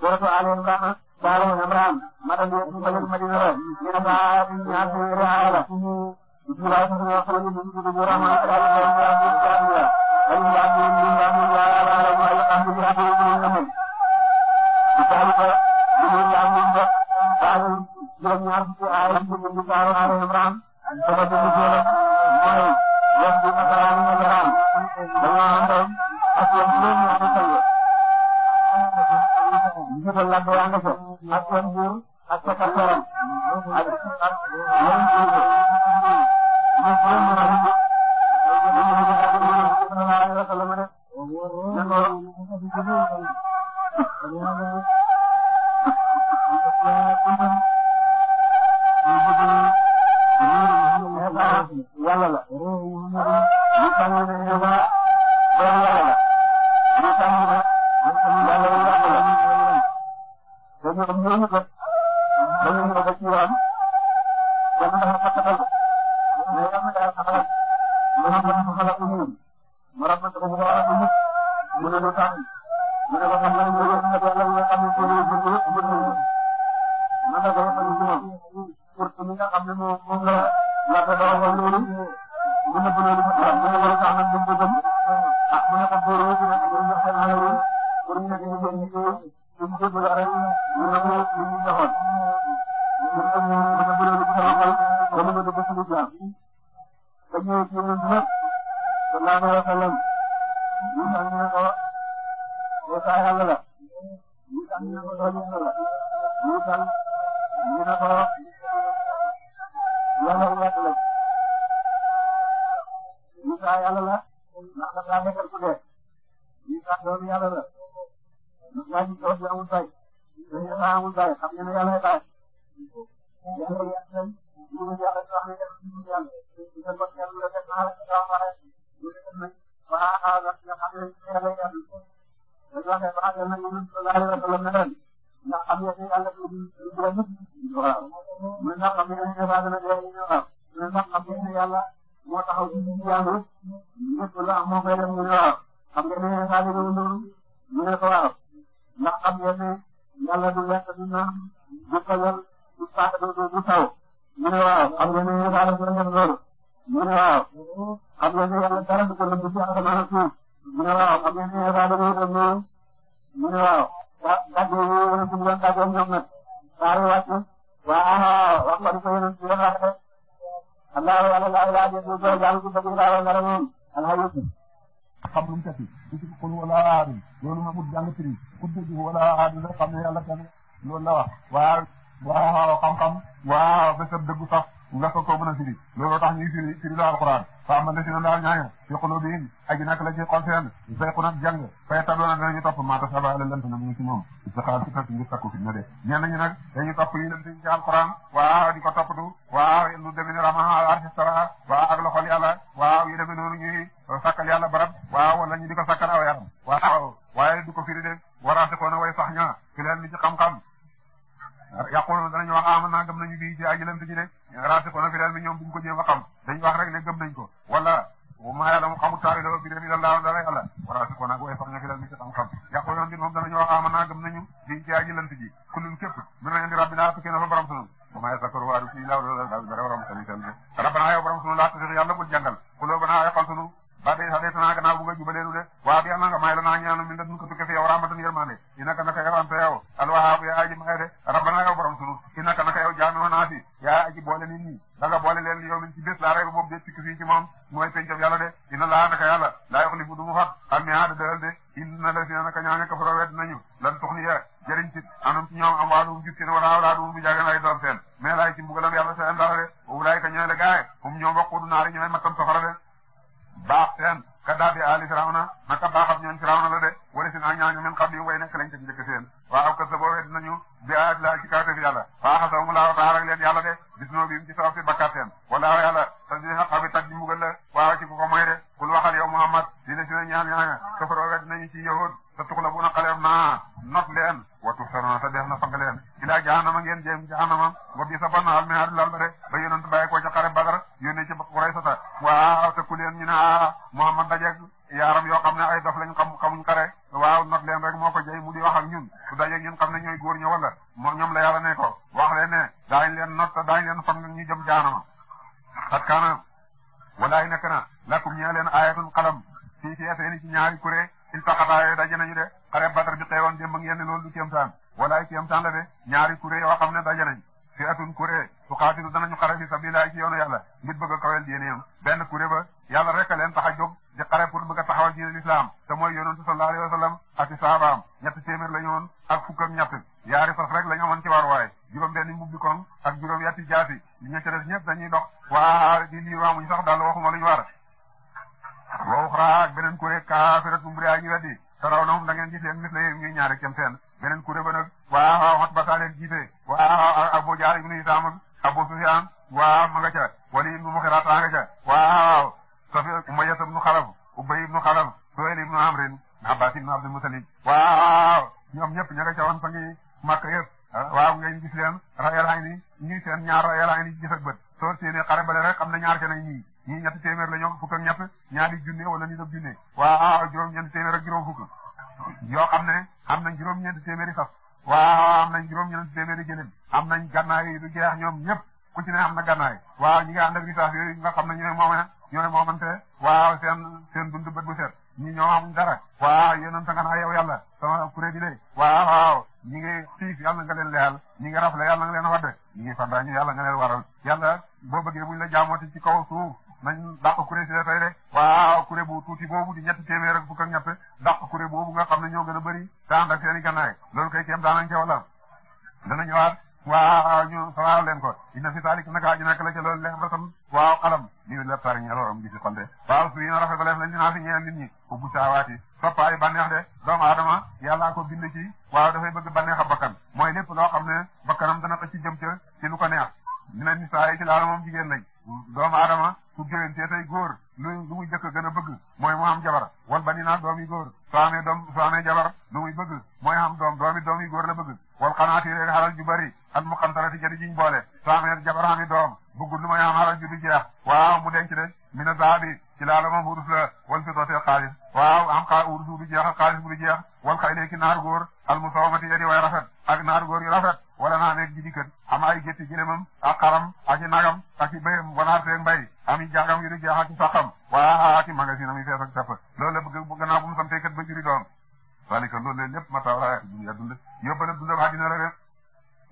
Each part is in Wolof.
suratu Al Imran Baaru Imran madame Diop Mbengue Madina la. ñu ne maa ñaar ñu ngi raadu la. ñu laaj ñu ne xool yi ñu ngi tudd bu raaxma ak yàlla ñu ngi am ñu ngi la. dañu laaj ñu ngi laaj ñu ngi laaj la ñu ay am ñu ngi am ñu ngi ñu amee. di taal ko di ñu ngi am ñu ngi def. baaru juróom-ñaar ci aar yi ñu ngi baaru Al Imran. dama déglu si la. mooy yéen bi nasaraan yi ñu ngi raam. dañoo àndoon ak yéen ñoom ñu ngi tëjee. njiital làmb yaa nga fa ak seen buur ak sa kaptaram ak ak ñoom Ndiou Diop. ñëw ñëw ñu jot ba ñu ñëw ba ci waam kenn dafa fàttaloo mais yàlla na yàlla xamal mu ne ko xamal ko ñun mu rafetlu ko bu baax a nit mu ne lu tax mu ne ko xam nga ñu ngi nekk yàlla nga xam ne suñu jur gi yëpp jur gi ñu ngi ko defal ñu ci moom pour que ñi nga xam ne moom moom la laata dara woon loolu. toppaayu banneex de doomu aadama yàllaa ko bind ci waaw dafay bëgg bànneex a bakkan mooy lépp loo xam ne bakkanam dana ko ci jëm ca ci lu ko neex dina ni saa yi ci laala moom jigéen lañ doomu aadama su géwéntee tey góor lu lu muy jëkk gën a bëgg mooy mu am jabar wan ba ni naa doom yi góor soo amee doom soo amee jabar lu muy bëgg mooy am doom doomi doom yi góor la bëgg wal xanaati rek xaral ju bari ak mu xantarati jëri jiñ boole soo amee jabar ami doom bëggul lu may am xaral ju du mu denc de mina zaabi ci laala moom wurus la wal fi dooteel xaalis waaw am xaa wurus bu du jeex ak xaalis bu du jeex wal xay léegi naar góor al musawamati yadi way rafet ak naar góor yu rafet wala naa nekk ji di am ay gétti jëlemam a xaram ak i nagam ak i béyam wanaar teeg mbay am i jàngam yu du jeex ak i saqam waa ak i magasin am yi fees ak tepp loolu la bëgg bu gannaaw bu mu santee kët ba juri doom walika loolu leen lépp mata wala dund yóbbale dundam àddina la rek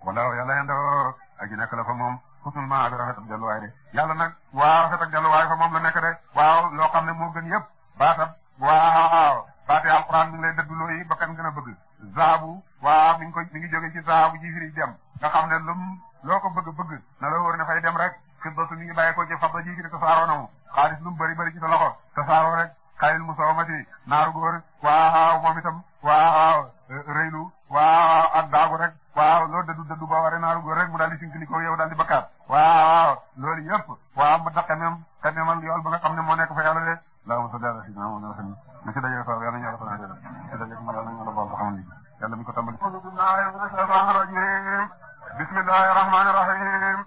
wala yàlla nekk la fa moom xusnul ma ada rafetam delluwaay de yàlla nag waaw rafet ak fa moom la nekk de waaw loo xam ne moo gën yëpp baatab waaw baate alquran mi ngi lay dëdduloo yi ba kan gën a bëgg zaabu waaw mi ngi koy mi ngi jóge ci zaabu ji firi dem nga xam ne lum loo bëgg bëgg na la wóor ne fay dem rek fiddatu mi ngi ko ci fadda ji firi tasaaroo na mu xaalis lu mu bëri bëri ci sa loxo tasaaroo rek xaylil musawamati naaru góor waaw moom itam waaw rëylu waaw ak daagu rek waaw loolu dëddu dëddu ba waree naaru góor rek mu daal di sinkali ko yow daal di bakkaat waaw waaw loolu yëpp waaw mu tax xemem xememal yool ba nga xam ne moo nekk fa yàlla de laa ma sodala si na na sami na si daje saw yàlla ñu yàlla fanaan si daje ma yàlla ñu yàlla baal ba xam ne yàlla mi ko tàmbali bismillahi rahmani rahim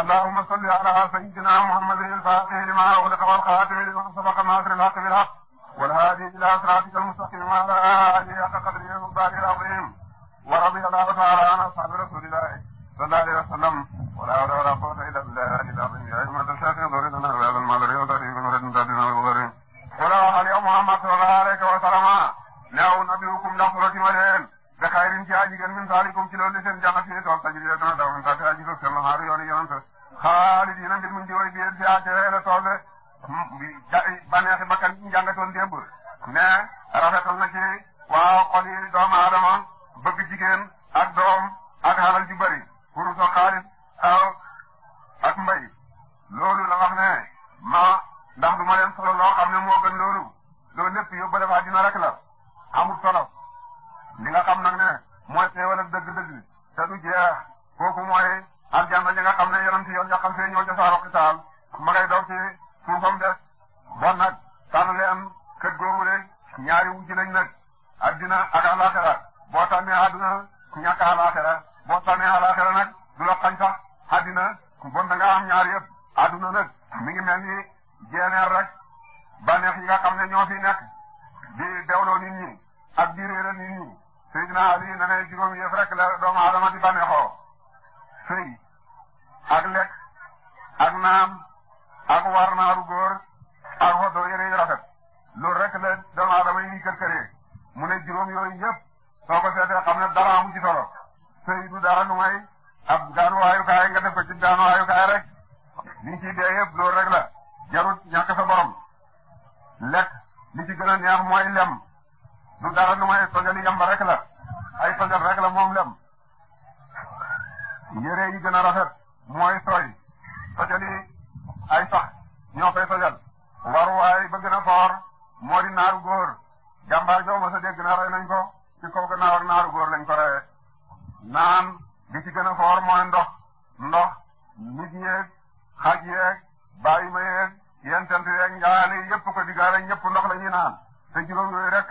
allahumma salli ala sayyidina muhammadin al-fatihi lima ughliqa wal khatimi lima sabaqa nasir al-haqq bil haqq wal hadi ila siratika al-mustaqim wa ala alihi haqqa qadrihi wa miqdarihi al-azim ورضي الله تعالى عن اصحاب رسول الله صلى الله عليه وسلم ولا حول ولا قوه الا بالله العظيم يا ايها الشافعي ضررنا بهذا المدري وضريب ورد ذاتنا وضريب ولا وحل يا محمد صلى الله عليه وسلم لا انبئكم لخرة ولين بخير في اجل من ذلكم في لول سن جنة في تول تجري لنا دون تاتي اجل سن هاري يوني يونس خالدين من من جوي بيد في اجل تول baneexi bakkan jàngatoon démb mais rafetal na ci waaw xol yi doomu aadama bëgg jigéen ak doom ak alal ju bari pour sa xaalis aw ak mbay loolu la wax ne ma ndax du ma leen solo loo xam ne moo gën loolu loolu lépp yóbbale fa dina rek la amul solo li nga xam nag ne mooy xéewal ak dëgg-dëgg te du jeex kooku mooy aljanna ñi nga xam ne yonanti yoon ñaxam fee ñoo jasaaro xitaal ma ngay daw ci suufam des bon nag tànn leen kër googu de ñaari wujj lañ nag addina ak àllaaxira boo tànnee àdduna ku ñàkk àllaaxira boo tànnee àllaaxira nag du la xañ sax àddina bon da ñaar yëpp àdduna nag mi ngi mel jeeneer rek bànneex yi nga xam ñoo fi nekk di dewloo nit ñi ak di réeral nit ñi Seydina Ali na ne juróom yëf rek la doomu aadama di bànneexoo sëy ak lekk ak naam ak war naaru góor ak xoddoo yére yu rafet loolu rek la doomu aadama yi kër këree mu ne juróom yooyu soo ko seetee xam ne dara amu ci solo sëy du dara lu may ab gaanuwaayukaay nga def ko ci gaanuwaayukaay rek li ci dee yëpp loolu rek la jarut ñàkk sa borom lekk li ci gën a neex mooy lem du dara lu may yamba rek la ay tojal rek la moom lem yére yi gën a rafet mooy sooy tojali ay sax ñoo koy tojal waruwaay ba gën a foor moo góor jàmbaar joo ma sa dégg nañ ko ci kaw gannaaw ak naaru góor lañ ko rawee naan li ci gën a foor mooy ndox ndox nit yeeg xaj yeeg bàyyi ma yeeg yentent yeeg njaayaan yi yëpp ko digaale ñëpp ndox la ñuy naan te juróom yooyu rek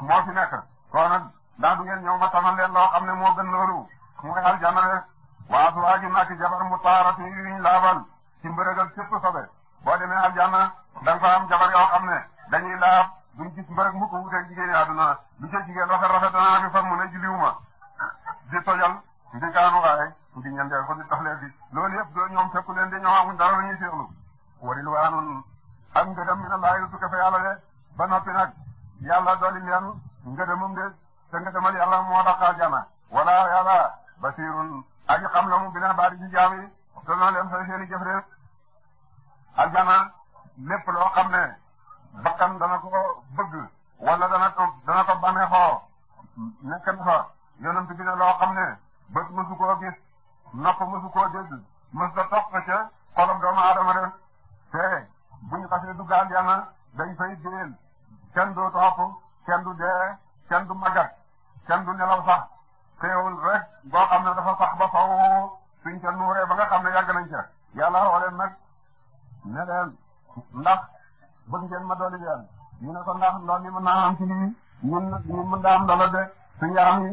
moo fi nekk kon nag ndax du ngeen ñëw ma tamal leen loo ne moo gën loolu mooy aljana rek waa su waaju naaki jabar mu taarati yuñ laabal ci mbërëgal képp sobe boo demee aljana da nga fa am jabar yoo xam ne dañuy laab buñ gis mbërëg mu ko wuteeg jigéen àdduna lu ca jigéen rafet rafet danaa fi fan mu ne julliwuma di tojal di gaanu waaye di ñendeel ko di tax leen di loolu yëpp doo ñoom fekku leen di ñoom amuñ dara la ñuy seexlu wari lu ak ngëdëm mi na laa yu fa yàlla de ba noppi nag yàlla dolli leen ngëdëmam de te ngëdëmal yàlla moo daqaa jana wala yàlla basirun aji xam la mu bina baadi ci jaam yi te noonu leen fay seen i jëf de aljana lépp loo xam ne bakkan dana ko bëgg wala dana ko dana ko bànneexoo nekkan bi ne loo xam ne bët mësu koo gis nopp mësu koo dégg mës toq ca xolam doomu aadama de te bu ñu xasee du gaal yàlla dañ fay génn kenn du topp kenn du dee kenn du màggat kenn du nelaw sax xéewal rek boo xam ne dafa sax ba faw suñ ca nuuree ba nga xam ne yàgg nañ ca yàlla xooleen nag ne bëgg ngeen ma dolli leen ñu ne ko ndax loolu li mën naa am ci lii ñun ñun mën naa am loolu de suñu yaram yi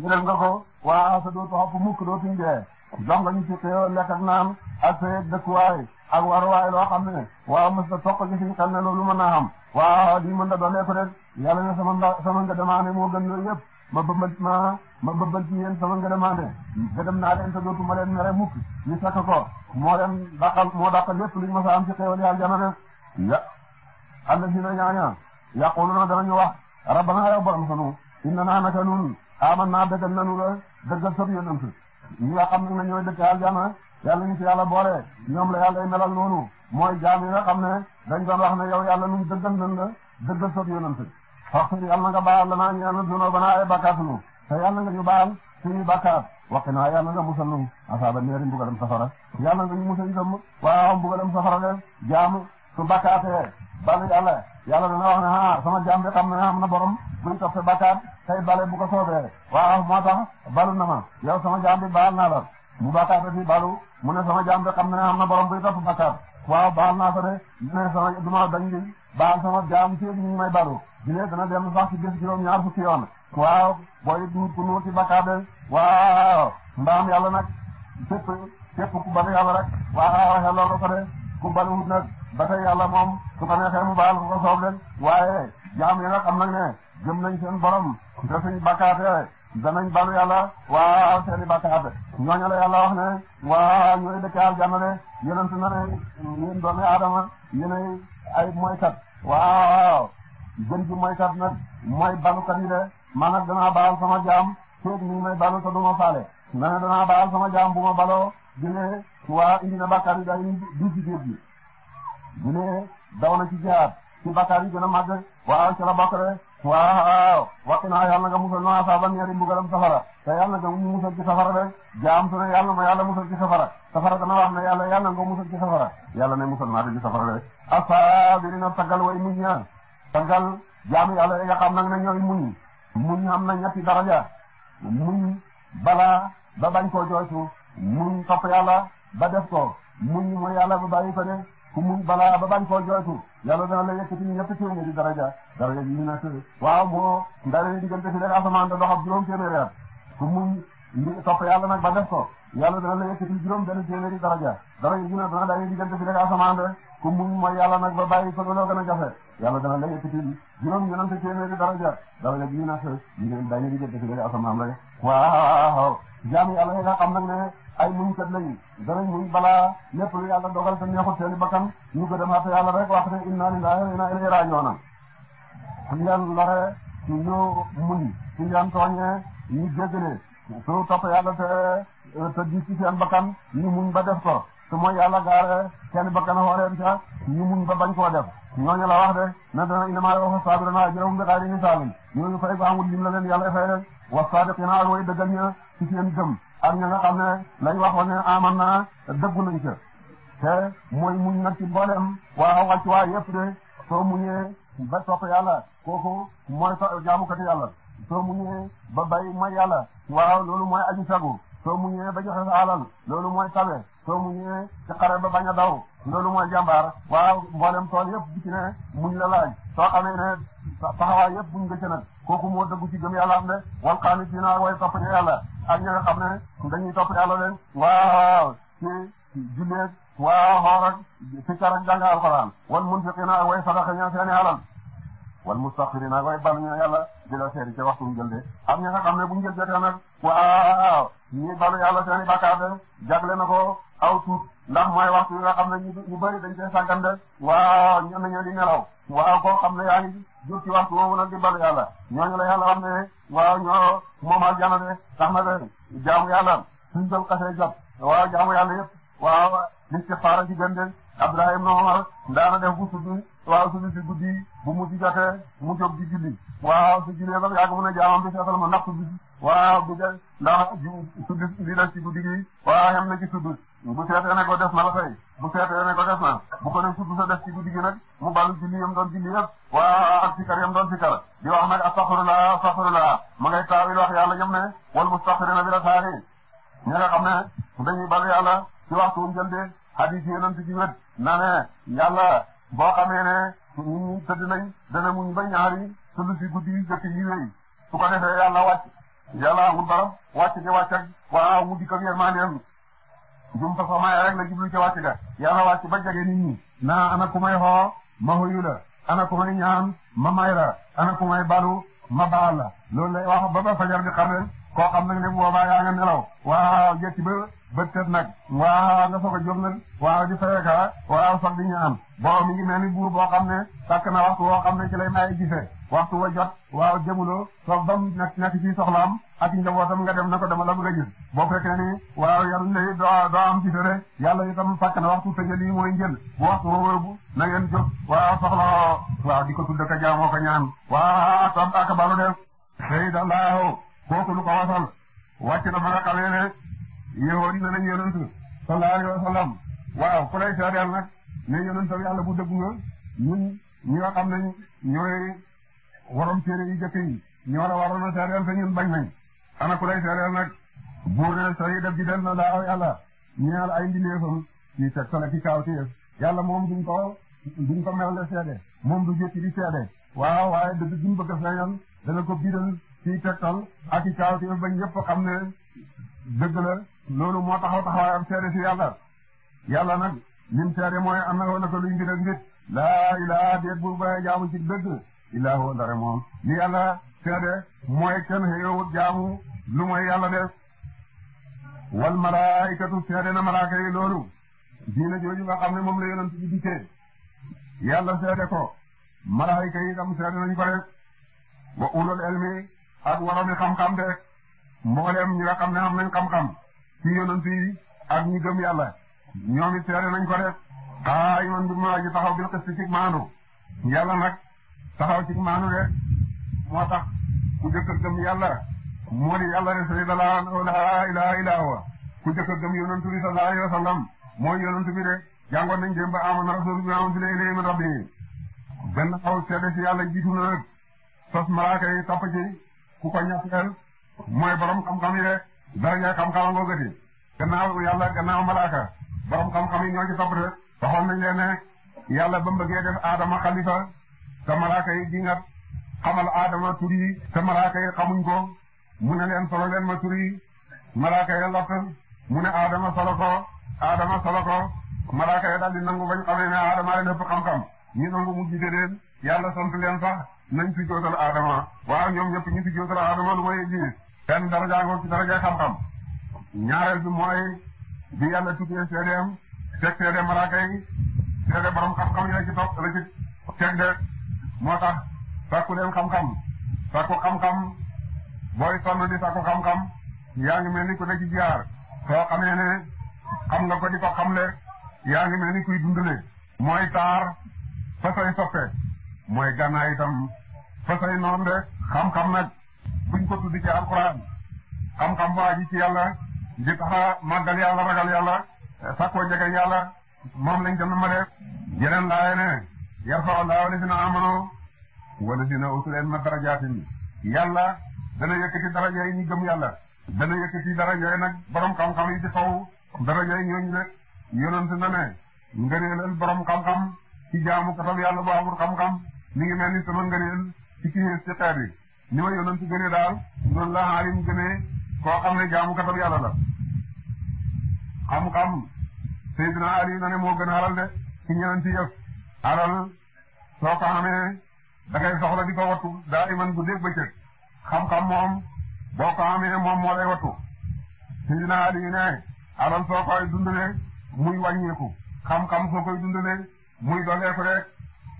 jëlal nga ko waa sa dootu xopp mukk dootuñ dee jox nga ñu ci xëyoo lekk ak naan ak sa dëkkuwaay ak waruwaay loo xam ne waaw mos a toq ci suñu xel ne loolu mën naa am waaw lii mën na dollee ko rek yàlla na sama ndaw sama nga demandé moo gën loolu yëpp ma bëmbal ma ma bëmbal ci ma sama nga demandé gërëm naa leen te dootu ma leen mere mukk ñu fekk ko moo leen dàqal moo dàqal lépp luñ mos a am ci xëyoo yàlla allazina ñaaña yaquluna danañu wax rabbana yow borom sunu inna naa naka nun amanna dëggal nanu la dëggal sab yonent ñi nga xam ne ñooy dëkk aljana yàlla ñu ci yàlla boole ñoom la yàlla melal noonu mooy jaam yi nga xam ne dañ doon wax ne yow yàlla nun dëggal nan la dëggal sab yonent faxfir yàlla nga baal lanaa ñeena dunoo banaa ay bakkaat nu te yàlla nga ñu baal suñu a waqi naa yàlla nga musal nu a neeri mbugalam safara a nga ñu musal itam waaw mbugalam safara de jaam su bakkaatee bal yàlla yàlla dana wax ne ah sama jaam bi xam ne am na borom muy topp sa bakkaat tey bale bu ko soobee waaw moo tax balu na ma yow sama jaam bi baal na la mu bakkaat fi balu mu ne sama jaam bi xam ne am na borom buy topp bakkaat waaw baal naa ko de ne sama duma dañ di baal sama jaam ci ñu may balu di ne dana dem sax ci gis juróom ñaar fukki yoon waaw booy duut ku nuuti bakkaat de waaw yàlla nag képp képp ku balu yàlla rek waaw xeloo ko de ku baluwut nag ba tey yàlla moom su ko neexee mu ku ko soob waaye jaam yi am nag ne gëm nañ seen borom te suñ bakkaate danañ balu yàlla waaw seeni bakkaate ñooñu yàlla wax ne waaw ñooy dëkk aljanna de yonent na ne yéen doomi aadama yéenay ay moykat waaw gën ci moykat nag mooy balukat yi de man nag danaa baal sama jaam feeg nii may balu te du ma faale na ne danaa baal sama jaam bu balo ñu ne ci waa indi na bàkkaar yu daal di ci géej gi ñu ne daw na ci jihaad ci bàkkaar yu gën a màgg waa ci la bokk rek waaw wax naa yàlla nga musal naa saaba ñaari mbugalam safara te yàlla nga mu musal ci safara rek jaam su ne yàlla ma yàlla musal ci safara safara dana wax ne yàlla yàlla nga musal ci safara yàlla ne musal naa ci safara rek asaabirina taggal way muñ ñaan taggal jaam yàlla ya nga xam nag ne ñooy muñ muñ am na ñetti daraja muñ balaa ba bañ koo muñ topp yàlla ba def ko muñ mooy yàlla ba bàyyi ko de ku muñ balaa ba bañ koo jooytu yàlla dana la yëkkati ñëpp ci nga di daraja daraja ji ñu nekk waaw moo ndaree diggante fi rek asamaan da doxab juróom téeméeri at ku muñ ndi topp yàlla nag ba def ko yàlla dana la yëkkati juróom benn téeméeri daraja daraja ji nag dana dalee diggante fi rek asamaan de ku muñ mooy yàlla nag ba bàyyi ko loo gën a jafe yàlla dana la yëkkati juróom ñenante téeméeri daraja daraja ji ñu nekk ñu neen dañu diggante fi rek asamaan jaamu yàlla yi nga xam nag ne ay muñkat lañu danañ muñ balaa lépp lu yàlla dogal te neexut seeni bakkan ñu gërëm àtte yàlla rek wax ne inna lillahi wa inna ilayhi raaji'uun suñ leen lore ñu muñ suñ leen tooñee ñu jéggale su topp yàlla te te di ci seen bakkan ñu mu ba def ko su mooy yàlla gaare seen bakkan xooreem ca ñu muñ ba bañ koo def ñooñu la wax de na dana innamaa yuwaffa saabiruna ajrahum bi xayri hisaab ñooñu fay ba amul lim la leen yàlla wa saadiqiina ci seen gëm ak ña nga na ne lañ waxoon ne aman na dëggu nañ ca te mooy muñ nag ci mboolem waa wàcc waa yëpp de soo muñee ba topp yàlla kooku mooy jaamukati yàlla soo muñee ba bay mooy yàlla waaw loolu mooy aju sagu soo muñee ba joxe sa loolu mooy tabe soo muñee ci xare ba bañ daw loolu mooy jàmbaar waaw mboolem tool yëpp bu ci muñ la laaj soo xamee ne taxawaay yëpp buñ kooku moo dëggu ci gëm yàlla am de wal qaanitiina ak way topp ñu yàlla ak ñi nga xam ne dañuy topp yàlla leen waaw ci julleeg waaw xoor ak ci kar ak jàng alxuraan wal munfiqiina ak way sadaqa ñoo seeni alal wal mustaxfiriina way balu ñu yàlla di la seeri ca waxtu njël de ak ñi nga xam ne bu njël jotee nag waaw ñi balu yàlla seeni bàkkaar de jagle na ko aw tuut ndax mooy waxtu yi nga xam ne ñu bari dañ cee sàggan de waaw ñenn ñoo di nelaw waaw koo xam ne yaa jub ci waxtu woowu nag di balu yàlla ñooñu la yàlla xam ne waaw ñoo moom aljana de tax na de jaamu yàlla suñ doon xasee jot waaw jaamu yàlla yëpp waaw istixfaara ci gën de Abdullah ibn Umar daana def bu suddi waaw suddi si guddi bu mujj jotee mu jóg di julli waaw su jullee ba yàgg mu ne jaamam bi seetal ma napp bi waaw bi de ndax suddi guddi gi waaw xam na ci suddi bu seetee ne ko na la fay bu seetee ne ko def na bu ko def si bu def ci guddi gi nag mu balu julli yam doon julli yëpp waa ak sikar yam doon sikar di wax nag astaghfirullah astaghfirullah ma ngay taawil wax yàlla jëm ne wal mustaghfirina bi la saari ñi nga xam ne dañuy balu yàlla ci waxtu njëlde hadis yi yonent bi wet na ne yàlla boo xamee ne nit tëdd nañ dana muñ ba ñaari sulu si guddi yi jëkk yi wéy su ko defee yàlla wàcc yàlla amul barab wàcc gi wàcc ak waa mu dikk jëm sa xoomaay rek la jublu ca wàcc ga yàlla wàcc ba jege nit na ana ku may xoo ma huyu la ana ku may ñaan ma may ana ku may balu ma baal la loolu lay wax ba ba fajar di xar leen koo xam nag ne bu boobaa yaa nga nelaw waaw jëkki ba bët tët nag waaw nga soog a jóg nag waaw di wa waaw sax di ñaan boo mi ngi mel ni buur boo xam ne takk na waxtu woo xam ne ci lay may gisee waxtu wa jot waaw jëmuloo soog bam nekk ci soxlaam ak njabootam nga dem na ko dama la bëgg a gis boo fekkee ni waaw yaruñ la doo doo am gise de yàlla itam fàkk na waxtu tëjal yi mooy njël bu waxtu woowu na ngeen jóg waaw soxla waaw di ko tudd ka jaamoo ko ñaan waaw tam ak balu def sayid allahu kooku wasal wàcc na ba nga xamee ne yéwoon na nañ yonent sallallahu alayhi wa sallam waaw ku lay seedeel nag ne yonent yàlla bu dëgg nga ñun ñi nga xam ne ñooy warom téere yi jëkk yi ñoo la waroon a seedeel te ñun bañ nañ ana ku lay seedeel nag buur ne na laa yàlla ñeel ay mbindeefam ci tegtale ci kaawteef yàlla moom duñ ko duñ ko mel le seede moom du jëkk di seede waaw waaye dëgg duñ bëgg a feeñal dana ko biral ci tegtal ak i kaawteef ba ñëpp xam ne dëgg la loolu moo taxaw taxawaayam seede ci yàlla yàlla nag lim seede mooy am ko luñ mbir ak mbir laa ilaa déet buur jaamu ci dëgg illaa huwa dara moom li yàlla seede mooy kenn xëyowut jaamu lu mooy yàlla def wal malaayikatu seede na malaaka yi loolu diina jooju nga xam ne moom la yonent yàlla seede ko malaayika yi itam seede nañ ko rek wa ulul elmi ak waroomi xam-xam de mboolem ñi nga xam ne am nañ xam-xam ci yonent yi ak ñi gëm yàlla ñoom seede nañ ko def xaa iman bi ma ji taxaw bil xisti cig maanu yàlla nag taxaw cig maanu de moo tax ku jëkk gëm yàlla moo di yàlla ne sallallahu alayhi wa laa ilaaha illaa ku jëkk a gëm yonent bi sallallahu alayhi wa sallam mooy yonent bi de jàngoon nañ ba amana rasuulu bi unzila ilayhi min rabbihi benn yàlla jiitu na nag sos malaaka yi topp ci ku ko ñatteel mooy borom xam-xam yi de daraja xam-xam nga gëti yàlla nañ leen ne yàlla ba mu bëggee def aadama xalifa te malaaka yi di nga xamal aadama tur xamuñ ko mu leen solo leen ma tur yi malaaka ya lott mu ne Adama solo ko Adama solo ko malaaka ya daal di nangu bañ xamee ne Adama leen ëpp xam-xam ñi nangu mu jiite leen yàlla sant leen sax nañ fi jootal Adama waaw ñoom ñëpp ñu fi jootal Adama lu may ji seen daraja ngoo ci daraja xam-xam ñaareel bi mooy bi yàlla tuddee seedeem teg seede malaaka yi seede borom xam-xam yi la ci topp la ci teg de moo tax sàkku leen xam-xam sàkku xam-xam booy toll di sakku xam-xam yaa ngi mel ni ku ne ci jaar soo xamee ne xam nga ko di ko xamle yaa ngi mel ni kuy dundale mooy taar fa say soppe mooy gànnaay itam fa noon de xam-xam nag buñ ko tudd ci alquran xam-xam waa ji yàlla di tax a màggal yàlla ragal yàlla sakkoo jege yàlla moom lañ jënd ma def yeneen laaye ne yarfa allahu lazina amanu wa lazina utul ilma darajaatin yàlla dana yëkkati daraja yi ñu gëm yàlla dana yëkkati daraja yi nag borom xam-xam yi ci faw daraja yi ñooñu la yonent na borom xam-xam ci jaamu katam yàlla bu amul xam-xam mi ngi mel ni sama ngëneel ci kii ci xeet yi ni ma yonent gënee daal noonu la alim gënee koo xam ne jaamu katam yàlla la xam-xam Seydina Ali na moo gën a de ci ñeneen yëf alal soo ko xamee soxla di ko wattu daa iman bu bëccëg xam-xam moom boo ko amee moom moo lay wattu Sidina Ali alal soo koy dundalee muy wàññeeku xam-xam soo koy dundalee muy doleeku rek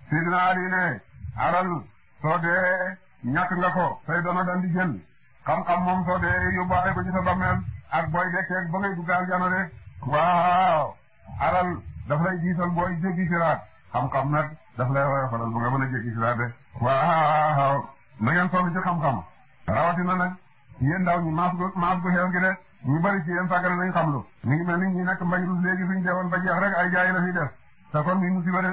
Sidina Ali alal soo dee ñàkk nga ko say doona dan di jël moom soo dee yóbbaale ko ci sa ak booy dekkeeg ba ngay dugg rek waaw alal daf lay jiital booy jéggi siraat xam-xam nag daf lay mën a jéggi waaw na ngeen sonn ci xam-xam rawatina ndaw ñi maas gu maas gu xeew gi de ñu bari ci yéen sàggane nañ xam lu ñu ngi mel ni ñi nekk mbay rus léegi suñ deewoon ba jeex rek ay jaay la fi def te kon ñu musiba de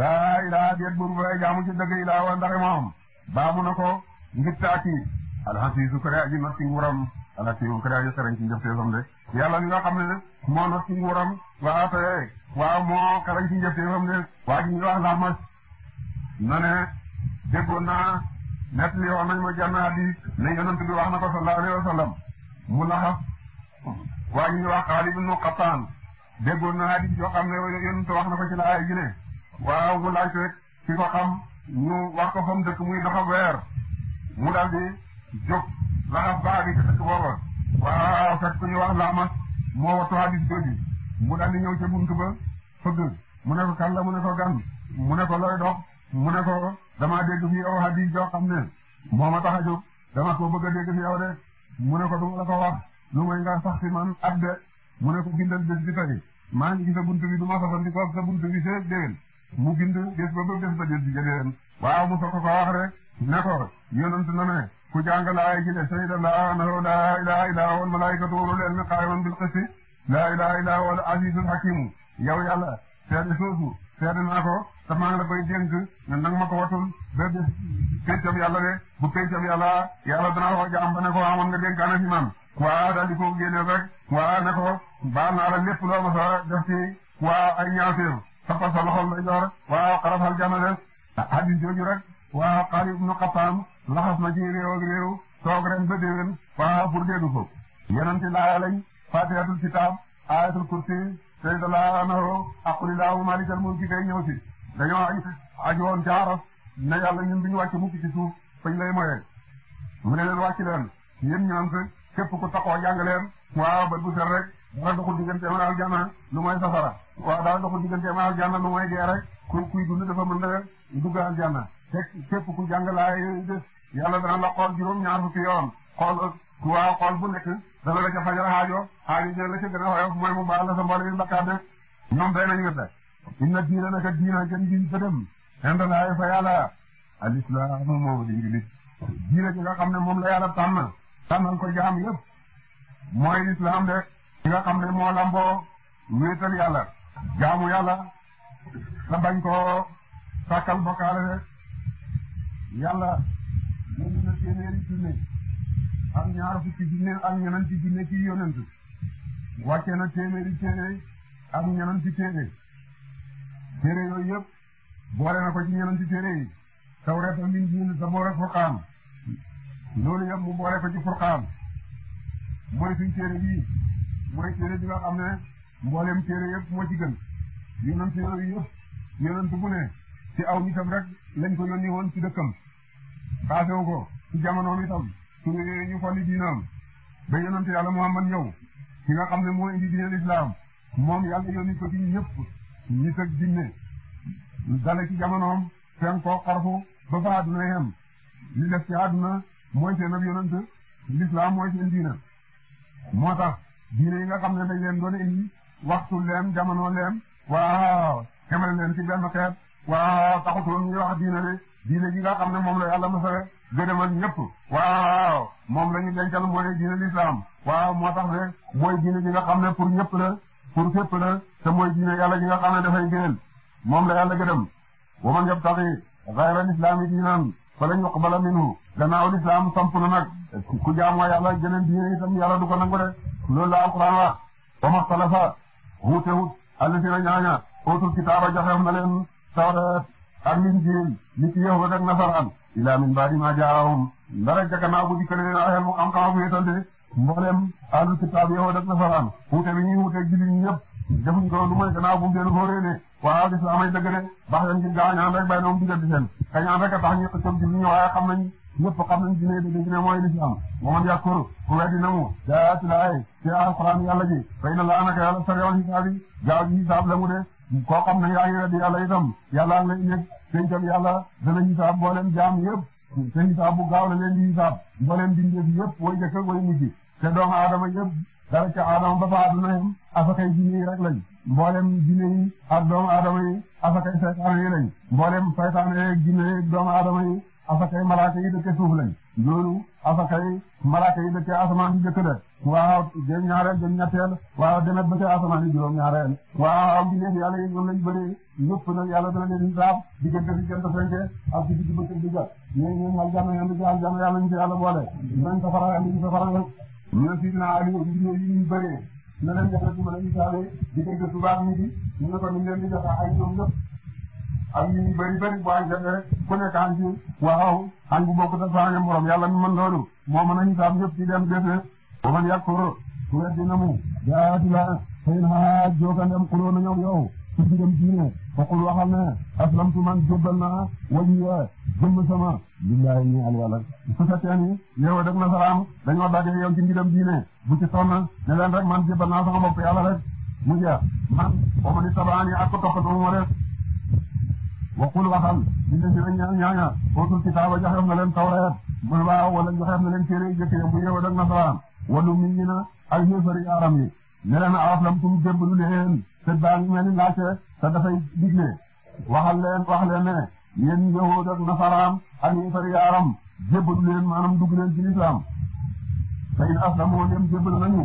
laa ilaa déet buur ba jaamu ci dëgg ilaa wa ndaxe moom baamu na ko ngir taaki alxasiisu kare aji not ci nguuram alakiimu kare aji xarañ ci njëfteefam de yàlla li nga xam ne moo not ci nguuram waa te waaw moo xarañ ci njëfteefam de waa nett li wax nañ ma jenn hadis ne yonent bi wax na ko sallallahu alayhi wa sallam mu laxas waa ñu wax Xaalid ibnu Xattaan déggoon na hadis yoo xam ne yonent wax na ko ci la ay ji ne waaw mu laaj rek ki ko xam ñu wax ko fa mu dëkk muy doxa weer mu daal jóg laxas ba àgg ci dëkk waaw fekk ku ñu wax Lamas moo wattu hadis jooju mu daal di ñëw ca buntu ba fëgg mu ne ko kan mu ne ko gan mu ne ko looy dox mu ne ko dama dégg fi yow hadis joo xam ne moo ma tax a dama ko bëgg a dégg fi yow de mu ne ko du ma la ko wax lu may nga sax mu ne ko bindal bés bi tey maa ngi gis sa buntu bi du ma soxandi buntu bi see déwén mu bind bés ba ba bés ba jël mu soog ko wax rek ne ko yonent na ne ku jàng laa yi ji de shahida laa annahu laa ilaaha illaa huwal malaa'ikatu wa ulul ilmi bil qisti laa ilaaha illaa huwal aziizul hakiim yow yàlla seede soosu seede naa sama la koy dénk ne nag ma ko watul ba bu peccam yàlla de bu peccam yàlla yàlla dana wax jaam ba ne ko amoon nga dénkaane fi man waa daal di ko génneel rek waa ne ko a naa la lépp loo ma sa def ci waa ay ñaafir saxal sa loxol lay door waa xarafal jàmm de ah, hadis jooju rek waa xaali ibnu xapaam laxas na ci réew ak réew toog ren ba déwén waa pour dégg ko yeneen ci laaya lañ fatihatul kitaab ayatul kursi sayyidallahu anhu aqulillahumma malikal mulki kay ñëw dañoo aj aju woon na aras yàlla ñun duñu wàcc mukk ci suuf fañ lay moyee mu ne leen wàcc leen yéen ñaan sa képp ku taxoo jàng leen waaw ba bu set rek dara doxul diggante ma aljanna lu mooy safara waaw dara doxul diggante ma aljanna lu mooy dee rek ku kuy dund dafa mën na dugg aljanna te képp ku jàng laay des yàlla dana la xool juróom ñaar fukki yoon xool waaw xool bu nekk dana la ca fajal xaajo xaajo dina la gën a woyof mooy mu baal la sa mboole bi mbakkaat de ñoom day inna diina naka diina jëm jiñ fa dem xenda laay fa yàlla al islam moo di ngilit diina ji nga xam ne moom la yàlla tànn tànnal ko jaam yëpp mooy lislaam de nga xam ne moo lamboo wéetal yàlla jaamu yàlla la bañ koo sàkkal bokkaale rek yàlla ñun na téeméeri junne ak ñaar fukki junne ak ñeneen ci junne ci yonent wàcce na téeméeri téere ak ñeneen ci téere téere yooyu yëpp boole na ko ci ñeneen ci téere yi Tawreet ak Injiil Zaboor ak Furqaan loolu yëpp mu boole ko ci mooy suñ téere bii mooy téere bi nga xam ne mboolem téere yëpp moo ci gën yonent yooyu yëpp yonent bu ne ci aw nitam rek lañ ko yónni woon ci dëkkam xaasewu ko ci jamonoom itam su ñu folli diinaam ba yonent yàlla Muhammad ñëw ki nga xam ne moo indi diinal islaam moom yàlla yónni ko ci ñëpp nit ak jinne lu dale ci jamonoom fen koo ba fa àdduna yem li def ci mooy seen ab yonent lislaam mooy seen diina moo tax diine yi nga xam ne dañ leen doon indi waxtu leem jamono leem waaw xemal leen ci benn xeet waa taxutoon ñuy wax diine de ji nga xam ne moom la yàlla masare gëdëmal ñëpp waaw moom la ñu dencal mooy diine lislaam waaw moo tax de mooy diine ji nga xam ne pour ñëpp la pour fépp la te mooy diine yàlla ji nga xam ne dafay gënal moom la yàlla gërëm wa man yabtaghi ghayra al-islami diinan falan yuqbala minhu gannaaw lislaam samp na nag ku jaamoo yàlla jëneen diine itam yàlla du ko nangu de loolu la alquran wax wa maxtalafa wuute wut allasina ñaaña utul kitaaba joxeef na leen tawreet ak linjiil li ci yahuud ak nasaraan ilaa min baadi ma jaahum ndara jagannaaw bu dikkale leen axel mu xam-xam ak wéetante mboolem ahlul kitaab yahuud ak nasaraan wuute bi ñuy wuuteeg jullit ñi yëpp defuñ ko lu mooy gannaaw bu mu dellu fooree ne waaw islam ay dëgg de baax nañ ci gaa ñaan rek bàyyi na mu digal di seen ka ñaan rek a tax ñu xëccoo jullit ñi waaye xam nañ ñëpp xam nañ dina dina dina mooy lislam mooman yàkkoor ku weddi na mu daa ci yàlla ji na laa naka yàlla sariwal xisaab yi gaaw ji xisaab la mu de koo xam ne yaa ngi weddi yàlla itam yàlla ngi lay nekk pencal yàlla dana xisaab mboolem jaam yëpp seen saab bu gaaw la leen di saab mboolem bindee bi yëpp way jëkk ak way mujj te doomu aadama yëpp dara ca ba fa aduna yam afakay jinne yi rek lañ mboolem a yi doomu aadama yi afakay saytaane yi lañ mboolem saytaane yi ak jinne yi ak doomu aadama yi afakay malaaka yi dëkk suuf lañ noonu asaka yi malaaka yi da ca asamaan yi jëkk de waaw jëm ñaareel jëm ñetteel waaw demet ba ca asamaan yi juróom-ñaareel waaw am bi leen yàlla yi ñoom lañ bëree ñëpp nag yàlla dana leen hisaab diggante si jënd fenke ak si digg bëccëg bi jot ñoom ñoom aljana yàlla ci aljana yàlla ñu ci yàlla boole ñoom safara yàlla ñu safara rek ñoom si naa ali bi ñoo yi ñu bëree na leen jox rek ma leen hisaabee diggante subaak ñi bi ñu ne ko ñu leen di jox ay ñoom ñëpp ak ñi ñu bëri bëri bu ànd rek ku nekk ànd ci waaw ànd bu bokkut ak saa ngeen borom yàlla mi mën loolu moo mën a xisaab ñëpp ci dem defee ba man yàqur su wér dina mu jaati la xëy na jooka ndem xuloo na ñoom yow su ci dem diine waxul waxal ne aslamtu man jubal naa wajhiya jëmm sama lillahi ñeel yàlla su fekkee ni yow def na salaam dañoo daje yow ci ngidam diine bu ci sonn ne leen rek man jubal naa sama bopp yàlla rek mu jeex man boo waxul waxal ñun dañu leen ñaan ñaaña ootul kitaaba joxeef na leen tawreet mu waaw wala joxeef na leen téere yu jëkk yi bu yeewoo ak nasaraan wala mu ngi na ak yéefari yaaram yi ne leen awaf lam tum démb du leen sa baa ngi mel ni laajte dafay digle waxal leen wax leen ne yéen yahuud ak nasaraan ak yéefari yaaram jébbalu leen maanaam dugg leen ci lislaam te in aslamoo dem jébbalu nañu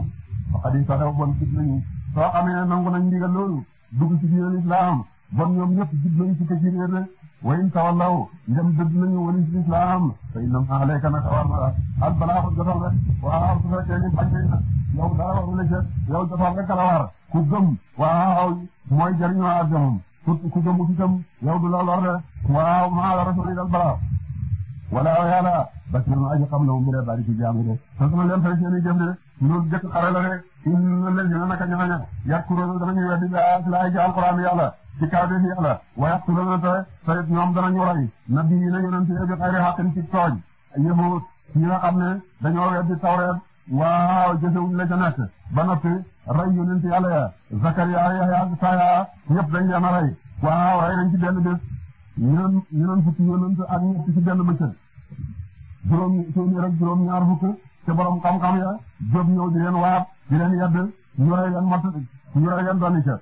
faqad ihtadaw bon gis nañu soo xamee nangu nañ ndigal loolu dugg ci biir lislaam bon ñoom ñëpp jub nañ ci te ci réer de wayin tawallaw ngeen dëdd nañu wali ci islam fa inna ma alayka naka war na al balaaxu jotal rek waaw su fekkee ñu bañ nañ la yow dara waru la ci yow jotal rek la war ku gëm waaw mooy jëriñoo ak jëmam surtout ku gëmu itam yow du la lor de waaw maa la rasuli dal balaax wala yàlla basir na aji xam na mu bari ci jaam de te sama leen fay seen i jëm de loolu jëkk xare la de inna leen ñu naka ñaxaña yàkkuroon danañu weddi laa ci laay ci alquran yàlla ci kawteef yàlla wa yaqtuluuna te te ñoom danañu rey nabiyyiina yonent yi bi xayri haqqin ci tooñ yahuud ñi nga xam ne dañoo weddi tawreet waaw jëfewuñ la ca nekk ba noppi rey yonent yàlla ya Zakariya Yahya ak Isaaya ñëpp dañ leen a rey waaw rey nañ ci benn bés ñeneen ñeneen fukki yonent ak ñëpp ci benn bëccëg juróom téeméer ak juróom ñaar fukk te borom xam-xam ya jóg ñëw di leen waat di leen yedd ñu rey leen mot ñu rey leen dolli ca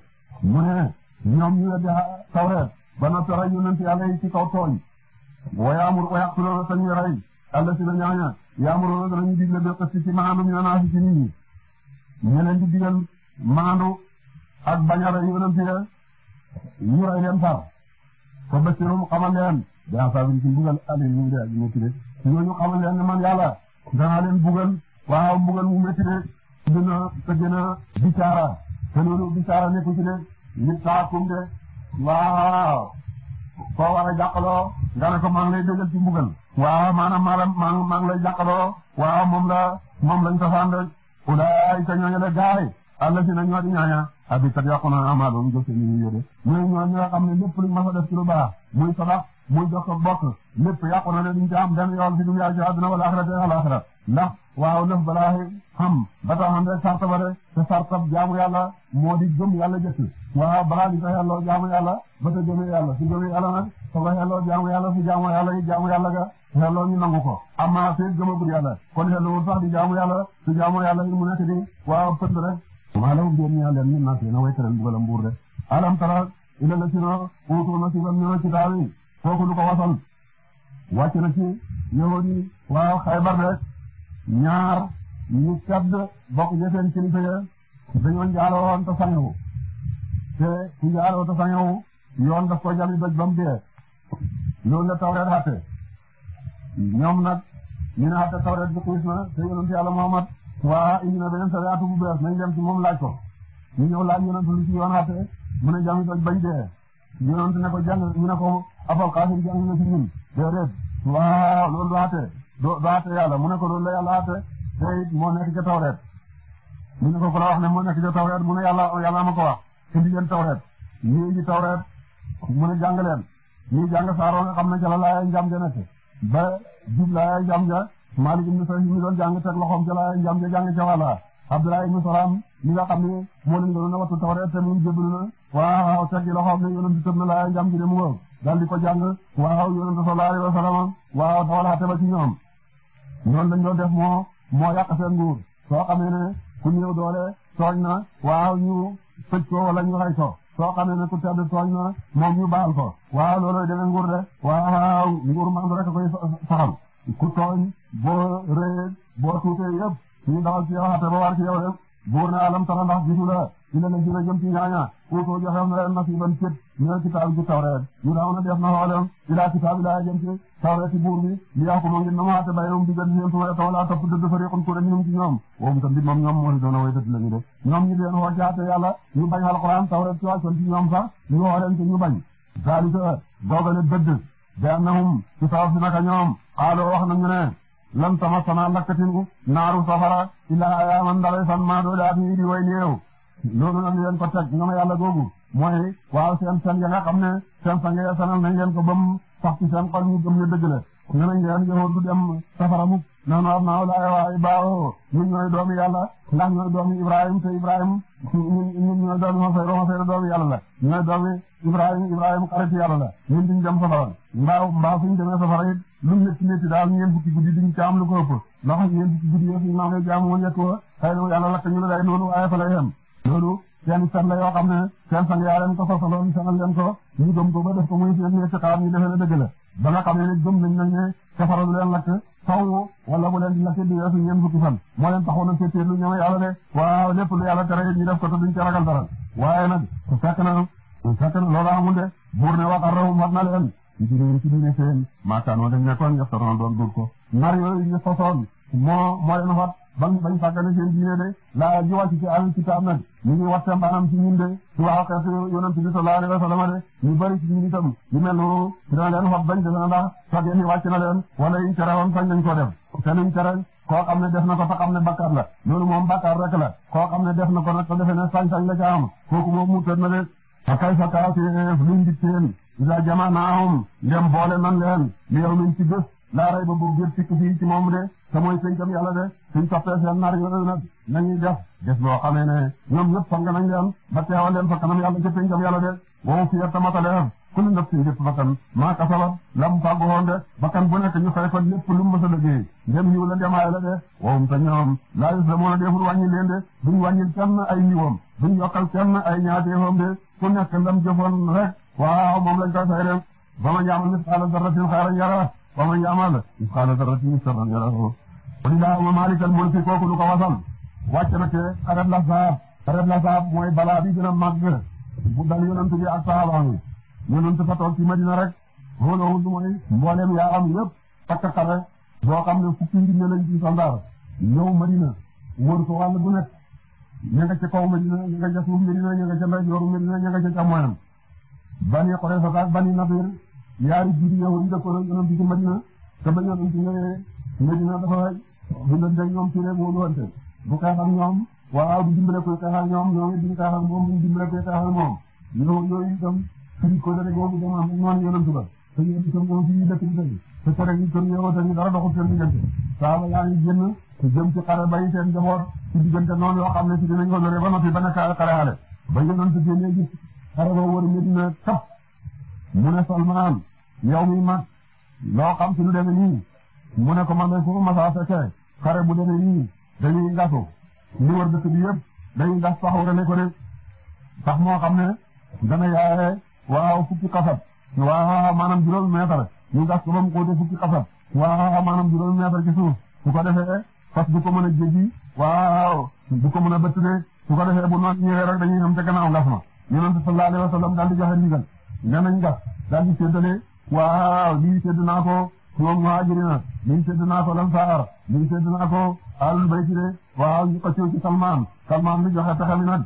ñoom ñu weddi tawreet ba noppi rey yonent yàlla yi ci kaw tooñ wa yaamur wa yaqtuluuna sañuy rey àlla si na ñaaña yaamuroona danañu digle bi a rey yonent ya ñu rey far fa basirum xamal leen daa saa bi ci mbugal ali ñu de ñu metti de ñooñu leen man yàlla danaa leen bugal waaw mbugal mu metti de dina te a bicaara te loolu bicaara nekku ci de misaakum de waaw koo war a jàqaloo nga ne ko maa ngi lay déggal ci mbugal waaw maanaam maa maa ngi lay jàqaloo waaw moom la moom lañ safaan rek ulaayika ñooñu la gaay àll si na ñoo di ñaaña abikat yàqu na amaalum ñu yëde ñooy ñoo ñi nga xam ne lépp a def ci lu baax muy sabax muy jox ko bokk lépp yàqu na ne duñ ci am benn yool fi duñ yaay ci àdduna wala axira te alaxira ndax waaw lëf balaa xam ba tax xam rek de te sartab jaamu yàlla moo di gëm yàlla jëkk waaw balaa di ko yàlla jaamu yàlla ba te gëmee yàlla su gëmee yàlla nag soxla yàlla jaamu yàlla su jaamu yàlla gi jaamu yàlla ga yàlla ñu nangu ko amma fee gëmagul yàlla kon yàlla wul sax di jaamu yàlla su jaamu yàlla mu nekk di waaw pënd rek maa law biyen ñaa leen min naa fi na way tëral dugal mbuur de alam tara ila la sino uutu na si ban mina kitaabi kooku lu ko wasal wàcc na ci yahudi yi waaw xaybar rek ñaar ñu kadd bokk jëfeen kilifa ya dañoo njaaloon te sangewu te Ndiaro dafa ñëw yoon daf ko jàmm doj ba mu dee loolu la tawreet xatte ñoom nag ñu ne xatte tawreet bi xiis na te yonent yàlla Muhammad waa indi na beneen sariyaatu bu bees nañ dem ci moom laaj ko ñu ñëw laaj yonent yoon xatte mu ne jàmm doj bañ dee yonent ne ko jàng ñu ne ko Abul Qaasim jàng na ci ñun déedéet waaw loolu du xatte doo doo xatte yàlla mu ne ko loolu la yàlla xatte te moo nekk ca tawreet mu ne ko ku la wax ne moo nekk ca tawreet mu ne yàlla indi leen tawreet ñii indi tawreet mu ne jàng leen ñii jàng saaroo nga xam ne ca la laaya njàm ja nekk ba jub laaya njàm ja Maalik ibn Sa'd mi doon jàng teg loxoom ca laaya ja jàng ca wàlla Abdullah ibn Salaam nga xam ne moo leen gënoon a wattu tawreet te mu jébbalu na waaw teg loxoom tëb na laaya njàm ji mu wow daal di ko jàng waaw yonent sallallahu alayhi wa sallam waaw dawalaate ba ci ñoom noonu lañ doon def moo moo yàq nguur soo xamee ne ku néew doole tooñ na waaw xëj ko wala ñu rey ko soo xamee ne ku tedd tooñ na moom ñu baal ko waaw loolooy demee nguur de waaw nguur maandu rek koy saxal ku tooñ boo rëy boo tuutee yëpp ñu dawal ci yow xate ba war ci yow de buur na alam tara ndax gisu la ila la jëm ci ñaaña ko joxoon leen nasiban cëpp minal kitaab ci tawreet ñu daaw na def na xoolam ilaa kitaab ilaa jëm ci tawreet ci buur bi li yàqu ma ngeen namaate bayyom digal ñeen tuwee tawlaa topp dëdd fariqun kuré minum ci ñoom woobu tam bit moom ñoom mori doona way dëdd lañu de ñoom ñi leen xoocaate yàlla ñu bañ alquran tawreet ci wàccoon ci ñoom sax ñu xooleen ci ñu bañ zalika doogale dëdd bi annahum ci sabab bi naka ñoom xaaloo wax nañu ne lan tama sana lakkatin naaru safara ilaa ayaaman ndaray fan maa doo daa di way néew loolu nag ñu leen ko teg ñoom yàlla googu mooy waaw seen seen ya nga xam ne seen sang ya sanal nañ leen ko ba mu sax ci seen xol ñu gëm ñu dëgg la ne nañ leen yow du dem safara mukk nanu am naa walaay waay woo ñun ñooy doomi yàlla ndax ñooy doomu Ibrahima te Ibrahima ñun ñun ñooy doomi Mafay Mafay doomi yàlla la ñooy doomi Ibrahima Ibrahima xaritu yàlla la ñun duñ dem safara mbaaw mbaaw suñ demee safara it lu métti métti daal duñ ci am lu ko ëpp ndax ñeent fukki guddi yëpp ñu naan jaamu woon yettu wa ñu loolu seen fen la yoo xam ne seen sang yaa leen ko sosaloon sanal leen ko ñu gëm ko ba def ko muy seen itiqaam ñu defee la dëgg la ba nga xam ne nag gëm nañ nag ne safara du leen lakk faw wala bu leen lakk di weesu ñeent fukki fan moo leen taxoon a féetee lu ñëw yàlla de waaw lépp lu yàlla tere ñu def ko te duñ ca ragal dara waaye nag su fekk na su fekk na loolu amul de buur ne waxar rawu war na leen ci diine ci diine seen maakaan wa dañ nekkoon ñëpp doon doon duur ko nar yooyu ñu sosoon moo moo leen xot ban bañ fàggale seen diine de laa ji wàcc ci al kitaab nag ñu ngi waxtaan maanaam ci ñun de ci waa xeetu yonent bi sallallahu alayhi wa sallam de ñu bëri ci ñun itam ñu mel noonu dina leen xob bañ dina ndax sax yéen wàcc na leen wala yi tere woon bañ nañ ko def te nañ tere koo xam ne def na ko te xam ne bakkaar la loolu moom bakkaar rek la koo xam ne def na ko nag te defe ne sañ-sañ la ca am kooku moom mu tëdd na de fa kayfa kaasif luñ dig seen isa jamanaahum ndem boole nan leen li yow min ci ba bu gër sikk fii ci moom de te mooy sëñ tam nañuy def def boo xamee ne ñoom ñëpp song nañ leen ba teewal leen fa kanam yàlla jëfee ngam de wow fi tamatale am kullu nafsin jëpp bakkan maa kasabat lam fàggu woon de bakkan bu nekk ñu fay fa lépp lu mu mës a liggéey ndem yiw la ndemaay la de wowum te ñoom laa yuslamuuna deful wàññi leen de duñ wàññil kenn ay yiwam duñ yokkal kenn ay ñaateefam de ku nekk lam jëfoon rek waaw moom lañ koy fay de ba ma ñaamal misqaala darratin xayran yara ba ma ñaamal misqaala darratin sarran yara wàcc na te arab la saab arab la saab mooy balaa bi gën a màgg bu dal yonent bi ak sahabaam yi yonent fa toog ci Madina rek xooloo lu mooy mbooleem yaaram yëpp takk xare boo xam ne fukki ngi ci sandaar ñëw Madina wër ko wàll bu nekk ña nga ca kaw Madina ña nga ca suuf Madina ña nga ca ndeyjooru Madina ña nga ca càmmoñam bani Qurayza ak bani Nadir yi dëkkoon ak ci Madina te ba yonent ñëwee Madina dafa dundante ci rek wóolu wante du xeex ak ñoom waaw du dimbale koy xeex ak ñoom ñoom it duñu xeex ak moom duñu dimbale koy xeex ak moom ñoo yooyu itam suñu kóllëre googu dama am noonu yonent ba te yéen itam moom suñuy dëkk bi te tere yi kon yow tamit dara doxul seen diggante saaba yaa ngi génn te jëm ci xare bay seen njaboot ci diggante noonu yoo xam ne ci dinañ ko lore ba noppi ba nekk xare xale ba yonent génnee gis xare ba war Medina kap mu ne Salmaan yow mi mag loo xam ci lu demee nii mu ne commandé fu ma saa fekkee xare bu demee nii dañuy ngasu li wër dëkk bi yëpp ngas sax wërale ko de sax moo xam ne dana yaayee waaw fukki xasab waaw maanaam juróomi mètre ñu ngas ko ba mu xóotee fukki xasab waaw maanaam juróomi mètre ci suuf su ko defee fas du ko mën a jéggi waaw du ko mën a bëtt de su ko defee bu noon ñëwee rek dañuy xam ca gannaaw ngas ma yonent sallallahu alayhi wa sallam daal di joxe ndigal nee nañ ngas daal di séddale waaw lii sédd naa ko suwam muhaajirina lii sédd naa ko lansaar lii sédd naa ko alal bayti de waaw ñu xëccoo ci Salman Salman mi joxe pexe mi nag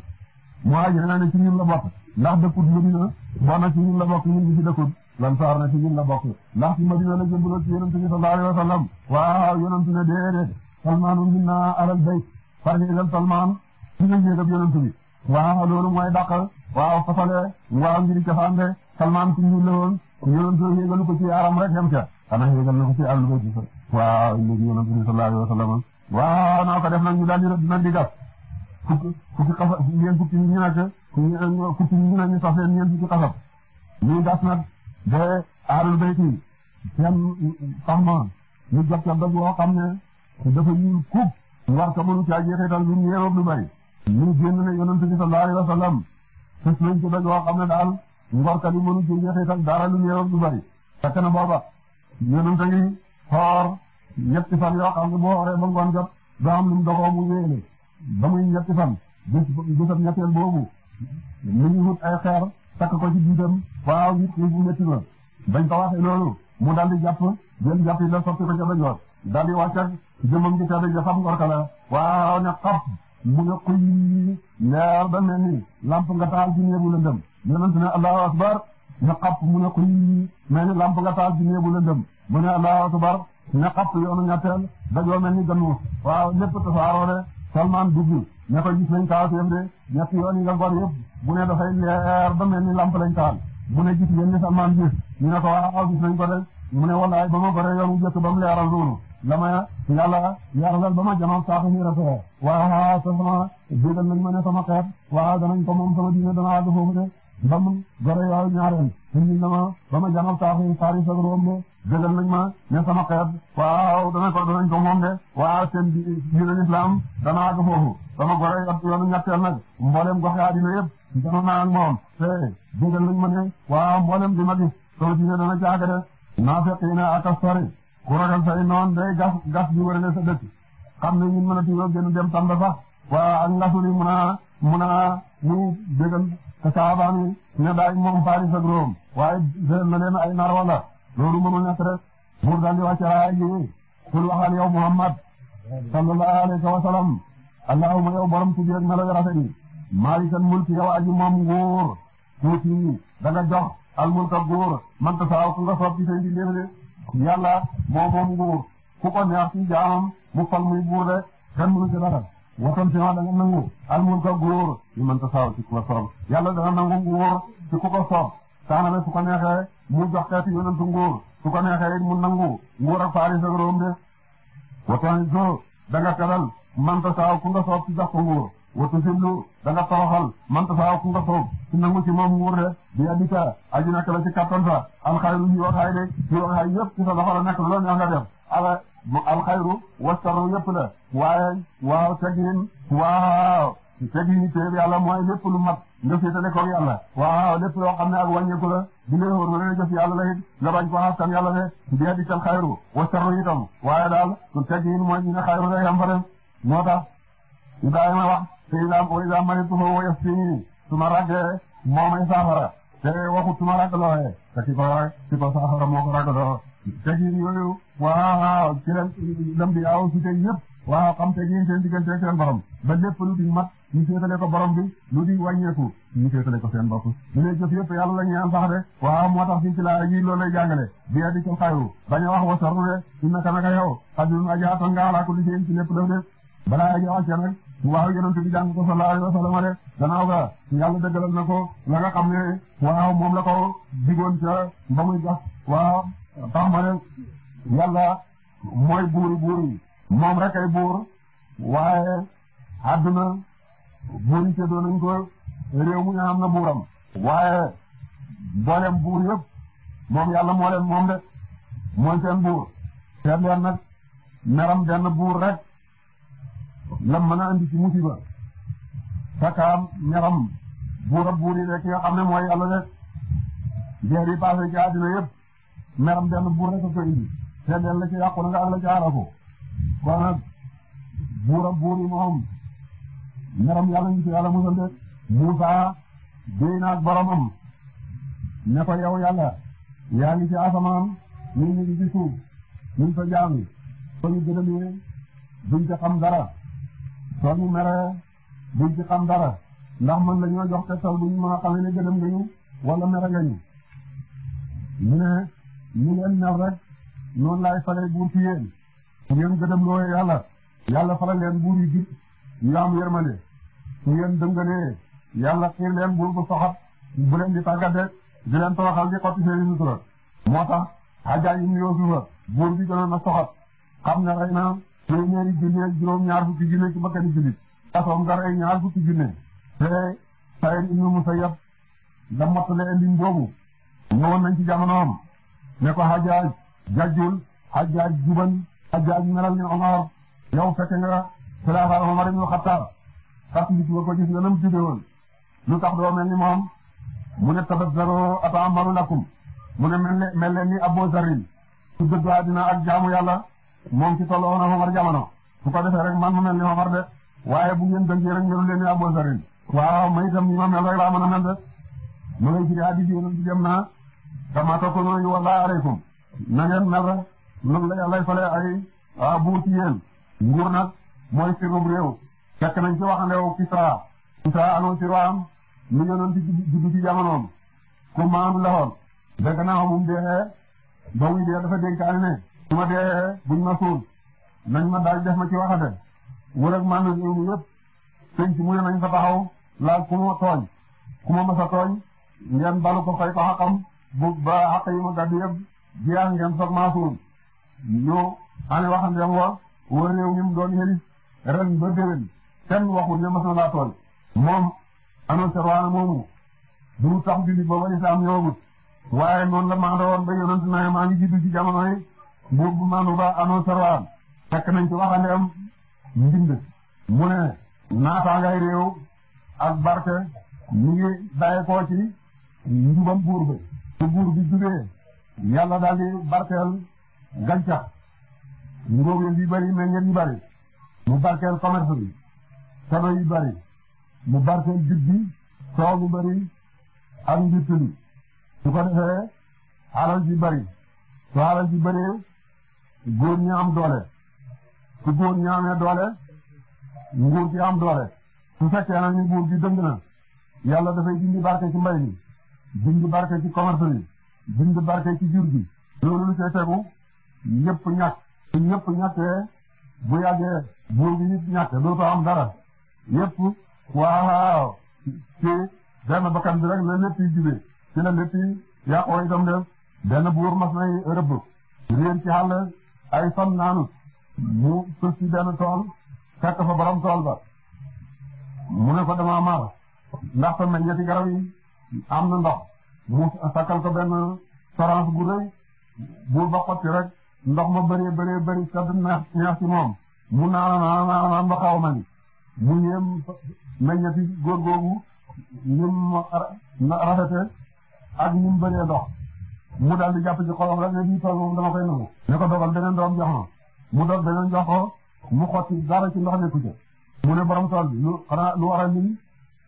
muhajir na ci ñun la bokk ndax dëkkut Madina boo ci ñun la bokk ñu ngi ci dëkkut Lansaar na ci ñun la bokk ndax ci Madina la jëmbuloo ci yonent bi sallallahu alayhi wa sallam waaw yonent ne déedéet Salmaanu minna alal bayt farñeegal Salman ci nga ñëgab yonent bi waaw loolu mooy dàq waaw fasale waaw ngir cafaande Salman ku ñu la woon yonent yéegalu ko ci aram rek dem ca xanaa yéegal waaw naa ko def nag ñu daal di man di gas fukki fukki xasab ñeent fukki ñu nekk fukki ñu ne ñu sax leen ñeent fukki xasab ñu gas nag ba aarul bayti seen sax ma ñu jot ca dëgg yoo xam ne dafa ñuul kub war ko mënu caa jeexital bi ñu yéeroog lu bari. ñu génn ne yonent bi sallallahu alayhi wa sallam fës nañ ci dëgg yoo xam ne daal ngorkat yi mënu cee jeexital dara lu yéeroog lu bari. fekk na booba yonent ngi xoor ñetti fan yoo xam ne boo waree ba ngoon jot doo am lu mu dogoo mu ba muy ñetti fan bés bésam ñetteel boobu mu ngi wut ay xeer takk ko ci biitam waaw nit ñi bu métti ma bañ ko loolu mu daal di jàpp jël jàpp yi la sotti ko ca bañoot daal di wàcc ak jëmmam ji tedd ja xam ngor kala waaw ne xap mu ne kuy leer ba mel ni nga taal ci néebu lëndëm yonent ne allahu akbar ne mu ne kuy mel ni lamp nga taal ci néebu lëndëm mu ne allahu akbar na xapp yoonu ñetteel dajoo mel ni gannuus waaw lépp tasaaroo de Salman dugg ne ko gis nañ kaw séef de ñetti yoon yi nga gor yëpp bu ne dafay leer ba mel ni lamp lañ taal bu ne gis ngeen ni Salman gis ñu ne ko waaw gis nañ ko de mu ba ma goree yoonu jëkk ba mu a noonu la ma yàlla yàlla ba ma janoon saako ñu rafet waaw sama jégal nañ ma ne sama xeet waaw danañ ko moom sama diine dana àgg foofu de ba mu goree yow ñaareel te ñu ne ma ba dëggal nañ ma ne sama xeet waaw danañ ko danañ ko moom de waaw seen diine islam dana àgg foofu sama gore yoonu ñetteel nag mboolem gox yaa dina yëpp dana naan ak moom te dëggal nañ ma ne waaw mboolem di ma gis sama diine dana jaaga de naa fekk yi ne ak a sori ku ragal say noon day gas gas bi wërale sa dëkk xam ne ñun mën a tiiroo génn dem tàmba sax waaw ak ngasuli mun a mun a muy dëggal te saabaan yi ne daay moom Paris ak Rome waaye jël na leen ay nar loolu mënul nekk rek buur daal di wàcce raaya ji kul waxal yow Muhammad sallallahu alayhi wa sallam borom tudd rek melo yu rafet yi maalikal mulki aji moom nguur tuuti da nga jox al mulka nguur man tasaaw ku nga soob ci seen bindéef de yàlla moo moom ku ko neex ci jaamam mu fal muy buur de kenn mënu ci dara waxtaan si ma da nga nangu man tasaaw ci ku nga soob yàlla da nga nangu nguur ci ku ko soob saana be su ko neexee mu jox xeetu yonentu nguur su ko neexee it mu nangu nguur ak Faris ak Rome de waxtaan so da nga teral manta saaw ku nga soob ci jox ko nguur watu sillu da nga toroxal manta saaw ku nga soob ci nangu ci moom nguur de bi addika aju nekk la ci kattan sa alxayru yi waxaay de yi waxaay yëpp ci sa loxo la nekk lu la neex nga def ala alxayru wastarru yëpp la waaye waaw tegin waaw tegin téer yàlla mooy lépp lu mat nga seetale koog waaw lépp loo xam ne ak wàññeeku la di nga wóor nga ne jëf yàlla la bañ ko xaaskan yàlla ne bi yadikal xayru wa sarru itam waaye daal su teggin mooy ñu ne xayru day am fa dem moo tax Ibrahima wax te idaa wa idaa maritu huwa yashfiin a ma ràggee moo may saafara te waxut su ma ràggloo yee te ki ko ki ko saafara moo ko ràggloo teggin yooyu waaw ci leen lam bi yaaw su tey yëpp waaw xam teggin seen diggante seen borom ba lépp lu di ñu féetale ko borom bi lu di wàññeeku ñu féetale ko seen bopp ñu ne jëf yëpp yàlla la ñu am sax de waaw moo tax fii ci laa yi loolu lay jàngale bi adi ci bañ a wax wa sarru de su naka naka yow xajun ajaatan nga alaa kulli shay'in ci lépp def de balaa aja wàcce nag waaw yonent bi jàng ko sallallahu alayhi wa sallam de gannaaw ga yàlla dëggalal na ko la nga xam ne moom la ko digoon ca ba muy waa waaw yala ma ne yàlla mooy buur buur moom rek ay buur waaye àdduna buur yi séddoo nañ ko réew mi nga xam ne waaye mboolem buur yëpp moom yàlla moo leen moom de mooy seen buur. seen leen nag meram benn buur rek la mën a indi ci musiba. sakaam meram buur ak rek nga xam ne mooy yàlla de jeer yi ci àddina yëpp meram benn buur rek a ko indi. seen leen la ci yàqu na nga ak la ci aaraku. kon nag buur ak buur moom. meram yàlla ñu ci yàlla musal de Muusaa déy naag boromam ne ko yow yàlla yaa ngi ci asamaan ñu ngi ci suuf ñu ko jaami soo ñu gëdamee duñ ci xam dara soo ñu meree duñ xam dara ndax mën lañoo jox tegtal bu ñu mën a xamee ne gëdëm nga ñu ne ñu leen mer rek noonu laay falee buur ci yéen ngeen gëdëm loo yàlla yàlla faral buur yi jub ñu am yéen dëng ne yàlla xiir leen buur bu soxat bu di tàggat de di leen toroxal di xotti seeni sutura moo tax Hajjaaj ibn Yuusufa buur bi gënoon a soxat xam ne rey na téeméeri junne ak juróom ñaar fukki junne ci bakkani julit asoom nga rey ñaar fukki junne te Saïd ibn Musayyab la mottale indi boobu ñëwoon nañ ci jamonoom ne ko Hajjaaj jajjul Hajjaaj juban Hajjaaj melal ni Omar yow fekk fat nit nga ko gis nga nam jube woon lu tax doo mel ni moom mu ne tabazzaro ata'ammaru lakum mu ne mel mel leen ni Abu Zarin su dëgg àddina ak jaamu yàlla moom ci tolloo na Omar jamono su ko defee rek man mu mel ni Omar de waaye bu ngeen dëngee rek melu leen ni Abu Zarin waaw ma itam ni ma mel rek laa mën a mel de ma ngay jiri hadiis yéen di dem naa kama takuunu yuwallaa aleykum na ngeen mel rek noonu la yàlla fale ay ah, buur ci yéen nguur fekk nañ ci waxandewu Kisra. Kisra annoncé am mu yónnoon ci juddu ci jamonoom ku maandu la woon. fekk naa moom deexee ba muy dee dafa dénkaane ne. su ma deexee buñ ma suul nañ ma daal def ma ci waxate wër ak maandu ñoom yëpp sëñ ci mu nañ fa taxaw laal ku ma tooñ ku ma mës a tooñ ngeen balu ko fay ko xaqam bu ba xaq ma gàddu yëpp jiyaat ngeen soog maa suul ñu année waxandeem wa wër réew mi mu doon yëli ren ba déwén. kenn waxul ne mas na laa tooñ moom annonceur waana moomu du tax jullit booba lislaam ñëwagut waaye noonu la maando woon ba yonent na maa ngi jiddu ci jamono buur bu maandu ba annonceur waan fekk nañ ci waxande am mbind mu ne naataangay réew ak barke mu ngi koo ci njubam buur bi bu buur bi jubee yàlla daal di barkeel gàncax ngóob yi bari meññeet yi bari mu barkeel commerce bi kado yu bari mu barkeel guddi soow bu bari ak njiit li su ko defee alal ji bari su alal ji bëree góor ñi am doole su góor ñi amee doole nguur gi am doole su fekkee nag ni nguur gi dëng na yàlla dafay dindi barke ci mbay mi dindi barke ci commerce bi dindi barke ci jur gi loolu lu see tegu ñëpp ñàkk su ñëpp ñàkkee bu yàggee buur gi it ñàkk dootoo am dara yëpp waaw ci benn bakkan bi rek la yi jubee ci la lépp yi yàqoo itam def benn buur mas nay rëbb réer ci xàll ay son naanut mu suuf benn tool fekk fa borom tool ba mu ne ko dama mar ndax fa meññeeti garab yi am na ndox mu sakkal ko benn sorance gu buur ba xotti rek ndox ma bëree bëree bëri sedd neex neex moom mu naana naana naana ba xaw ma ni mu yem meññati góor googu ni mu rafete ak ni mu bëree dox mu daal di jàpp ci xolam rek ne bii tool moom dama koy nangu. ne ko dogal beneen doom jox ma mu doog beneen jox ko mu xotti dara ndox nekku ci. mu ne borom tool bi lu xanaa lu war a lim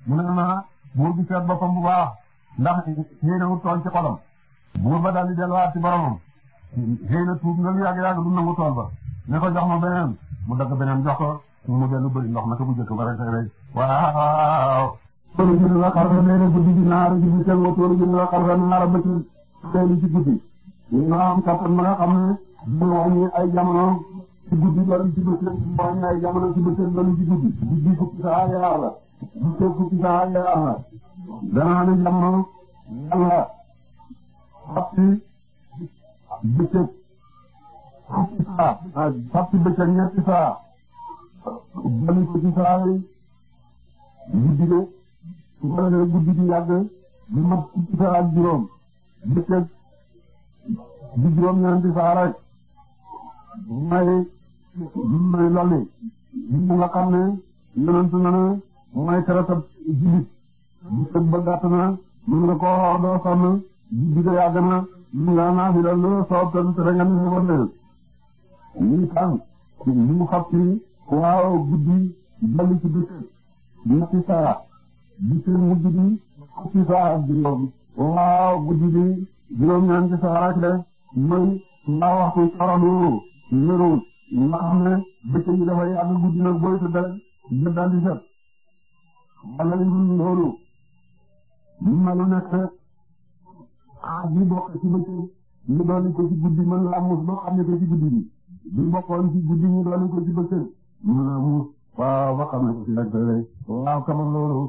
mu ne ma buur bi seet boppam bu baax ndax xëy na wut ci xolam. buur ba daal di delluwaat ci boromam xëy na tuub na lu yàgg yàgg du nangu tool ba ne ko jox ma beneen mu dagg beneen jox ko. mu dellu bëri ndox naka bu jëkk ba rek rek waaw tóoru ji nga xarfa leere guddi ji naara ji bi seng tóoru ji nga xarfa naara ba ci leelu ci guddi ñu am kattan ma nga xam ne bu wàññi ay jamono ci guddi loolu ci bëccëg bu wàññi ay jamono ci bëccëg loolu ci guddi guddi fukki saa yaar la bëccëg fukki saa yaar la dana ne jamono yàlla fàtti bëccëg fukki saa fàtti bëccëg ñetti saa dolli ko ci guddi guddi gi yàgg lu mat fukki juróom bëccëg di juróom-ñeenti saar rek mooy mooy lolli mu nga xam ne yonent na ne mooy traité jullit bëccëg guddi ko yàgg na mën soob te tere nga ni mu ko dee. lii tam mu ku waaw guddi dolli ci bëccëg ñetti saa bëccëg mujj bi guddi bi ci saa rek de mooy ndax waxtu nga xam ne bëccëg yi dafa yàgg guddi nag booy tudd rek dal di set wala li dul loolu mën na nekk xaaj ci bëccëg ñu dolli ci guddi mën la amus loo xam ne ko ci guddi bi bi bokkoon ci guddi ñu dolli ci bëccëg mu ne waaw ba xam ne si waaw kaman loolu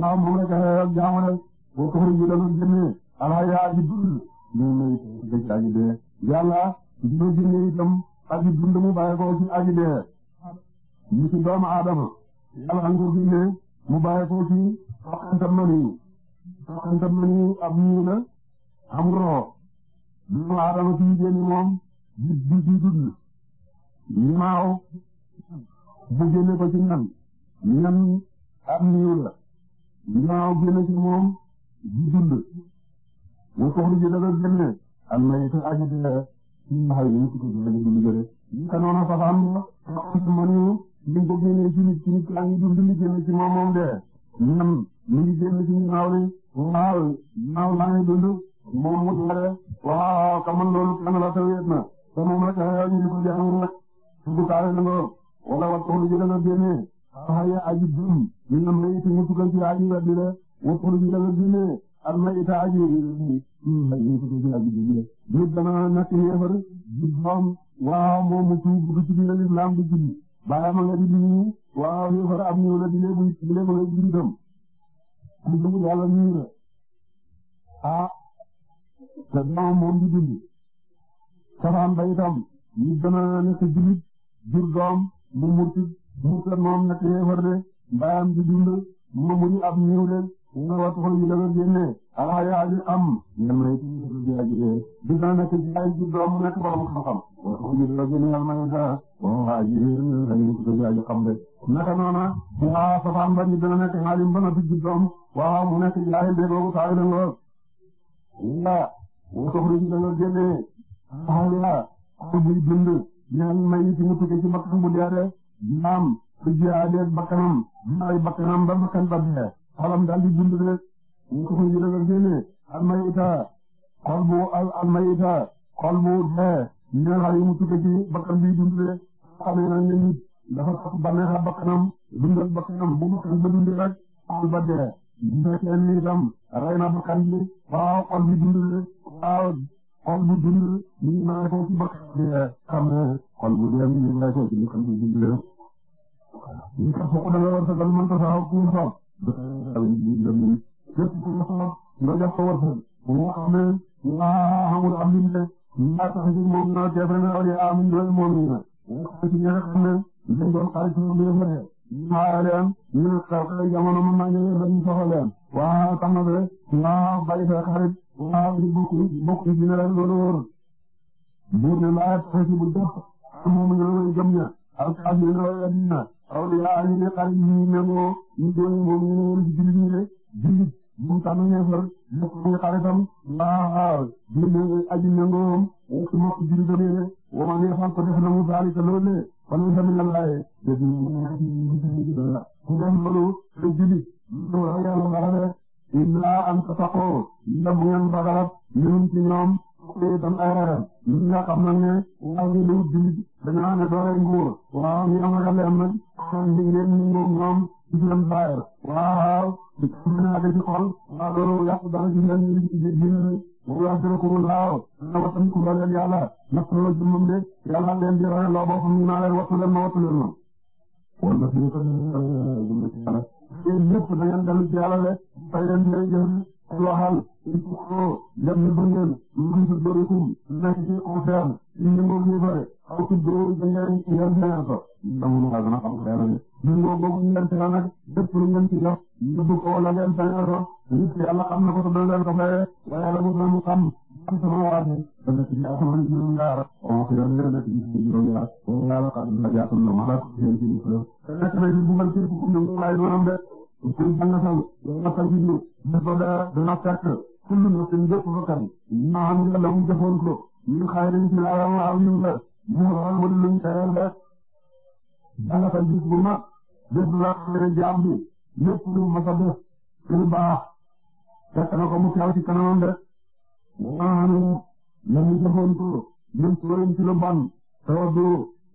waaw moom rek ak jaamu rek boo ko ji dana génne alaya aji dund ñun ñooy gëj aji dee yàlla dina génne itam aji dund mu bàyyi ko aji dee ñu ci doomu aadama yàlla an ko génne mu bàyyi ko ci soxantam ab ñu la am roo doomu aadama ci génne moom di di dund ñaaw bu génne ko ci ñam am niiw la ñaaw génne ci moom di dund wa toxruji dana génne am na itam aji dee ci maxay ñu ko dund dund jële ko génne ci nit ci nit kaa ngi dund li génne ci moom moom dee ñam mi ngi ci ñaaw li waaw ñaaw laa ngi dund moom mu dee waaw xamal wala waxtu lu jëlee la génnee xaw ma aji dund ñu ne ma it ñu tukkal ci aji weddi la waxtu lu jëlee la génnee al ma it a aji ñu tukkal ci aji dund la. nit dana nekk yéefar moom waaw moom mu ci dugg ci biir lislaam di julli bàyyi ma nga di dund waaw yéefar am ñu la di leen buy di leen ma nga julli tam mu dugg yàlla ñu la ah te dama moom di dund safaan ba itam nit dana nekk jullit jur doom mu mucc mucc moom nag yéefar de mbaayam di dund mu muñ ab ñëw de nga war yi la nga génne ala yaa di am nga may ci yaa ji de di na nekk ci ay ji doom nekk borom xam-xam war ko yi la génne yàlla may sa bon waa ji lañu ji xam waa safaan ba ñu dina ji doom waaw mu nekk jaahil de boobu saa waa war ko yi la nga génne ala yaa ñaar may ci mu tukkee ci bakkan bu deewee naam su jiyaaleeg bakkanam ñaari bakkanam ba bakkan ba dee xolam daal di dund rek ñu ko ñu dëgër génne almayita xol bu almayita xol bu dee ñaar yi mu tukkee ci bakkan bi dund bakkanam bu bakkan ba dund rek ba dee bu fekkee ni itam na bakkan bi waaw xol bi dund rek xol bu dund ñu ngi mën a ko ci bokk xam ne xol bu dee ñu ngi mën a ko ci li xam ne dund la ñu ko fokk da nga war sa dal mën ko sax ku soog dafa ñu dem ñu képp ku soog nga jox ko war sa mu xam ne la xamul am li ne la tax ci moom na def na wala am do moom ni na ko ci ñaka xam ne dañ doon xaar ci moom dafa rek ñu xaaleen ñu tax jamono mën na ñu dañ soxaleen wa tam na la bari fa xarit waaw li bokkul bokkul ci ñeneen loolu wóorul buur ne laa taxe ci bu def moom ñu loolu gëm ña ak ak ñu loolu yàgg na aw li yaa ñu ne xarit ñu nangoo ñu doon moom ñu ne woon ci jullit ñi de jullit mu tànn ñeefar nekk muy xaritam waaw jullit aji nangoom nekk mbokk jullitam yi de wama neefal ko def na mu saali te loolu de fan la tamit la laajee def loolu te jullit loolu yàlla illaa an tattaqoo ndax bu ngeen ragal ñun ci ñoom te tam ay ragal ñi nga xam nag ne waaw li lu dindi dañoo ne doole waaw ñi am ragal leen nag kon di ngeen ñu ngoog ñoom ci seen baayal waaw di ko mën a ci xol waaw loolu yàq dara ci leen ñu ci diine waaw jërëjëf laaw na watam ku leen yàlla na solo jëmmam de yàlla leen di ragal loo boppam naa leen wattu leen ma wattu leen ma ci lépp da ngeen dellu ci yàlla de fay leen njëriñ waxal il faut dem na ba ngeen mën si dorikum nekk ci concerne ci yëngoog ñu bëre aw si dóor da ngeen ngeen feeñal ko damul waa gën a xam xeer ni yëngoo boobu ngeen feeñal nag lépp lu ngeen ci jox nëbb ko wala ngeen feeñal ko nit yàlla xam na ko te dana leen ko fayee waaye yàlla mu xam ku sama waate dana ci asamaan juróom ñaar on ko yoon dana ci juróom ñaar on yàlla xam na jaatum na mala ko seen ci ni ko dana ci bu man ci ko ñu lay doonam de ko jàng sal dana fa jiddu dafa da dana fekk kullu no seen jëpp fa kan na am la mu defoon ko ñu xayrin ci la yàlla aw ñu la mu ral mu luñ tayal de dana fa gis bu mag def la xere jaam bi lépp lu ma sa def lu baax fekk na ko mu teew ci kanamam de na ne la ñu jëfandiku ñun ci wàllum ci lu bon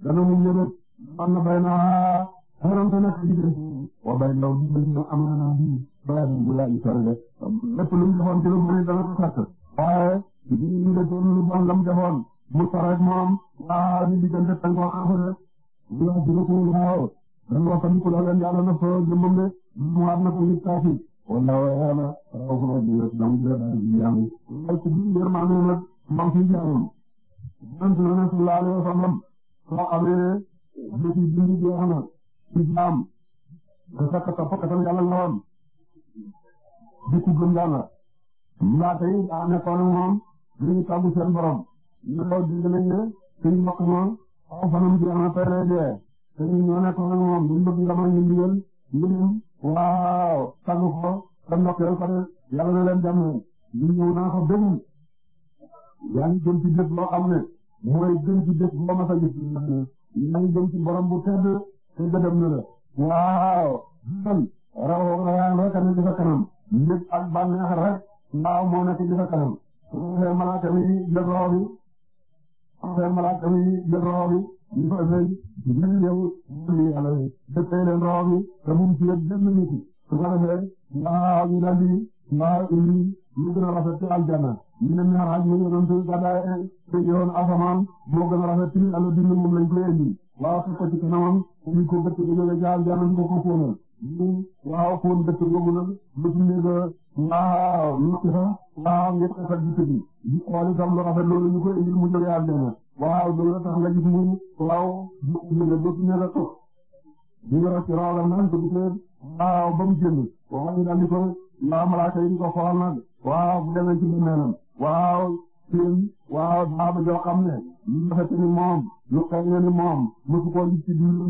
dana mu njëriñ am na bay naa xarante nekk diggante wa bay ndaw diggante am na naa bii balaa bi balaa ñu sori rek lépp lu mu dana ko fekk waaye bi ñu defoon lu bon la mu jëfoon mu sore moom waa ñu diggante tànk wax ak ko waaw dañ wax mu war na ko nit wala wala waaw sama biir donc biir daal di jaamu. waaye ci biir biir maa ngi nag maa ngi jaamu. man suñu ne suñu laalee sax man. soo xamee ne. dëkk yi dund bi jeex na. ci jaam. te fekk sa fokk tam yàlla la woon. dëkk gëm yàlla. mbaata yi daa nekkoon ak moom. dañuy tàggu seen borom. ñu loolu dund nañ ne. suñu mbokk moom. aw fanam jeex na tey lay dee. te ñun ñoo nekkoon ak moom dañu bëgg nga mën ñu ndigal ñu dem. waaw tagg ko ba ndokkeel ko de na leen jàmm ñu ñëw naa ko bëgg yaa ngi jëm ci bés loo xam ne mooy jëm ci bés boo ma sa gis yaa ngi jëm ci borom bu tedd te gëdëm na la waaw man raw rayaan rek a ne di sa kanam mbég fee malaaka mi jël roxo bi fee malaaka mi jël roxo bi ñu fa ëllëg ngir yow ñu yàlla dëppee leen roxo bi te bu mu ci yëg benn nit su ko defee nga ñu daal di nga indi lu gën a rafet ci aljanna ñu ne ñaar ak ñu yonent gàddaay te yoon asamaan moo gën a rafet ci yàlla bind moom lañ koy indi waaw fekk ko ci kanamam ñu ko bëtt bu jëlee ci aljanna ñu ko ko fóonal ñu waaw fóon bëtt boobu nag lu ci nekk waaw lu ci sax waaw ngeen xasal bi tëbi ñu xool itam lu waaw loolu tax nga gis muy waaw ñu ne dootu ne la toog di yor ci raw la naan te du tee waaw ba mu jënd waaw ñu daal di ko waaw malaaka yi di ko xool nag waaw bu demee ci bàmmeelam waaw seen waaw daaba joo xam ne lu rafet ni moom lu xëy na ni moom mosu koo gis ci biir de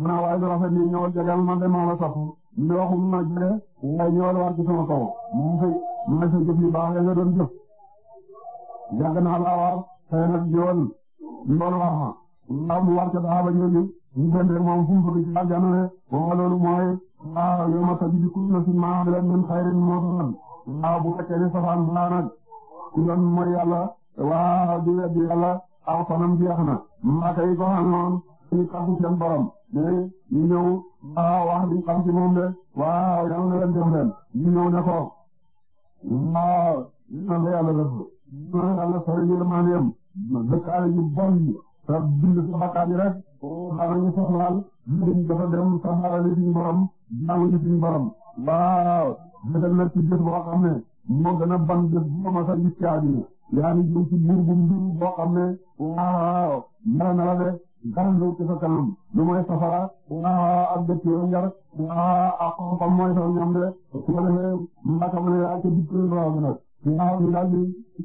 mu ne waaye lu rafet ni ñëwal jagal ma de maa la safu ñu waxum ma jëlee waaye ñëwal war ci sama kaw mu fay mu ne sa jëf yu baax nga doon jëf yàgg naa laa war xëy na jiwoon loolu war ma ndaw mu war ca saxaaba ñooñu ñu dem rek moom fu mu bëgg ci aljana moom loolu mooy waaw yow ma tëj bi ku ne si maa ngi leen mën xayrin moo doon waaw bu fekkee ne safaan baa nag ku doon mooy yàlla waaw di weddi yàlla aw fanam jeex na malaaka yi ko xam noonu ñu kàddu seen borom mais ñu ñëw waaw wax di xam ci moom de waaw yàlla na leen dem ren ñu ñëw ne ko waaw ñu ne la yàlla def ñu dëkkaale yu bon yi te bind ci bakkaar yi rek xanaa soxlaal ñu dem dafa dem saxaarale suñu borom jaamu suñu borom waaw dëgg la ci boo xam ne moo gën a ban bés bu masa gis ci àddina yaa ngi jëm ci bu mbir boo xam ne waaw mel na la de dara lu ci sa kanam safara waaw ak dëkk yu njar waaw ak xam-xam mooy sa ñam de su ko defee mbàkk ba ne yaa ca biir nag di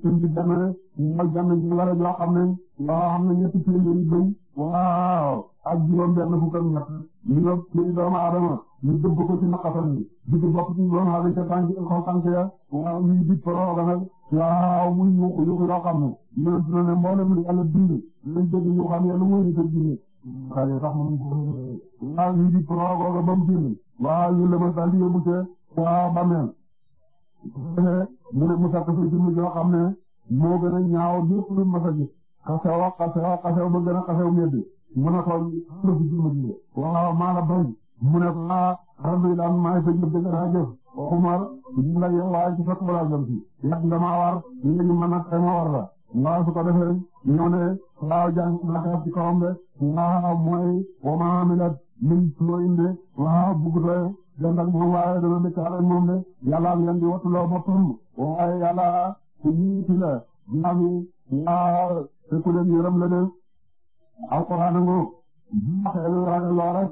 suñ ci demee mooy jamono ji war a joo xam ne loo xam ne ñetti téeméeri bëy waaw ak juróom benn fukk ak ñett ñu nga kii doomu aadama dëbb ko ci naqasan bi di ci bopp ci doon xale ca tànk xaw tànk ya waaw ñu di porooga nag waaw muy yuuxu yuuxu yoo xam ne ñoom dina ne mboolem li yàlla bind lañ dégg ñu xam yàlla mooy ñu dégg xale sax moom ko waaw ñu di porooga ba mu génn waaw ñu lëma daal di yóbbu ca waaw bameel mu ne mu sakk fi jëmm joo xam a ñaaw lépp lu mas a gis xasew xasew xasew ba gën a xasew medd mu ne ko lu waaw maa la bañ mu ne ko ah rabbi lan maay sa naa jëf Umar la yow waaye ci maa war léegi waaw su ko defee ñëw ne waaw jàng nakaat jënd ak moom waaye dana nekk xale moom de yàlla am leen di wattuloo boppam waaye yàlla ku yiiti la naaf yi yaa fekku leen yërëm la de alxuraan nga xelu ragal loo rek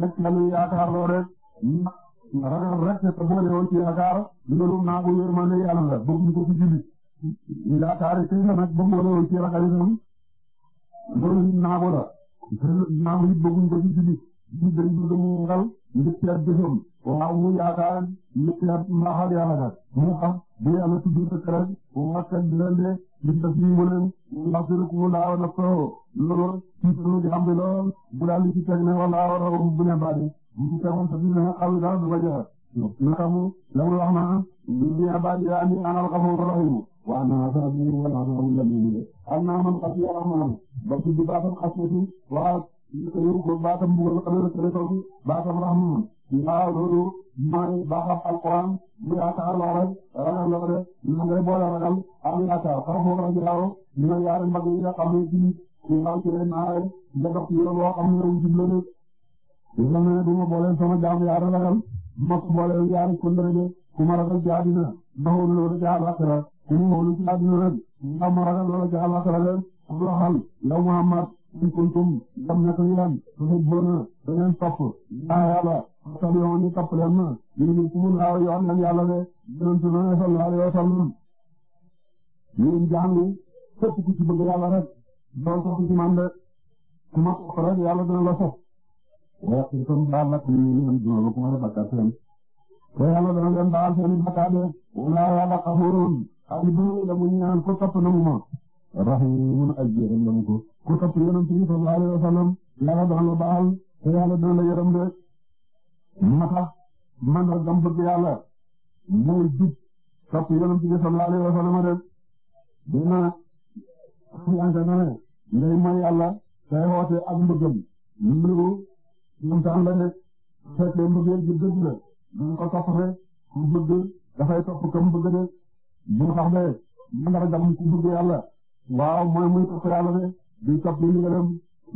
rek xelu yaakaar loo rek ragal rek te boole woon ci yaakaar loolu naa ko yërmande yàlla la bëgg ñu ko fi julli yaakaar ci la nag boole woon ci ragal itam loolu naa ko la naa ko it bëgg ñu ko fi julli ñu bëri ñu gëm ngal mbégteeg jëfëm waaw mu yaakaar mbégteeg mbaaxal yàlla kat mu xam bu yàlla tudd sa kër wax kat di leen de li des ñu wële ndax dina ko laaw na soo loolu ci sunu jaam bi lool bu daal di ci teg ne wala war a bu ne baadi bu ci tegoon sa biir ne xam dara du ko joxe. naka mu la mu wax naa bu ne baadi yaa ni anal xafu rahim waa naa sa biir wala sa bu leen am naa man xas yaa man ba tudd baatam xas na ci waa ñu koy ruuj baatam mbugal xale la xale baatam rahma waaw loolu mooy baaxam alquran ñu yaakaar loo rek ragal loo ñu ngi boole ragal am yaakaar xam nga rajo Diaw ñu ne yaari mbagg yi nga ñu xaw ci leen naa rek dox ci yoon boo xam ne yow jublu na ñu ne du ma boole sama ragal ma ko boole yaari kundare de ragal ci àddina ku ma xoolu ci àddina rek nga ma ragal loolu ci àllaxira rek am in kuntum dam na ko yéen tuhibbuuna da topp laa yàlla fattabi'uunii topp leen ma yuhbibkumullaahu yoon leen yàlla de yonent bi sallallaahu alayhi wa sallam ñun jaam yi képp ku ci bëgg yàlla rek doo topp ci man de ku rek yàlla dina la sopp waaye ci tam baal la ko ñu leen dina la ko mën a bakkaat seen te yàlla dana baal seen bakkaat de wala yàlla xafuurun aji bu la mu ñaan ko topp na mu ma rahiimun aji yërëm mu ko ku topp yonent bi sallallahu alayhi wa sallam yàlla dana la baal te yàlla dana la yërëm de moo tax mandargam bëgg yàlla mooy jub topp yonent bi sallallahu alayhi wa sallam de dina fiyanka na ne ngay mooy yàlla tay xoote ak mbëggam loolu ñamtaan la de fekk mbëggeel gi dëgg la ko topp rek ku bëgg dafay topp kam bëgg de bu tax de mandargam ku bëgg yàlla waaw mooy muy topp yàlla de di topp li nga dem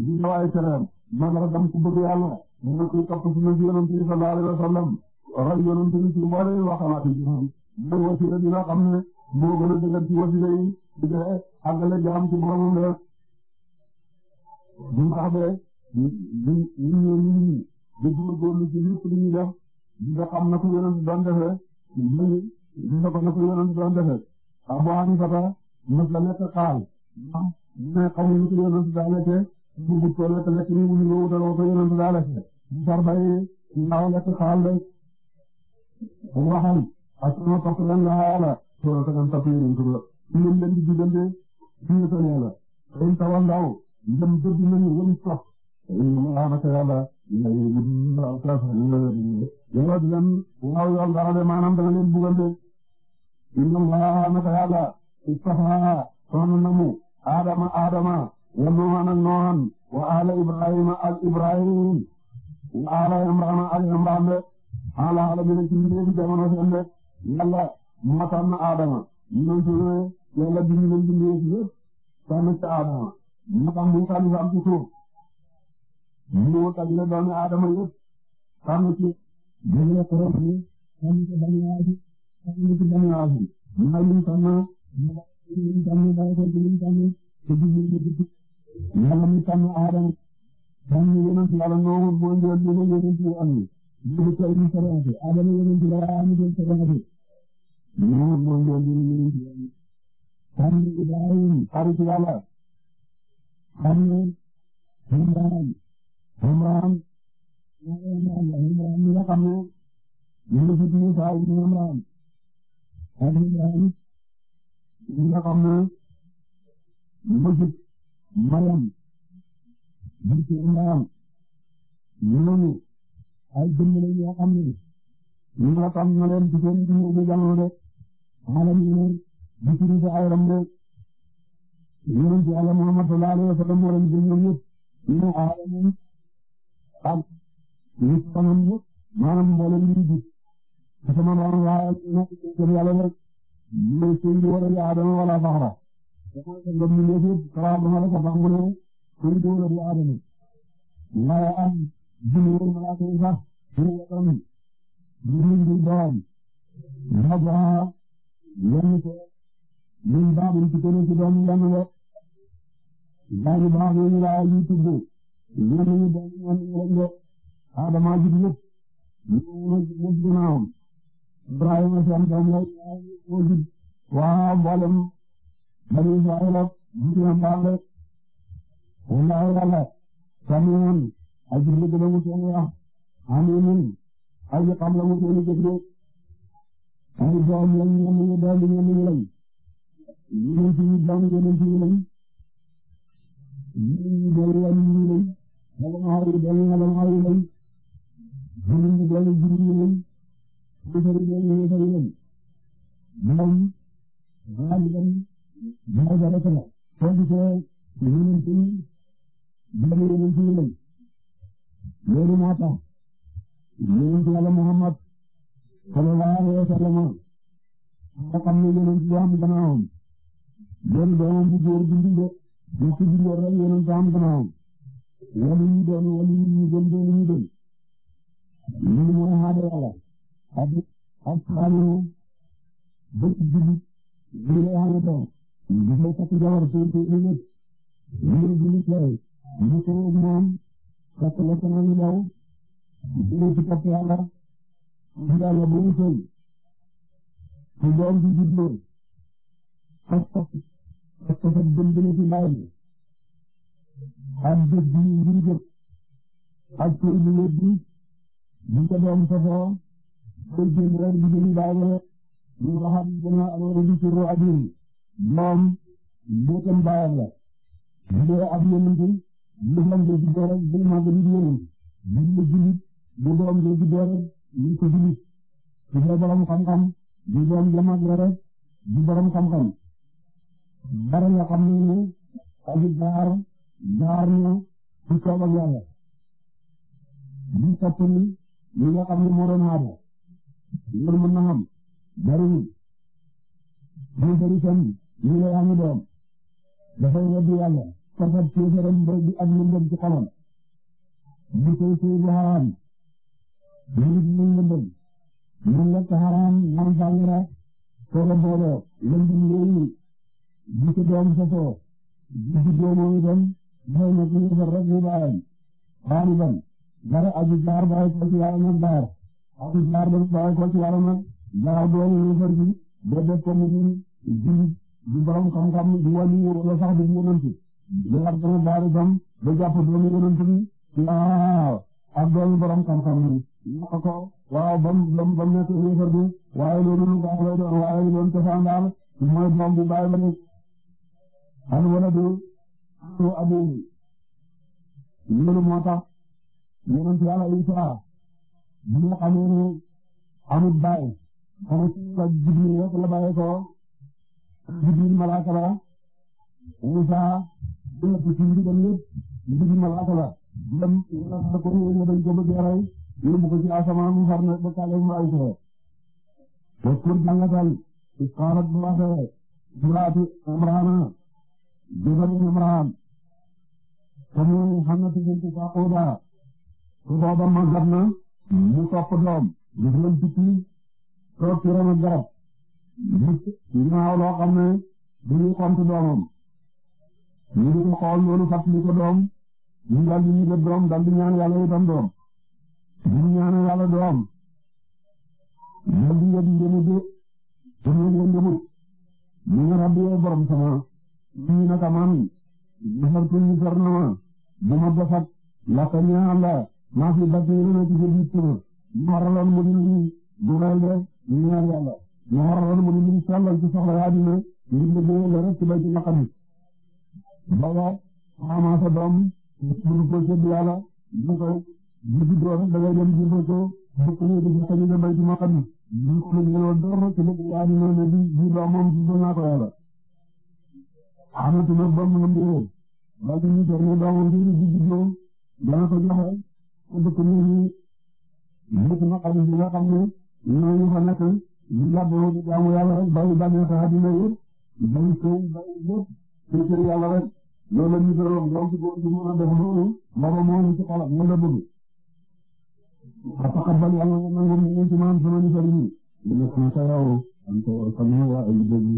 di ñëwaay keneen man la dem ku bëgg yàlla ñu ngi topp suñu yonent bi sallallahu alayhi wa sallam roy yonent bi ci mboolem waxamaat yi mooy wasila bi nga xam ne moo gën a dëgër ci wasila yi di joxe àggale jaam ci boromam de bu ñu xamee ñu ñu ñu ñu di góorgóorlu ci lépp lu ñuy def di nga xam na ko yonent doon defee ñu di nga ko na ko yonent doon defee Abu Hanifa mos la nekk xaal dina xaw ma ci yonent daala te ñu bu ko la la ci ñu ñu wutal ko yonent daala ci ñu far bay ndaw la ci xaal la waxal ak sama topp lan la xaala soo ta kan topp ñu ko ñu leen leen di digante ñu ko ne la ay taw ndaw dem dëdd nañu won topp ñu la ma ta yàlla ñu ñu la ta fa ñu ñu la dem waaw yoon dara de maanaam da leen bugante ñu la ma ta yàlla istafa sonu namu adama adama yalluhan ak noohan wa ala ibrahima ak ibrahim wa ala imrana ak imran de ala alamina ci mbiri jamono seen de yalla moo tànn adama ñu doon tuddee yalla bi ñu doon bindee ci yëpp tànn adama ñu tànn ñu tànn sam ci suuf ñu wut ak le adama yëpp tànn ci jëlee ko rek ni tànn ci bani ñu tànn bàyyi ko ci ñu tànn te du ñu dugg yàlla ñu tànn aadama tànn yonent yàlla noonu moo ñu doon dina yonent yu am yi ñu ko ñu saraati aadama yonent la waa ñu doon saraati noonu moo ñu doon dina yonent yu am yi tànn Ibrahim xaritu yàlla xam ne Imraan Imraan Imraan mi nga xam ne ñu ngi fi Musaa ibn Imraan ak Ibrahim li nga xam ne mbëgg Mariam bintu Imraan ñooñu ay jëmm lañ yoo xam ne ñu la tam na leen ci seen dund bu jamono rek xaalam yi ñu di turu sa ayram rek yonent Yàlla Muhammad sallallahu alayhi wa sallam moo leen jël ñoom ñëpp ñu ne xaalam ak nit tamam ñëpp maanaam mbooleem ñu di sama borom waaye nekk ci yàlla rek ñu ci wala ya adama wala faxra ngam ñu ñëf kala ma la ko bax mu ne ko di wala ya adama la am jinu wala la ko sax ñu ya tam ñu ñu doom na ba ñu ko ñu ba bu ci ko ci doom la ñu la ñu ba ñu la ñu tuddu ñu ñu doom ñu la ñu adama ji ñu ñu ñu ñu a seen doom la waaw mboolem bani Israayiila jiitu na mbaam rek wallaahi yàlla sami'un ay jëf dëgg la mu seen wax alimun ay mu seen jëf de ay doom lañ ñenn ñi doom ñenn ñi lañ yeneen ci doom yeneen ci lañ ñii góor lañ ñii lañ wala mu xaw yi doom wala mu xaw yi lañ ñii doom yi lañ moom xaalisam daraja rek la soo gisee yonent yi doomi yonent yi lañ loolu moo tax yonent Yàlla Muhammad sallallahu alayhi wa sallam moo xam ne yonent bu am gannaawam doon doomam bu góor bindu de mu ci bindu rek yonent bu am gannaawam wala ñu doon wala ñu gën doon ñu gën loolu mooy xaade Yàlla ak ak xaalis bés bi bi nga xamante ne dafay takk jabar suuf si ëllëg ngir jullit lay mbokku moom takk la ko noonu daw dina ci topp yàlla yàlla bu mu sëy su doom bi juddoo fas fas fas fas dem dina ci mbaay mi ak bés bi ngir jëf ak suuf bi bi ko doom safoo day jënd rek di jënd baay rek ñu waxaat ñu gën a amee lu ci ruwaajul moom béykat baayam la. bu dee ab yonent lu xam day juddoo rek day màgg nit yonent bu dee jullit bu doom day juddoo rek ñu ko jullit su dee borom xam-xam bu doom la màgg rek di borom xam-xam dara nga xam ne ne aji gaar gaar na ci soob ak yàlla ñu topp ni li nga xam ne moo doon xaar loolu mën na xam bariwul muy bari itam ñu ne yaa ngi doom dafay weddi yàlla fafat kéefaram mbay bi ak lëndëm ci xolam bu sëy sëy bu xaraam mu ngi ci lëndëm mu lekk xaraam naan sàngara soog a booloo lëndëm yooyu bu ci doom sosoo bu ci doomoo itam dafay nekk yëfar rek ñu baayam xaaliban dara aju jaar baay ko ci yàlla baar ak jaar lañu bàyyi ko ci yàlla nag jaar doon ñu far gi doo def ko mu di jullit du borom xam-xam du wàllu wala sax du yonantu jaar dana daal itam ba jàpp doomu yonantu bi waaw ak doomu borom xam-xam bi ñu ko waaw ba mu ba mu ba mu nekk ñu far gi waaye loolu lu baax lay doon waaye lu doon cosaan daal mooy doom bu bàyyi ba rek al waladu abu abuhu loolu moo tax yonantu yàlla Isa bi nga xamee ne amul bàyyi xanaa ci la Jibril rek la bàyyi ko Jibril malaaka la Isa nekk ci ndigal lépp Jibril malaaka la dem na ko nga dañ ko bëgg a rey yóbbu ko ci asamaan mu far na dëkkaale mu ay soo te pour jàngatal xaaral bu waxee juraati Imraan jabari Imraan te muy xam na ci jëntu saa Uda Uda ba màggat na mu topp doom gis ngeen tukki toog ci ronu garab gis ginnaaw loo xam ne du ñu xontu doomam ñu ngi ko xool loolu fàttali ko doom ñu dal di ñu doom dal di ñaan yàlla itam doom ñu ñaan yàlla doom ñu ngi leen di demee ba ñu ngi leen demut ñu ngi rabbi yow borom sama ñu naka man defar ko ñu fer na ma bu ma defat la ko ñaan la maa fi bàcc yéen a ci jël ci suuf mu waraloon mu di lu gënal de ñu ñaan yàlla mu waraloon mu di lu sellal ci soxla yaa dina ngir liggéeyal la rek ci bay ci naqam bala xamaa sa doom bu ko sedd yàlla bu ko bu juddoo rek da ngay dem jëndee ko bu ko ñëwee dafa ko ñëwee door ci bëgg yaa dina ne di di doomam bu naa ko yàlla xamatuma bom ngam di ba ñu ñu torne doomam dëkk nii dëkk ma xam ne nga xam ne ñooñu fa nekk ñu labboo di jaamu yàlla rek bàyyi bàyyi sa àddina yi bàyyi sëy bàyyi lépp ci kër yàlla rek loolu la ñu doon donc góor gi mën a def loolu morom moom ci xolam mën la bëgg ataqabbal yàlla nga nangu mu ci man sama nisar yi dina sama sa yow am sa yow sama waa ay dëgg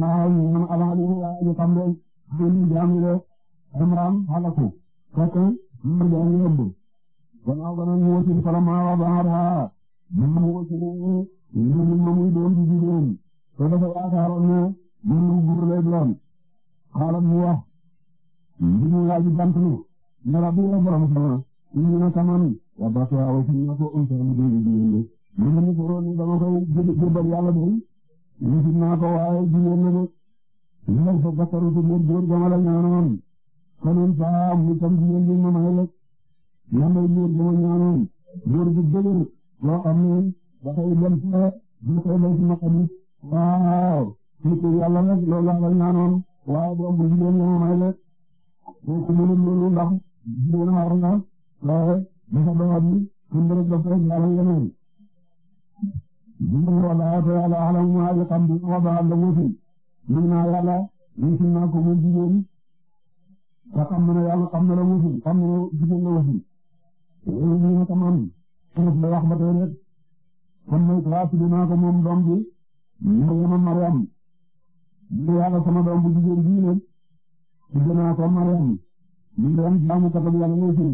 naa man alaali waa ay xam leen xam jaam yi rek am raam xalaku fekk mu jaam yóbbu gannaaw ga nag mu wëccin falamaa wada'ahaa moom mu wëccinee lii moom muy doon di jigéen te dafa yaakaaroon ne moom góor lay doon xaaral mu wax li mu laaj bant lu ne rabbi la borom sama indi na kaman wabatuha wëccin na ko unsa mu doon di jigéen de man dama ko roon dama koy jébbal yàlla de wëccin naa ko waaye jigéen na de li nga fa gasaru te góor góor gama la ñaanoon konoon saa mu tam jigéen bi ma may lekk man de buur bi ma ñaanoon buur bu dëgër boo xam ne dafay dem fa du koy lay sama xarit waaw nit ku yàlla nag loolu laa la ñaanoon waaw doom bu jigéen nga ma may la boo ko mënul loolu ndax jigéen xaar nga waaye dafa doom bi suñ rek dafa rek yàlla yeneen buur wala te yàlla alam maa yi xam bi ma baal la wuti mën naa yàlla wuti naa ko muy jigéen te xam na ne yàlla xam na la wuti xam na jigéen la wuti yéen ñu ne ko moom turist la wax ba tey rek kon mooy classe bi naa ko moom doom bi Maryama Maryam di yàlla sama doom bu jigéen bii nag tudd naa ko Maryam ñu ngi am jaamu kata bi yàlla yéen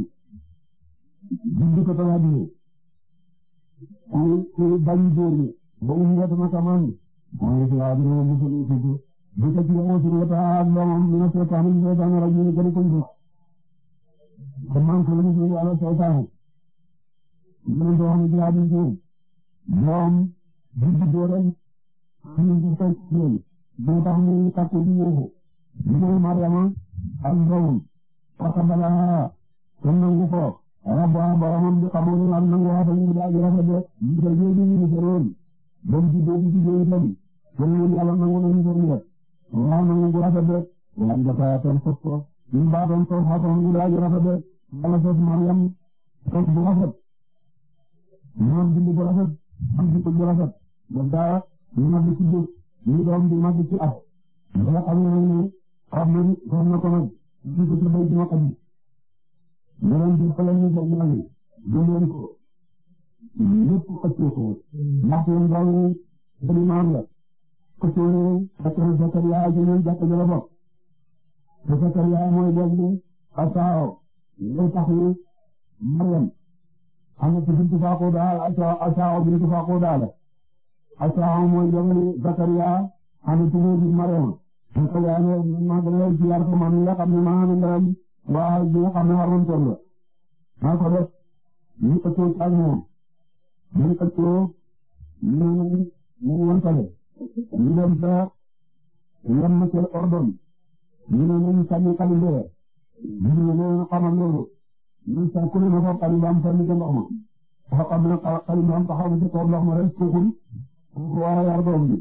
juddu kata waa bii ku ku bañ góor ñi ba um wata na kamaan mooy classe bi naa ko moom bu ko ci yàlla suñu wata ak doomam ñu ne seetaan ñu seetaan rajo yi gën a ko damaa ko wane si yàlla seytaane ñu ne doon jiwaat ñu jiw moom bu juddoo rek ñu ngi koy jiw ñu tax ñu takku ji yéexu ñu Mariama ak doom waxtabalaha te nangu ko rabba boromam bi xamoon ak nangu waata ñu daal di rafetlu ñu koy jiw ñu ngi gërëm ba mu juddoo di juddoo itam ñu ne yàlla nangu nañu ko ñu waaw nangu gu rafetlu waaye dafa seen fos ko ñu baaxoon ko xaatoon ñu daal di rafetlu yàlla def Maryam xol bu rafet moom dund bu rafet am dund bu rafet daf daa ñu màgg ci jóg ñu doom di màgg ci at nga xam ne ne xam na xam na ko nag ñu ko ci bay di ma xam ne leen di xelal ñu ko ñaari jëleen ko ñëpp xëccoo ko ndax yéen daal sëli maam la xëccoo ne fekk na Zakariya ak yeneen jàkk ja la bokk te Zakariya mooy déglu ak saaw loolu tax na Maryam am na ci bintu Fakkoda Asaa bintu Fakkoda la Asaa mooy jamono Zakariya am na ci biir Maryam Zakariya ne maa ngi lay ziar ko man nga xam ne maa ngi ndeyam waa ji nga xam ne xaroon toll la maa ko def ñu ëttoo ak moom ñu ëttoo ñu ñu ñu wëntale ñu dem sa yem ca ordon ñu ne ñu sànni kalimbeer ñu ne leen xamal loolu ñu sàkku na ko xalibaam sànni ca ndox ma wax xam ne xalibaam taxaw na ci kaw ndox ma rek tuuxul ku war a yar doom bi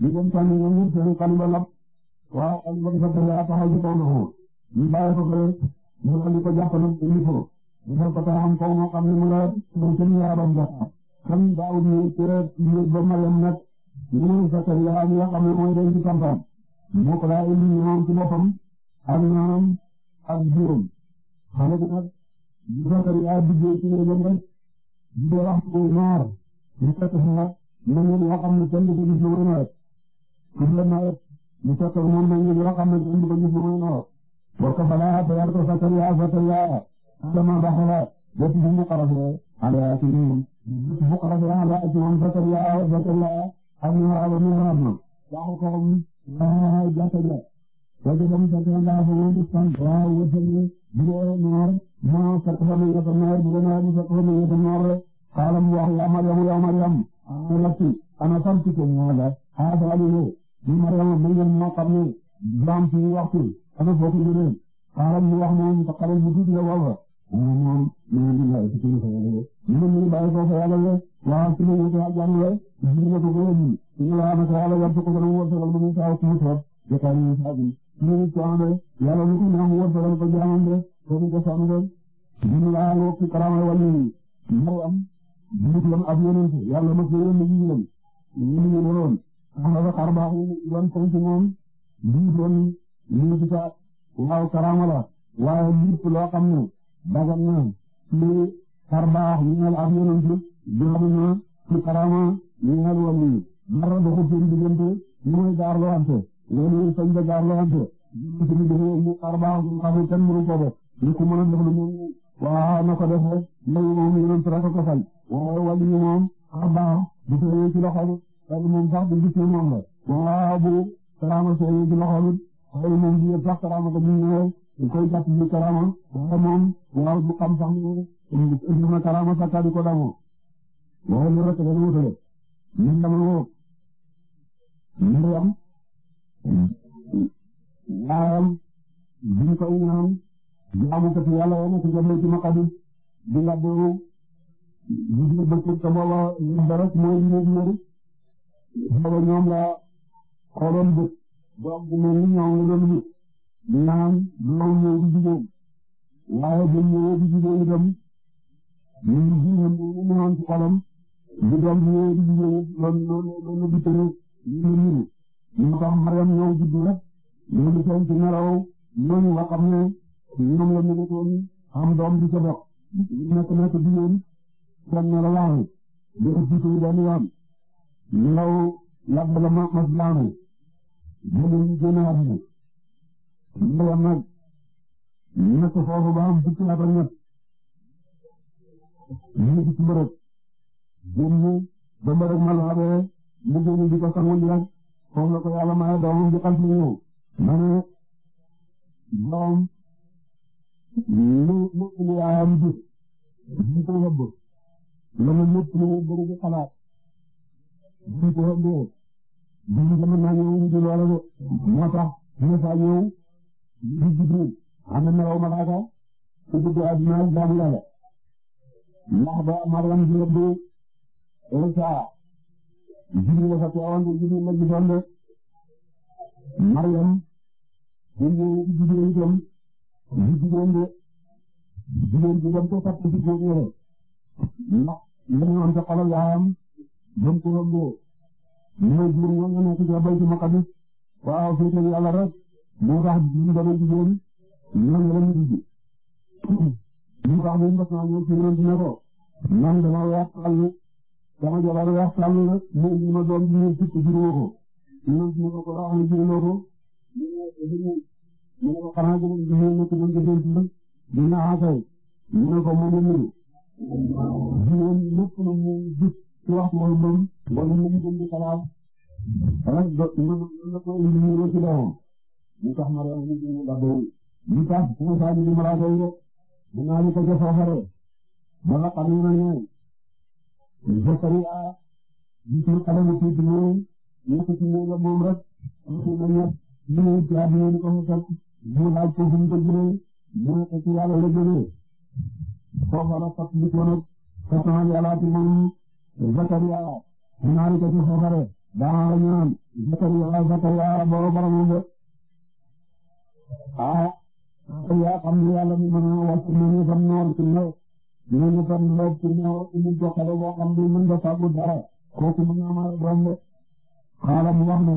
ñu dem sànni ñoom ñu seen xaliba lab waaw xaliba dafa bëgg taxaw ci kaw ndox ma ñu bàyyi ko fële ñu daal di ko jàpp nag indi ko ñu fal ko taxam kaw moo xam ne mu la doon seen yaaram jaxaa xam daawut ñu tere ñu ba Mariam nag ñu ne Sakariya mi nga xam ne mooy denc santam moo ko daa indi ñoom ak juróom xale bi nag Zakariya duggee ci néegam rek di dee waxtu noor di fekk fa naneen yoo xam ne kenn du ko gis lu muy nawet gis la nawet di fekk moom naneen yoo xam ne kenn du ko gis lu muy noor war ko falaa te yar ko Zakariya Zakariya dama baxala yëpp bu mu xarasee ala ci ñoom bu xarasee ala ci moom Zakariya Zakariya ak ñu xaraba ñu xarab na waxu ko jàkka ja léegi comme que da ngaa foog ñu sant waaw wërsëg yi jugee noor moo fekk fa mu njëkk a noor mu fekk fa mu njëkk a noor mu wax yaa Maryam yaa Maryam ana lakki ana sant ko moo la xaaral fa la ñu ñëw di Maryam mu ngeen moo xam ne jaam ana foofu jëlee xaaral mu wax moom xaaral mu tuuti la wala moom ñu ngi lay ci ñu ñu ñu bàyyi ko fa yàlla ye waaw ci ñu ñu ko jàng le ñu ko ko ñu ñu la mu saaw ku mu toog jotaay ñu mbiri coono de yàlla lu ko ñaan wërsëgal ko jaamam de te du ko sonn de dina laa woo ci karaama wàllu yi Maryam nit lam ab yonent yàlla ma ko yónni yi leen ñu ñu woon xanaa xar baax yi wan tan ci moom lii doon lii ci sa karaama la waaye lépp loo xam ne dagan na lu xar baax ñu ñal ab yonent jaamu na ci karaama ñu ñal wàllu yi dara doxul seen diggante ñu mooy daar loo ante loolu yëpp dañ koy jaarlante suñu dugub mu xar baax mu xaru kenn mënu ko def ni ku mën a def lu mu waa na ko defee ndaw moom yonent rek ko fal waaye wàllu yi moom xar ah baax du feeñee ci loxo bi moom sax du gis moom la waaw bu karaama feeñee ci loxo bi moom du yëpp sax karaama ko ñu ñëwee dañ koy jàpp ci karaama waaye moom waaw du xam sax mu indi na karaama sakka di ko damoo waaye lu rek dañu wutale ñun dama woo Maryam yaayam biñ ko ñaan jaamu ko ci yàlla woon ci jëmee ci maqadis di la boobu di la bëccëg te booba ñun dara mooy li ñu ñëru booba ñoom la xooloon bët doom bu mel ni ñoom la doon wut naan doom ñëw di jigéen waaye bu ñëwee di jigéen itam ñun jigéen bu ñu ñëwoon ci xolam di doom ñëwee di jigéen loolu loolu loolu di tëre ñu ñu moo tax Maryam ñëw juddu rek ñu ngi feeñ ci nelaw ñooñu nga xam ne ñoom la ñu doon am doom di ko bokk nekk nekk di leen seen nelawaayu di ëpp tuuti benn yoon nelaw yàgg la ma mas laanu jëlee ñu génn àdduna Maryam nag nekk foofu ba am fukki at ak ñett ñu ngi ci mbërëg génn ba mbërëg ma laabee mu génn di ko sangoon rek foofu la ko yàlla maye doomam ji xam si ñëw ma ne doom lu lu lu yaayam ji bu ko wëbb loolu lépp lu wëbb rek xalaat bu ko wëbbee duñ ko mën naa ñëw ñu ci loolu de moo tax ñu fa ñëw di jibril am na melaw malaaka ci dugg àdduna ak jaamu yàlla ndax ba maram ji rëbb saa Jibril la fa teewoon te Jibril la gisoon de Maryam suñu jigéen itam lu jigéen de jigéen bi dem ko fàtte ci góor yore ndax li mu am ci xolal yaayam dem ko ëmbee mooy jigéen ñoo nekk ci Baytul Maqdis waaw féetal yàlla rek moo tax ñu doon jigéen ñoom la ñu dugg ñu tax bu sama jabar wax sàmm nga mu indi ma doom ji ñu sukk jur ma ko ñu ne ko wax ma jur ma ko ñu ne ko xanaa gën a gis ñu nekk nañ ko denc la ñu ne ah kay ñu ne ko moom la niru jigéen lépp lu mu gis ci wax mooy moom wala lu mu gën di xalaat rek do ñu ne ko indi ñu ne ci doomam ñu tax ma rek ñu gën a doon ñu tax su ma saa ñu di malaaka yi rek dinaa ñu ko jox foofa rek ba nga xam ne ñu ne Zakariya gis nga xale bu tuuti moom nekk ci néegam moom rek tuuti na ñëpp lu muy ci àdduna di ko fa fekk mu laaj ko fu mu ko jëlee mu nekk ci yàlla la jógee foofa la fat li ko nag fatan yàllaati moom Zakariya ñaari ko ci foofare daanaa la ñu naan Zakariya Zakariya boo boromam de ah yaa xam ne yàlla mi mën a wàcc nañu sam noor ci ñëw dinañu fa ñëw pour ñëw indi jokkale boo xam ne mën nga faagu dara kooku mu ñu amal borom de xaala mu wax ne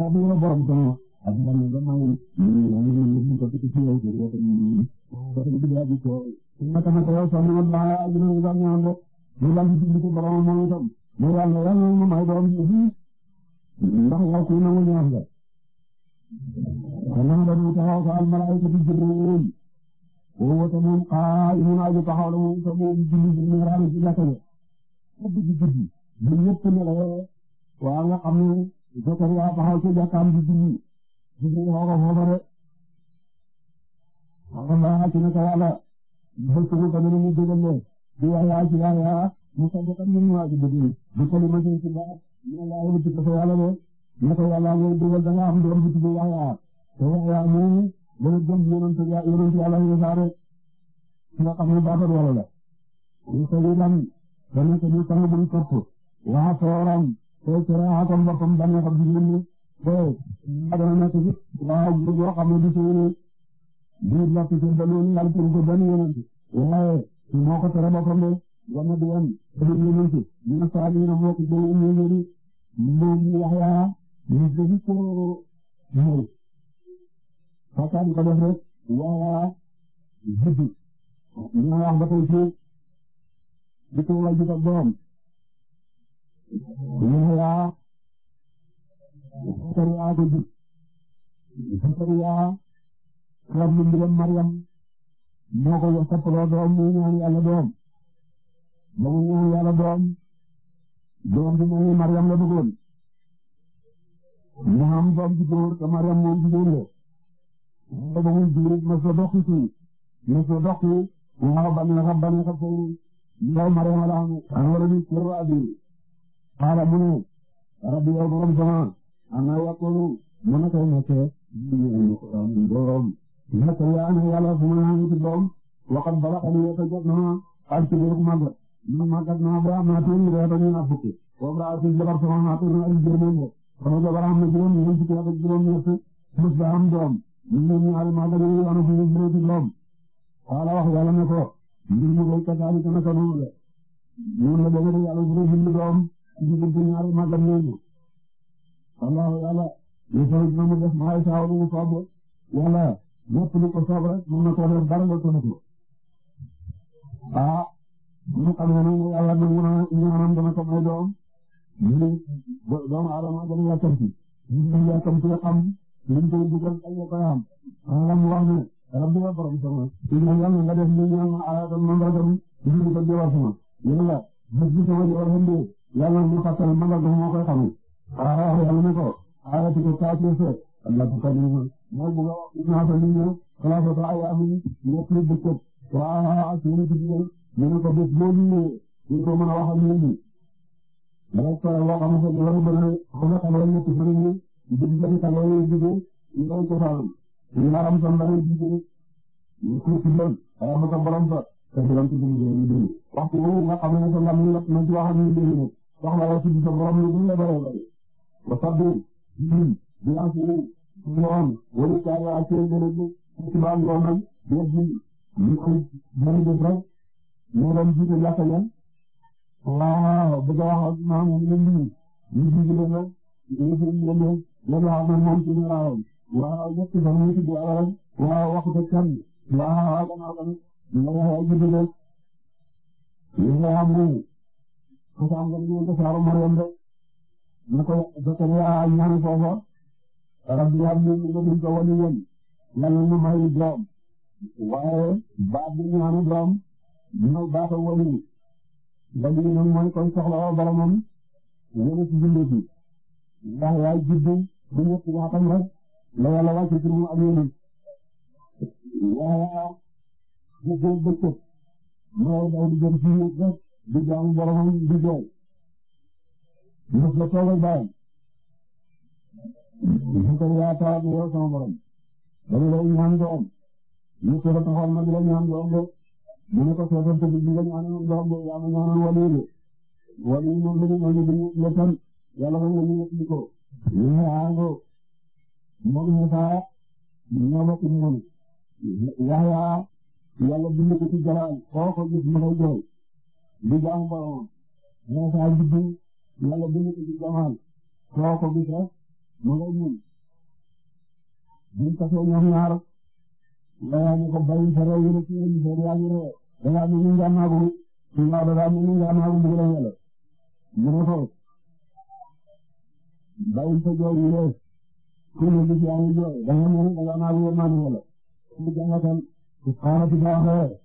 rabi nga borom sama ak nga ne damaa yi ñu ngi ko ci ci yow ci yow ñu ko ci bi abi ko ma tama ko yow sama ba ay ñu nga ñaan de ñu la ci ci borom mo itam mo la la ñu may borom ci ndax yow ku na mu ñaan la kana da mu taxaw ko al malaa'ikatu jibril وهو تمام قائم على تحاول من تمام جلد المهران في ذاته ubbi guddi la waa nga xam ne Zakariya taxaw ci jàkkaam bi julli julli xoo ko foofa de waxoon naa ci naka yàlla bés bu ko mënee mu dégale di yaayaa ci yaayaa mu sant ak ñun waa ci déglu bu ko lima ci ci baax laa yële ci ko yàlla de naka yàlla ngay dugal da nga am doom bu tudd yaayaa te yaayaa moom dana jëm a yonent yàlla Muusaa rek ki nga xam ne baafar la ñu sori lan dana ko ñu sang buñ topp waa sooram te sore aakam boppam dana ko jigéen ñi te dana nekk waa góor yoo xam ne du sori biir lakk ci ba loolu yàlla tënk ko benn yonent waaye moo ko tere boppam de wala du yem dafa yonent ñu saa ñu ne mbokk jëlee ñu ngi moom Yaxya ñu ngi ko ñëw Fatal di ko def rek waaw juddu li ma wax ba tey fii di ko wàññi ko borom li ma waaw Zakariya ko jub Zakariya waaw lu ko toppaloo doom mu ñaan yàlla doom ba mu ñaan yàlla doom doom bi mooy Maryam la bëggoon mu am doom bu góor te Maryam booba muy jiw mos la dox ci mos la dox ci nga xam ne xam ne xam ne yow Mariama la am am wala ni kër waa bi xaala mu ne rabbi yow borom sama am na yàqulu mu ne koy nekkee doom nekk yaa ne yàlla fu ma naa ci doom waxat bala xam ne ko jot naa ak ci biir màggat man màggat naa ba am naa tuuti rek ñu naa fukki boobu laa ci jabar sama naa tuuti naa ak juróom sama jabar am na juróom ñu ci ak juróom ñett mos la am doom ñu ne ñaari màggal yi wax na ko ñu juróomi doom xaala wax yàlla ne ko mbir mi day kataari dana ko noonu la noonu la bëgg na yàlla juróomi doom ci diggante ñaari màggal yooyu xaala yàlla ñu soog na mu def maay saa wala mu soob yàlla ñëpp lu ko soob rek mën na koo def dara la ko nekk ah ñu xam ne nag yàlla nangu na ñaanam dana ko may doom ñu doomu aadama dana yàkkamti ñu dana yàkkamti xam li mu koy digal kañ la koy am xanaa mu wax ne rabbi borom sama. ñun yàlla nga def lii ñoom ayaatam mandargam ñu ko jëwaat sama yàlla bés bi sama jëwaat xam ne yàlla mu fàttal mandargam moo koy xamul. waaw yàlla ne ko ayati ko saa ci sa la ko kañ ma moo bëgg a wax naa fa nit ñi xalaat ko ay am ñett lu bëccëg waaw ak yéen ci digal ñu ne ko bés boo ñëwee ñu ko mën a wax ak yéen ñi. rek waxam sa jëwaat ba ne xam nga xam nga ñett bëri ñi digle kaloori digle ngay jotaal li haram tam la ngay digle ñu tuuti leen xayma sa borom sa te di leen tudd ñu déglu waxtu boobu nga xam ne sa la tudd sa borom lu gën a bëree bëri ba sabbi jiw bi nga xam ne ñoom bi ci baax ngoon nag ñoom ñu ñu koy bëri def rek ñu doon jiite jàkka ña waaw bëgg a wax ak maam ñu leen di ñu jiite leen nag ñu leen di la Muhammad moom ci gannaawam waaw ñëpp sax ñu tudd Yàlla rek waaw waxut ak kenn waaw gannaaw tamit la Yahya judd rek Yahya am nañu xasaam nga ñu ko saaru Maryam rek na ko Zakariya ñaan foofa rabbi hab li minka waliyyan Yàlla na may doom waaye baat bi ñaanu doom ñëw baata waliyu wali nag mooy koy soxla boromam yéen a ci dund si ndax yaay juddu du ñëpp yaatam rek la yàlla wàcce ci mu ak yéen waaw bu góor bëccëg moo daw di jëm ci ñëpp rek di jaamu boromam di jooy ndax la toogal bàyyam su ko yaa tawaat yow sama borom dama lay ñaan doom ñu ko taxawal ma di la ñaan doom de mu ne ko seetal te di nga ñaan doom de yaa ma ñaanal waliyu waliyu moom lu mu mel ni du ñu la tan yàlla ko nga ñu ko ñu ngi àndu moom Musaa ñoo bokk ñoom Yaxya yàlla bind ko ci jalaal foo ko gis mu ngi jooy di jaamu boroom Musaa juddu yàlla bind ko ci jamaal foo ko ko bàyyi sa réew yi rek ni nga ni nga bàyyi sa jooy ñu rees ku ne gis yaa ngi jooy da nga ñëw da nga naaw yéen maa ngi ci jàngatam ci xaarati ba waxee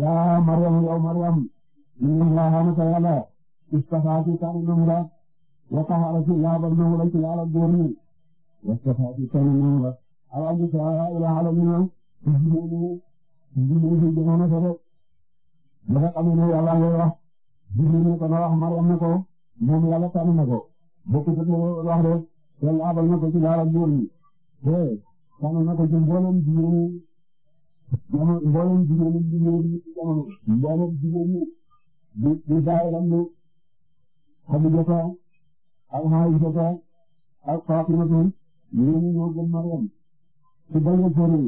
yaa Maryam yow Maryam inna Allaha naka yàlla istafaaki tànn na wa taharaki laabal na mu la ci laala góor ñi wastafaaki tànn na mu la ala ngi saa ila alamina jibril jibril fi jamono sa Maryam ne moom yàlla tànn na ko bokkut ak wax de yàlla abal na ko ci laara góor ñi te tànn na ko ci mboolem jigéen ñi mboolem jigéen ñi jigéen ñi ci jamono mboolem jigéen ñi di di bàyyi lam ne Xadijata ak Aysata ak Faatimatu ñoo ñoo gën Maryam ci bañ a sori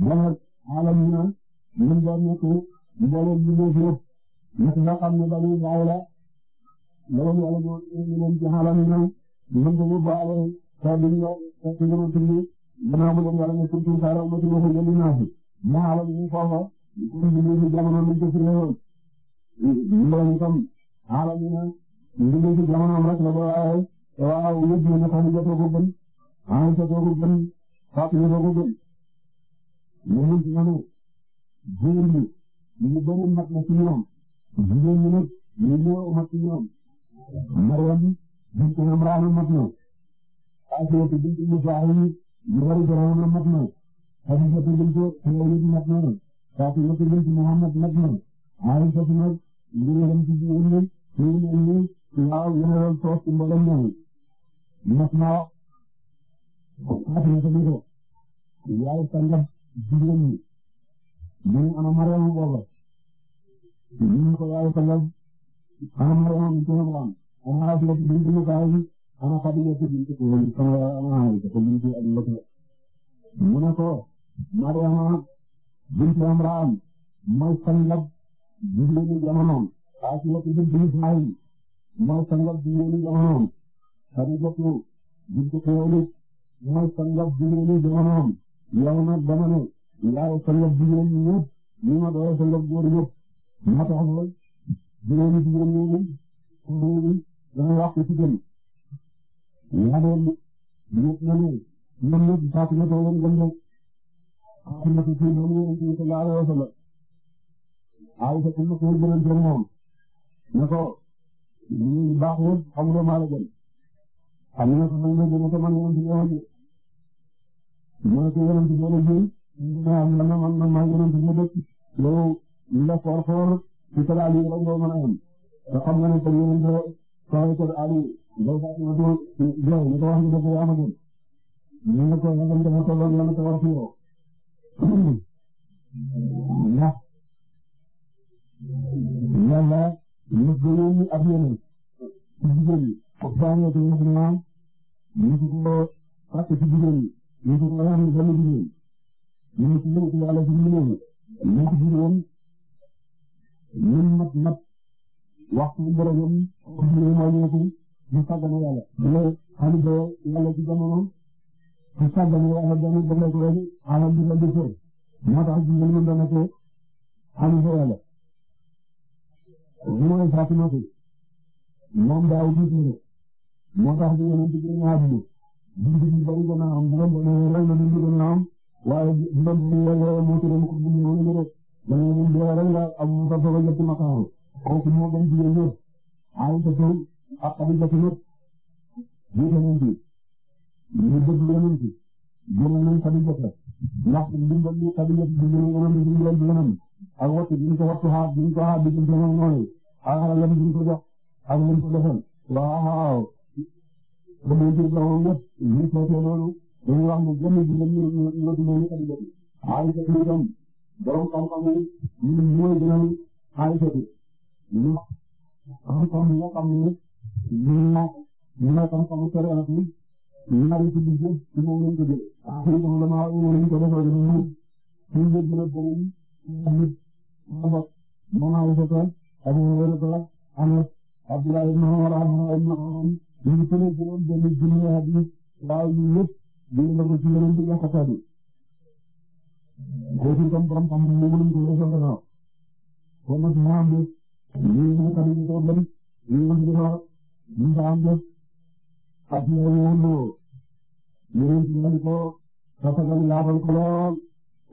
bon alam na ñu doon nekk mboolem jigéen ñi nga xam ne dañuy bàyyi la loolu yàlla ñu ñu leen jaxaloon ñoom ñoom dañu boole te duñ la te suñu la tudd gannaaw naa fi moo xamal ñu foofa ñu ngi ci jamono liñ ko fi réewoon. loolu itam ci jamonoom rek la ba waaye waaw yëpp ñu ne Khadija ko gën Aïcha ko gën Fatima ko gën loolu ci ma ne góor ñi ñu bëri mat na ci ñoom Maryam bintu Imraan mat na Aasiyatu bintu Muzahim ñu bari jaramam la mat na Xadijatu bintu Xuwaylid mat na Fatimatu bintu Muhammad mat na Aysatu nag mbiram ci jigéen ñi ñu ne ñu waaw yéen a doon toog ci mboolem ñoom mat na Fatimatu bintu yaay sangam jigéen ñi ñu ne ana Maryam booba ñu ko yaay sangam ana ah, Maryam bintu Imraan ana fi ci bintu mu kaay ana xadiya ci bintu ko woni ko ana ko bintu ak lokko mu ne ko Mariama bintu Imraan mooy sangab jigéenu jamonoom Aasiya bintu Ismaayil mooy sangab jigéenu jamonoom Xadijatu bintu Xuwaylid mooy sangab jigéenu jamonoom yow nag dama ne yaay sangab jigéen ñi ñëpp ñu ma doon sangab góor ñëpp ma tax jigéenu jigéen ñi dañuy wax ci jigéen ñi ñaareel ñett na ne ñoom ñëpp baax na doon gëm ne xam na ci ci ñoom yonent bi sallallahu alayhi wa sallam Aysa ku ma ko jëloon seen moom ne ko ñu baaxul xamuloo maa la gën xam nga ko man la gën a ko man yonent bi yow de mu ne ko yonent bi yow de ma am la ma man man maa yonent bi dëkk yow ñu la foor foor ci talaal yi rek nga mën a am te xam nga ne ko yonent soo ko Aliou day fàttali ñu ko ko wax ñu ko bu amagul ñu ko ñu a fiiroo ndax yàlla ñu gënoon ñu ak yeneen ci jigéen ñi. saa ñëw ci ñu xam naa ñu ngi ko fàtte ci jigéen ñi ñu ngi ko xam ne benn jigéen ñu ngi ci yëngu yàlla ci jigéen ñi ñu ngi ci jigéen waxtu boromam ñu mooy ñeeku ñu sàggane yàlla le xalifa yàlla ci jamonoom su sàggane yàlla dana dële ko ren alal di moo tax jigéen mu doon ko xalifa yàlla mooy Fatimatu moom daaw diit mu ne moo tax jigéen ñi jigéen ñaa dugg a am bu doon bone rey na dund gën a am waaye bu doon bu yàlla moo tudd mu ko bu kooku moo gën jigéen ñëpp Ayisa Sow ak Xadija tamit jiite nañ ci ñu déglu nañ ci gëm nañ Xadija ndax ndimbal li Xadija di leen ndimbal di leen ak wattu bi ñu ko wattu xaar bi ñu ko xaar bi ñu ko moom mooy ak alalam bi ñu ko jox ak lañ ko defal waaw waaw ba mu jël la woon ñëpp ñu seetee loolu dañuy wax ne jëmm ji la ñu ñu ñu ñu Xadija Ayisa ñu dem borom xam-xam yi ñu mooy gënal Ayisa li xam-xam yi nga xam ne ñoo ñoo xam-xamu cërëlaat moom lañ ko jëlee. waaw xam nga damaa wóor nañ ko defal ñu ñu ñu jël dina bëri nit ñëpp moom a wóor ko abu wóor ko Anas Abdoulaye ibn Umar Abdoulaye ibn Umar ñu tëlee juróom benn junni hadis waaw ñu yëpp la ko ci yeneen bi nga xatabi ko ci tam borom xam mu mu ko defal na maam bi ñun ñun tamit ñu koy bëri ñun ñun ñu ko ñu ko am jëf parce que ñu wóorloo ñu ngi ci mën koo soxla nga ñu laafal ko lool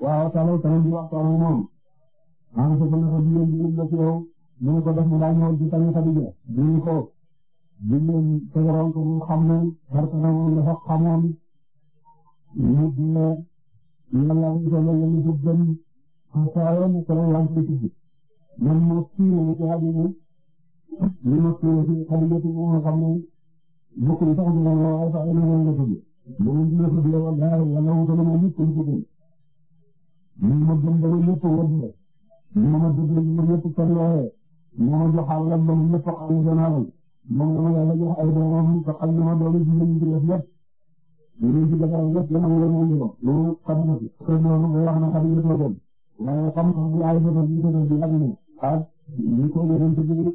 waaw taloo tamit di wax sama moom maanaam su ko defee di di leen def ko def mu daal ñëw ci tamit Xadija ñu ngi ko di leen ko mu xam ne parce que moom dafa xamoon ñu di ne yàlla ñu ko leen di gën saa yoon man ma siiwee ci xadiis bi ma siiwee ci xadiis bi nga xam ne bokkul sax bi moom la waaye sax dina mën a tudd. dinañ dina tudd la wallaahi yàlla wutale ma nit ñi tudd. ñu ma gëm ba ñëpp wër la. ñu ma dëgg ma ñëpp kan looyee. ñu ma jox àllam ba ñëpp xam ne naa leen. moom la ma yàlla jox ay doomam te xam ne ma doole jigéen ñi di def yëpp. ñu ci defaral yëpp dama leen mu ngi ko. loolu xam na ci. te loolu wax na xadiis la ko waaye xam nga bu ay bëgg ñu ko def di ak ñoom. ak li ko yonent bi diggoon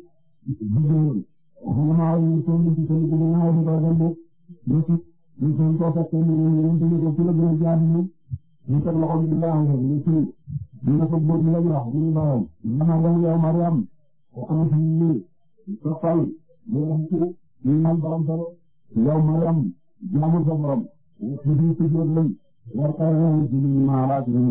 gannaaw yi seen nit ni yonent bi ko ci la gën a jaadu ñu ñu teg loxo bi dinaa xam ñu ci ñu ne ko góor la ñu wax ñu Mariam ko am ci ni ko fal ñu wax ci Mariam jaamu sa borom ñu ci ci jot lañ war ka ñu ci ñu ma laaj ñu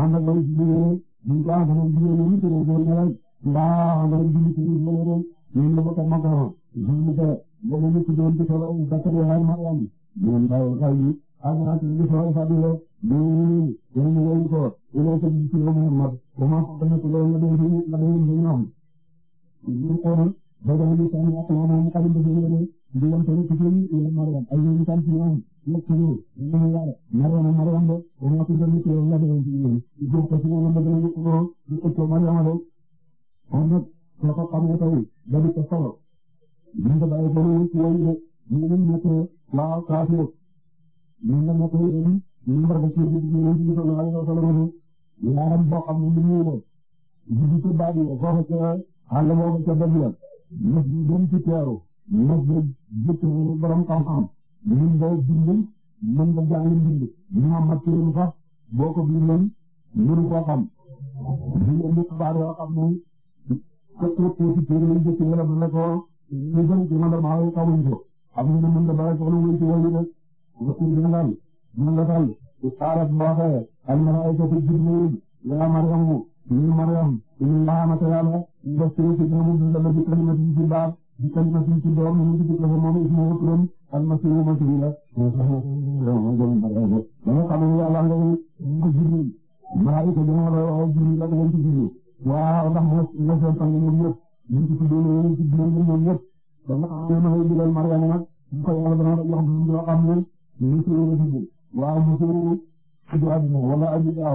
ànd ak ñu ñu ko wax danañ jigéen ñi te ñu doon ne rek mbaa danañ julli ci biir lële rek ñoom ñoo ko toog ma gërëm. ñoom itam boobu ñu ci doon di solo Zakariya ak Maryam ñoom Baye Baye yi ak naa ci di solo Fadila ñoom ñoom ñu leen ko ñoom itam ci loolu Muhammad bu ma ko defee ci loolu nga doon suñu nga doon suñu ñoom. ñu xool ba gën a ñu sànni ak moom moom xarit bi ñu ngi leen di leen tamit ci seen Maryam ay ñoom itam ci ñoom. ñu ci ñu ñu yalla mariama mariama do wona ko jël ci la do ci ñu do ko ci ñu bëgg ñu ko ñu ko mariama do on nak ko ko xam nga taw da di ko solo ñu ko bàyyi ko ñu ci ñu ñu ñu ko la kaafir ñu ñu ko ñu ñu mbar ba ci ñu ñu ñu ko la ko solo mo ya ram bo xam ñu ñu mo ñu ci baadi ko ko ci Allah mo ko ci dabiya ñu ñu dem ci teeru ñu ñu jëkk ñu borom xam-xam mën nga bind mën nga jàng mbind Muhammad turam sax boo ko bindoon mënu koo xam di indi xibaar yoo xam ne képp ku ci téere yi jëkk wala dana ko ñu bëri ci mandarmaa yi xamuñ ko am ñu ne mën nga bàyyi soxla wuñ ci wàllu rek nga tur bi nga mën nga tal xaaral boo xee al malaayika fi jibril yaa Maryamu ñu Maryam ñu laamata yàlla nga sëy ci ñoom la bi kalimati ci baat bi kalimati ci doom ñu ci def moom ismu turam almasihu masihila mo jom barade dama xamal yàlla nga ko jibril malaayika bi nga doon wax jibril ak yonent jibril waaw ndax mo seen sang ñoom ñëpp ñu ci tuddee ñoom ci biir ñoom ñëpp da nga xam ne may dilal Mariama nag ñu ko yàlla dana jox bu ñu xam ne ñu ci ñu ci waaw mu ci do adina wala adina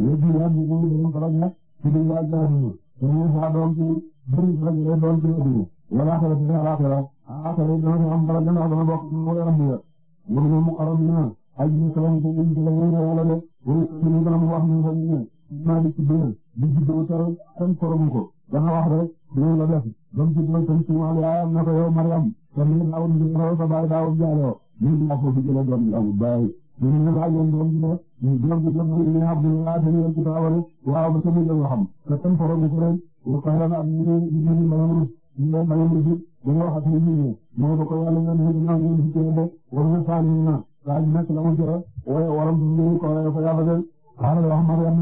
yéegi yaa ngi ñu ngi doon faral nag ci biir waa Jabi ñu ñu fa doon ci bëri rek doon ci wala xala ci xala ah tey dina ko am bala gannaaw dana bokk ci mu wéram biir ñoom ñoom mu xaram na ay jiw salaam te ñu jëlee wéy réew la de wéy ñu gën a mu wax ñu ko ñu naa di ci biir di juddoo tar seen forom ko dana wax rek dinañ la def ba mu juddoo seen suumal yaayam na ko yow Mariam te muy daaw di ñëw sa baay daaw jaaloo ñu di ko fi jëlee doom bi amul baay ñu ne la yéen doom bi de ñu doom bi jëm ñu ne Abdullah te ñu ci taawale waaw ba tamit la xam te seen forom ko rek wa qaala na am ñu ñu ñu malam ñu malam dañoo wax ak nit ñi mooy ba ko yàlla ñëw ñu ñëw ñu ci yéen war na saa ñu naan saa ñu nekk la mu jëra waaye waram ñu ngi ko ko yàlla ba tan ñu doom ba ñu ma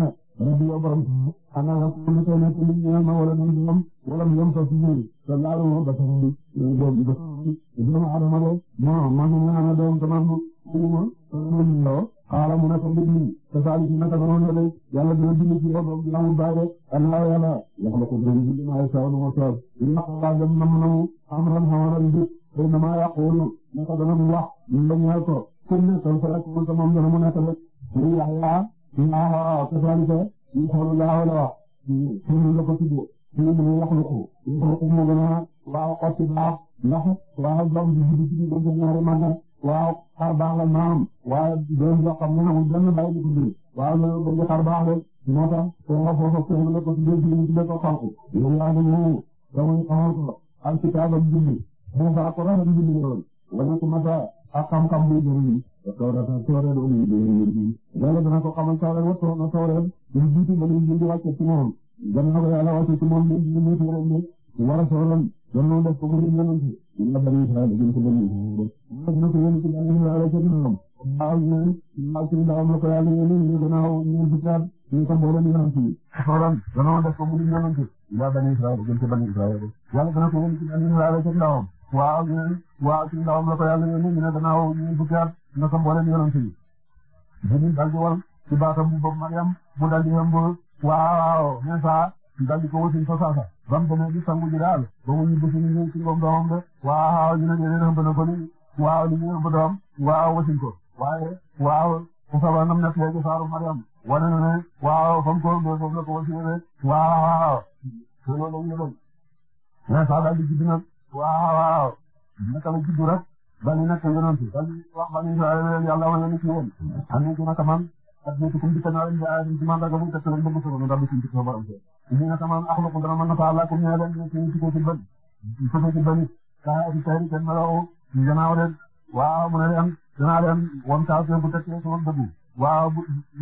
adama do mo ma ñu ñaan doom tamam ñu ma ñu xaala mu ne ko mbir mi te Saalum si naka noonu la de yàlla dina bind ci boppam dina amul baay de allah yàlla yàlla la ko déglu si li ma ay saabu ma saabu. li ma xaw a gëm na mu ne mu am ren xaw a ren bi xëy na maa yàquwul naka dana mu wax ñu la ñëwal ko ku nekkal fa rek moom te moom dana mu nekkal rek. muy yàlla naa waaw te Saalum si ñu xool laaw la wax. ñu la ko tuddee. ñu ngi yàq lu ko. ñu xool ko mu gën a waaw xotti baax ndax waaw doom bi ji bi ji bi doon sa ñaari màggal. waaw xar baax la maam waaye doom yoo xam ne amul benn mbay bu tudd waaw loolu bëgg xar baax la moo tax foofa foofa foofu la ko tuddee jiw bi la ko xonq yow yaa ngi ñëw damay xamal ko ak ci kaaba bi julli mu faa ko rafet julli lool wala ku mata ak xam-xam buy jëriñ sawra ta sawra do ni de yàlla dana ko xamal sawra wa sawra sawra ñu jiitu ba ñu julli wàcce ci moom gannaaw yàlla wàcce ci moom ñu ñu ñu wara sawra doon def ko ko ñu ñu ñu la bari Israël gën ko bari ñu ñu ko yeen ci dañu ñu ala ci ñoom baaw ñu ma ci daam la ko yalla ñu ñu gënaaw ñu bital ñu ko mbooloo ñu ñaan ci xaram dañu def ko mu ñu ñaan ci ya bani Israël gën ko bani Israël yalla gëna ko yeen ci dañu ñu ala ci ñoom waaw ñu waaw ci daam la ko yalla ñu ñu gënaaw ñu bital ñu ko mbooloo ñu ñaan ci ñu dal di wal ci baatam bu Maryam mu dal di hembo waaw ñu sa daldi ko wëssin fa saasa ba mu demee di sangu ji daal ba mu ñibbi si ñu ci ngoom doomam de waaw ñu ne leen ëmb na ko ni waaw li ñu ëmb doom waaw wëssin ko waaye waaw ku saba nam nekk léegi saaru Mariam wane na ne waaw fa mu ko ëmbee foofu la ko wëssin rek waaw te loolu la ñu doon mais sax daldi juddu nag waaw naka la juddu rek daldi nekk yonantu daldi wax bani Israël leen yàlla wane na ci yéen am na ci naka man ak ñetti kum dikka naa leen jaay ci man rek bu mu tëkk leen bëgg sama ndax du kum dikk sama borom li nga xamal axluqu dana mën na faa laajte ñu ne leen ñu ngi tukkee ci bët ñu tukkee ci bëri saa si tey kenn meloo ñu gannaaw leen waaw mu ne leen danaa leen wan taal seen bu tekkee sama dëgg waaw bu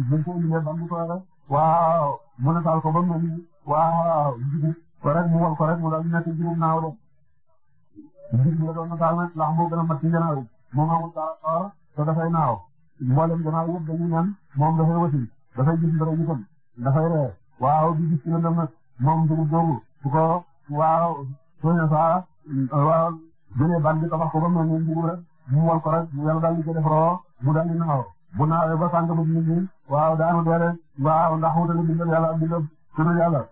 buñ ko indilee ban bu sooree waaw mu ne taal ko ba mu ne nii waaw jiwu ko rek mu wal ko rek mu daal di nekk jiwu naaw la jiwu la doon na taal nag ndax moo gën a mat ci gannaaw moom amul taal soor te dafay naaw mboolem gannaaw yëpp dañuy ñaan moom dafay wëssin dafay gis dara ñu dafay ree waaw bi gis na lëndëm moom dugub boobu su ko waaw saa waaw jëlee ban bi tabax ko ba ni dugub mu wol ko rek yàlla daal di ko def roo mu daal di naaw bu naawee ba sànq ba nit ñi waaw daanu dee rek waaw ndax wutale bindal yàlla bindal turu yàlla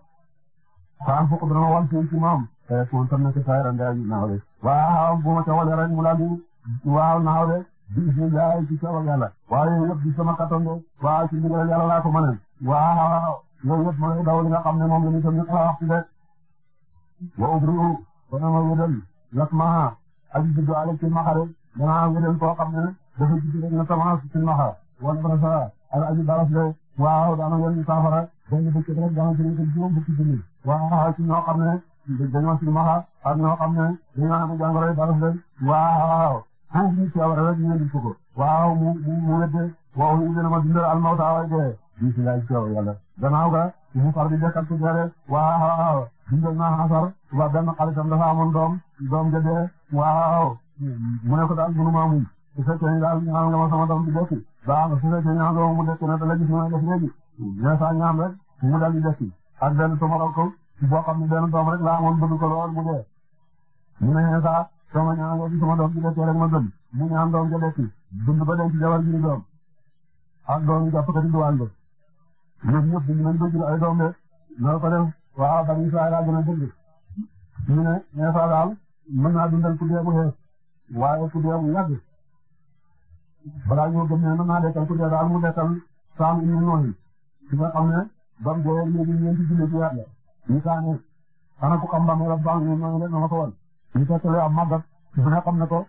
saan fukk dana wal fii ci moom te fon tam nekk saa yaram daal rek waaw bu ma ca walee rek mu daal di waaw naaw rek bismillah ci sabab yàlla waaw yooyu yëpp di sama kattan de waaw ci ndigal loolu yëpp mooy daw li nga xam ne moom la ñu gëm yëpp wax ci de wa ubri'u dana ma wédal lakmaha aji juddu ale ci maxare dana wédal koo xam ne dafa juddu rek na semence ci maxar wala brasa al aji baras de waaw dana wédal saafara dañu bëgg rek dana ci nekk juróom fukki junni waaw ci ñoo xam ne dañoo ci maxar ak ñoo xam ne dañoo am jàngoro baras de waaw foofu ñu ci awar rek ñu indi ko waaw mu mu wedde waaw ñu dana ma dundal al mawta way de ñu ci lay ci yàlla gannaaw ga suñu far di jëkkal tijjare waaw dundal naa xasar wa benn xaritam dafa amoon doom doom jëndee waaw mu ne ko daal mënu maa muñ su fekkee ni daal ñaan nga ma sama doom di dekki baax na su fekkee ñaan nga ma mu dekki ne da la gis ñu ne def léegi ñeesaa ñaan rek mu dal di dekki ak benn tomaro ko boo xam ne benn doom rek laa amoon bëgg ko lool mu dee mu ne ñeesaa sama ñaan nga sama doom di dekki rek ma gëm mu ñaan doom ja dekki dund ba denc jabar ji doom ak doom yi jàppkati duwaan ba ñoom ñëpp bu ñu leen ay doom de loolu ko def waaw bani Israayil laa gën a dëgg ne Iisaa daal mën naa dundal ku dee bu waaye ku dee bu yàgg balaa ne mën naa dekkal ku dee daal mu dekkal saam ibnu Nooh ci nga xam ne ba mu dee léegi ñeenti junni ci weer la Iisaa ne xana ku xam ba mu rab ba ñu ma rek ma ko woon ñu tekkale am màggat ci nga xam ne ko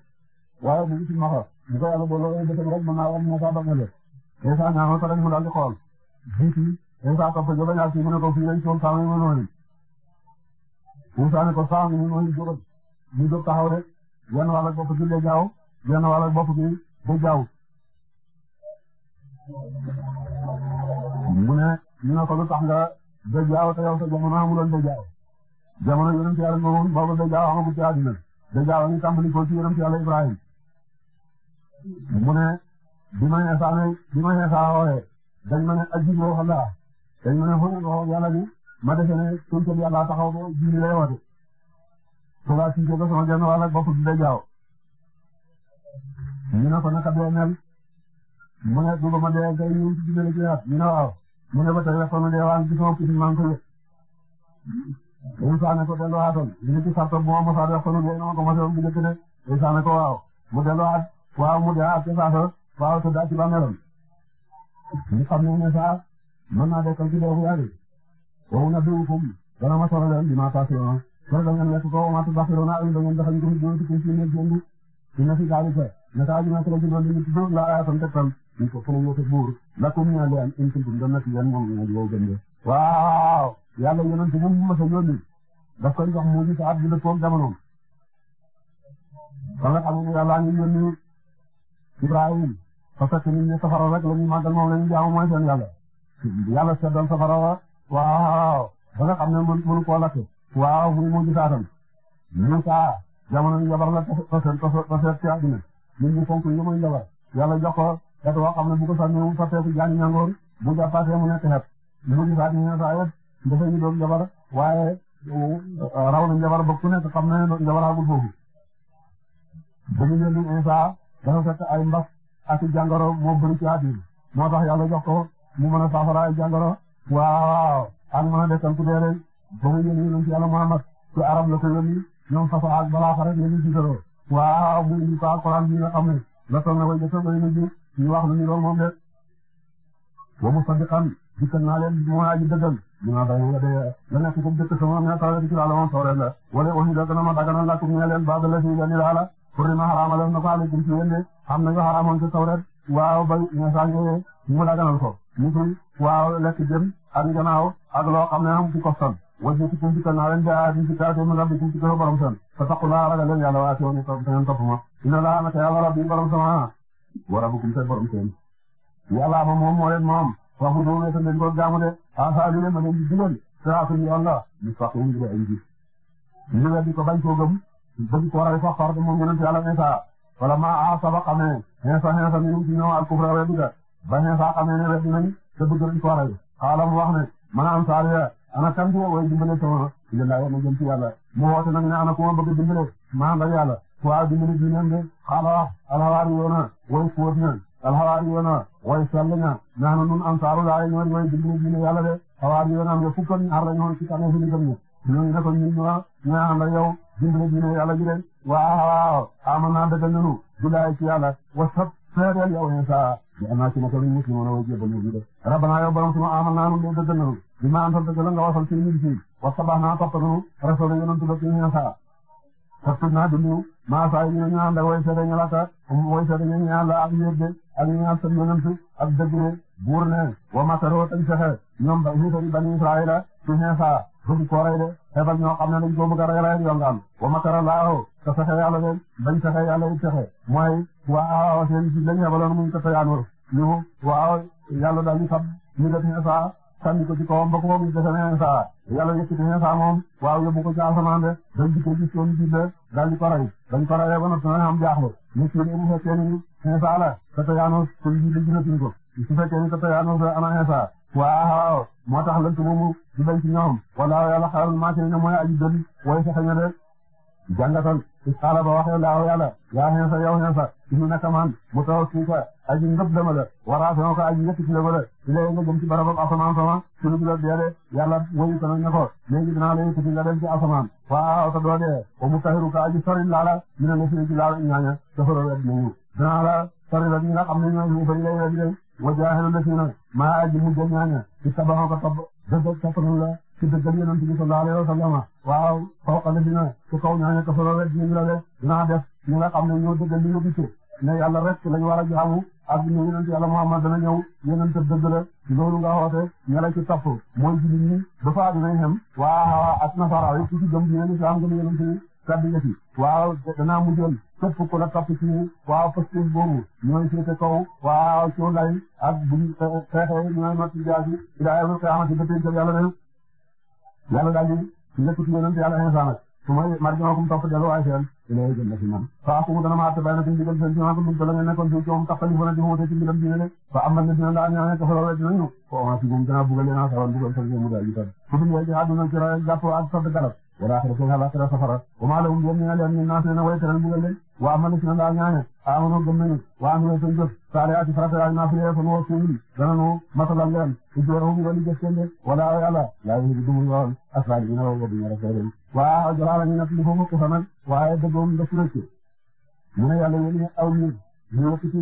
waaye bu ci ma ko bu ko yàlla booloo rek mën naa wax Iisaa ba mu dee Iisaa ñaanal ko jiit yi Moussa topp Jokalante ak ko fii lañ toll sàmm ko sàmm yi ma noonu ñu jóg taxaw rek yenn wàll ak bopp bi la jaaw yenn wàll ak ko lu tax nga te yow sa jamono amuloon da jaaw jamono yonent yàlla moomu boobu da jaaw amagu ci àddina da jaaw a ngi tàmbali ko dañ mën a ajjul woo xalaat dañ mën a xonal woo yàlla bi ma defe ne tontu yàlla taxaw ba jiw lay woote. Fapal si jóge sama genn wàll ak bopp bi day jaaw ñu ne ko naka doo mel mu ne ba ma dee waan bi sama piti maa ko delluwaatal li ñu ci sartoon bu ma mos a def sama dee ko mos a yomb njëkk de Isaa ne ko waaw mu ñu xam ne Moussa mën naa bokkal ci boobu yàgg wow na déglu kum dana ma soxla leen dinaa fàtte woon. loolu da ngeen lekk ko laa yaatam tegtal ñu ko fële yëkkati buur la ko ñaan leen in kuntum dem na ci yéen moom ñu ngi lay jëndee. waaw yàlla yonent bu mu a yónni daf koy jox mu a Ibrahim parce que nit ñi safara rek la ñuy màggal moom la ñuy jaamu mooy seen yàlla yàlla seddal safara waaw ba nga ne mën mënu koo waaw muy mujj saatam Musaa ah, jamono njabar la taseet taseet ci àdduna nit ñi fonk yi mooy njabar yàlla jox ko et woo xam ne bu ko sànni mu fàtteeku jaani ñangoor bu jàppaatee mu nekk xet mujj saat ñu ne saa doon njabar waaye raw na njabar ba ku ne njabar agul foofu dañu ne li Musaa dafa fekk ay mbas ak jàngoro moo bëri ci moo tax yàlla jox ko mën a saafara ay jàngoro waaw a dekkal ku dee rek ba mu yónni yonent yàlla Muhammad ci arab la ko yónni ñoom façon balaa fa la ñu jiitaloo waaw mu indi ko alquran bi nga xam ne la toll na way jëfee bay na ji ñu wax lu ñu lool wa musaddiqan dikkal naa leen moo aji dëggal ñu naan dañoo nga dee la nekk comme dëkk sama mais taw rek ci laal moom tooreem la wala aussi dëgg na ma daganal lakum ñu ne leen baal la si am na yoo xaramoon ci tawret waaw ba Musaa ñëwee mu daganal ko nitul waaw lekk jëm ak njanaaw ak loo xam ne am ku ko son wajjati kum dikkal naa leen ba di ci kaate min rabbikum ci ko borom seen te taqulaa ragal leen yàlla waate woon topp seen topp ma ina laa naka rabbi borom sama wa rabbukum seen borom seen yàlla ma moom moo leen moom waxu doo wéetal leen ko jaamu de asaalu leen ma leen ji ñu weddi ko bañ koo gëm bëgg ko waral fa xor moom wala aa a saba xamee xeesa xeesa minum ci ñoom al kufra weddi ga ba xeesa xamee ne weddi nañ te bëgg nañ ko rey xaala mu wax ne man ansaariya ana kan di way dimbale sama ilallahi ma jëm ci yàlla mu woote nag ne ana ku ma bëgg dimbale ma ànd ak yàlla ku waa dimbale diineem de xaala wax alxawaari yoona yoona way sell ña naanu nun ansaaru laay ñooy way dimbale nga fukk ak ñaar lañu woon ci kanee fi ñu ne ko ñun ñoo ñoo ànd ak yow dimbale diine yàlla ji de waaw waaw aman naa dëggal nanu billaay ci wa sab seedeel yow insa bi annaa ci naka luñ muslimuuna way jébbal ñu def rabbanaa yow borom sunu aman naa nun de dëggal nanu bi ma antal dëggal nga wa sabax naa topp nanu rasul yonentu ba ci insa sabtut naa dundu maa saa yi ñu ñu ànd ak way seede ñu laka um, way seede ñu ñu ànd ak yëgge ak ñu ànd ak yonentu ak dëgg buur ba xiitari bani israila ci insa bëgg koo rey xam ne dañ koo a rey te fexe yàlla de bañ fexe yàlla it fexe mooy waaw seen si lañ xamaloon muy fexe yaanu ñu waaw yàlla daal di fab ñu def Insa sànni ko ci kawam ba kawam ñu def Insa yàlla yëkkati moom waaw yóbbu ko ci asamaan de dañ di ko gis woon di le daal di ko rey dañ ko reyee ba noppi nga xam jaaxle ñu si bu fekkee ni Insa la fexe yaanu suñ ji la ginatuñ ko su fekkee ni fexe yaanu sa ana Insa moo tax lënt moomu di bañ ci ñoom wala yàlla xayma maa ngi leen aji gën way jàngatal si xaala ba waxee laaw yàlla yaa xeen sa yow xeen sa inu naka man mu taw kii ka aji ngëb dama la waraasono ko aji yëkkati la bala si lay nga jëm ci barabam asamaan sama sunu bi la deede yàlla wayu ko nag ne ko léegi dinaa la yëkkati nga dem ci asamaan waaw ta doo dee wa mu taxiru ka aji sori laala mi ne nga sirigi laala ñaaña dafara wet nañu dinaa la sori la ñi nga xam ne ñoo ñu fay lay rek day wa jaaxelu la siina maa aji mujj ñaaña ci tabaxoo ko tab dëgg sattanu la ci dëggal yonent bi sallallahu alayhi wa sallama waaw kaw xale dina ci kaw ñooñu kafaroo rek dinañ la def dinaa def ñi nga xam ne ñoo dëggal li nga gisee ne yàlla rek lañ war a jaamu ak ñu yonent yàlla Muhammad dana ñëw yonent dëgg la loolu nga xoote ña la ci topp mooy jullit ñi ba faa dinañ xam waaw ak nasara yi ci ci gëm dinañ islam gëm yonent yi kaddu nga ci waaw danaa mu jël képp ku la topp ci waaw pastif boobu ñooy féete kaw waaw coo lay ak buñ xeexee ñooy notti jaasi ilaa yawmil qiyaamati ba tey yàlla ci yonent yàlla Iisaa nag su ma marjookum topp delluwaay seen ilay jëm na ci man fa aku mu dana ma atte bay na ci ndigal seen ci ma ko dugg la ngeen nekkoon ci coom taxali fu na di wuute ci ndigal diine le fa amal na dina la ñaan ka fa wet nañu ko ma ci gum dana bugal na sawan bugal tan mu dal itam fu dum way jaadu na ci ra jàpp ak sa garab wala akhiratu hala safara wa ma lahum bi min al-amn nas na way tan bugal waa ma ne si ne daal ñaañe amoon gëm nañu waa ñu ngi seen jëf saare ati farata yaa naa fi lee fa nu wax nu matalal leen ijoorum nga li jëf seen de wala aw laa yi du mu yoon asfaal yi na wobbi ñara seeden waa jalaala ñu nekk li foofu ku fanal waaye dëggoom daf rëcc mu ne yàlla yéen aw ñu ñu yëkk ci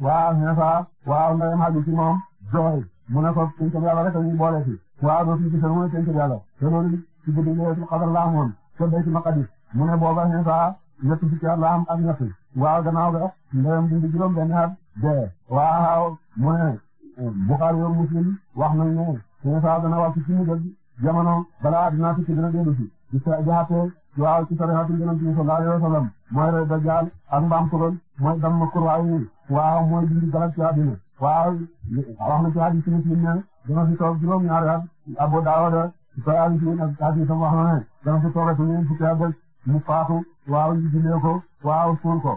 waa waa ndayam xaju ci moom jooy mu ne ko tënk yàlla rek ñu boole ci waa dootu ci seen mu ne te loolu ci guddi leetul ñetti fukki at am ak ñett waaw gannaaw ga ndeyam dund juróom benn dee waaw mu ne Buxaari Muslim wax nañ ne suñu saa dana wàcc ci mujj jamono balaa addinaa tukki dina dellu si di sa waaw ci sarihaatul yonent bi sallallahu alayhi wa sallam mooy ak mbaam tugal mooy damm kurwaay yi waaw mooy dindi galak ci àddina waaw wax na ci hadiis Muslim ne dana fi toog juróom ñaari at Abu Daawuda ci sarihaatul yonent bi ak hadiisam wax mu faatu waaw ñu jullee ko waaw suul ko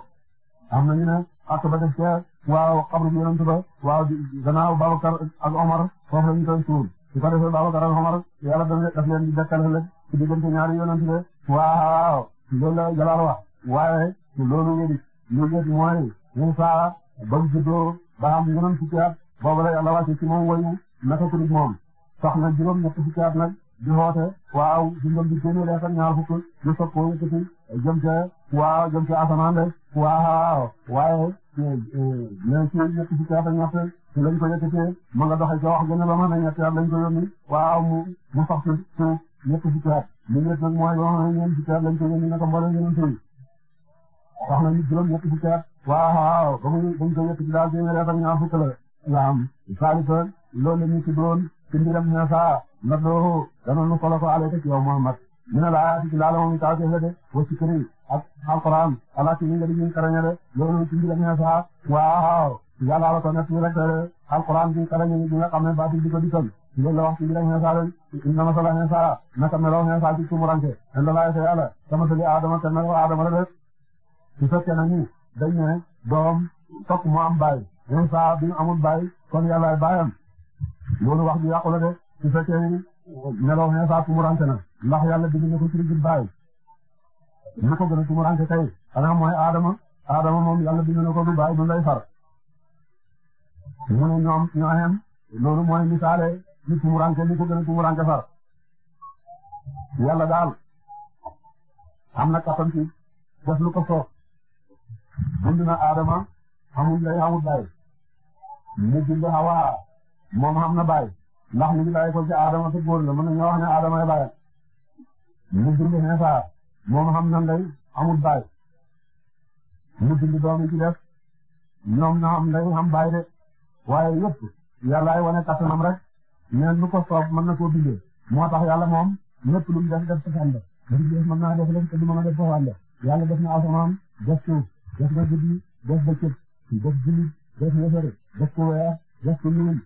am nañu ne ak ba def ca waaw xabru bi yonent ba waaw gannaaw Babacar ak Omar foofu la ñu koy suul su ko defee Babacar ak Omar yàlla daf leen di dekkal la ci diggante ñaari yonent de waaw loolu la wax waaye loolu wéri lu wéet mooy Muusaa ba mu juddoo ba am juróom fukki at boobu la yàlla wàcce ci moom wayu naka ku moom sax na juróom ñett fukki at nag di xoote waaw dundam di génne leetal ñaar fukk ñu soog jëm ca waaw jëm ca asamaan rek waaw waaye mais ci yëpp ci caata ñett lañ ko yëkkatee ma wax gën a ba mën a ñett mu mu sax ci suuf ñett ci caat li ñett nag mooy ba mën a ñeent ci caat lañ ko yónni naka mboolem yeneen tey wax na ni juróom ñett ci caat waaw ba muy dañ dina a ayaati ci laala moom taw la de wa sikri ak alquran alaati ñu ngi ñu karaña de loolu ci mbir mi na sax waaw yàlla la ko nekk rek de alquran ci karaña ñu nga xam ne baati di ko dikkal loolu la wax ci mbir mi na sax inna masala na sax naka meloo na sax tumuranke inda sa yàlla ta sali aadama te meloo aadama la de na ni dañ ne doom am baay na sax bi amul baay kon yàllaay baayam loolu wax ju yàqu la de su fekkee ni meloo tumuranke na ndax yàlla digg na ko gën a tumuraanke tey xanaa mooy Adama Adama moom yàlla digg na ko du baay du lay far mu ne ñoom ñooñam loolu mooy misaale li tumuraanke li ko gën a tumuraanke far yàlla daal am na kattan ci def lu ko soob bind na Adama amul lay amul baay mu bind Hawa moom am na baay ndax mi ngi ko ci Adama te góor la mën nañoo wax ne Adama ay baayam mu bind Iisaa moom xam nan lay baay mu bind doomi ci def ñoom na xam lay xam baay de waaye yëpp yàllaay wane kattanam rek neen lu ko soob mën na koo moo tax yàlla moom lépp lu mu def def safaan la bindee mën naa def leen te du mën a def safaan la na asamaan def suuf def na guddi def bëccëg def jullit def yëfër def ku weex def ku ñuul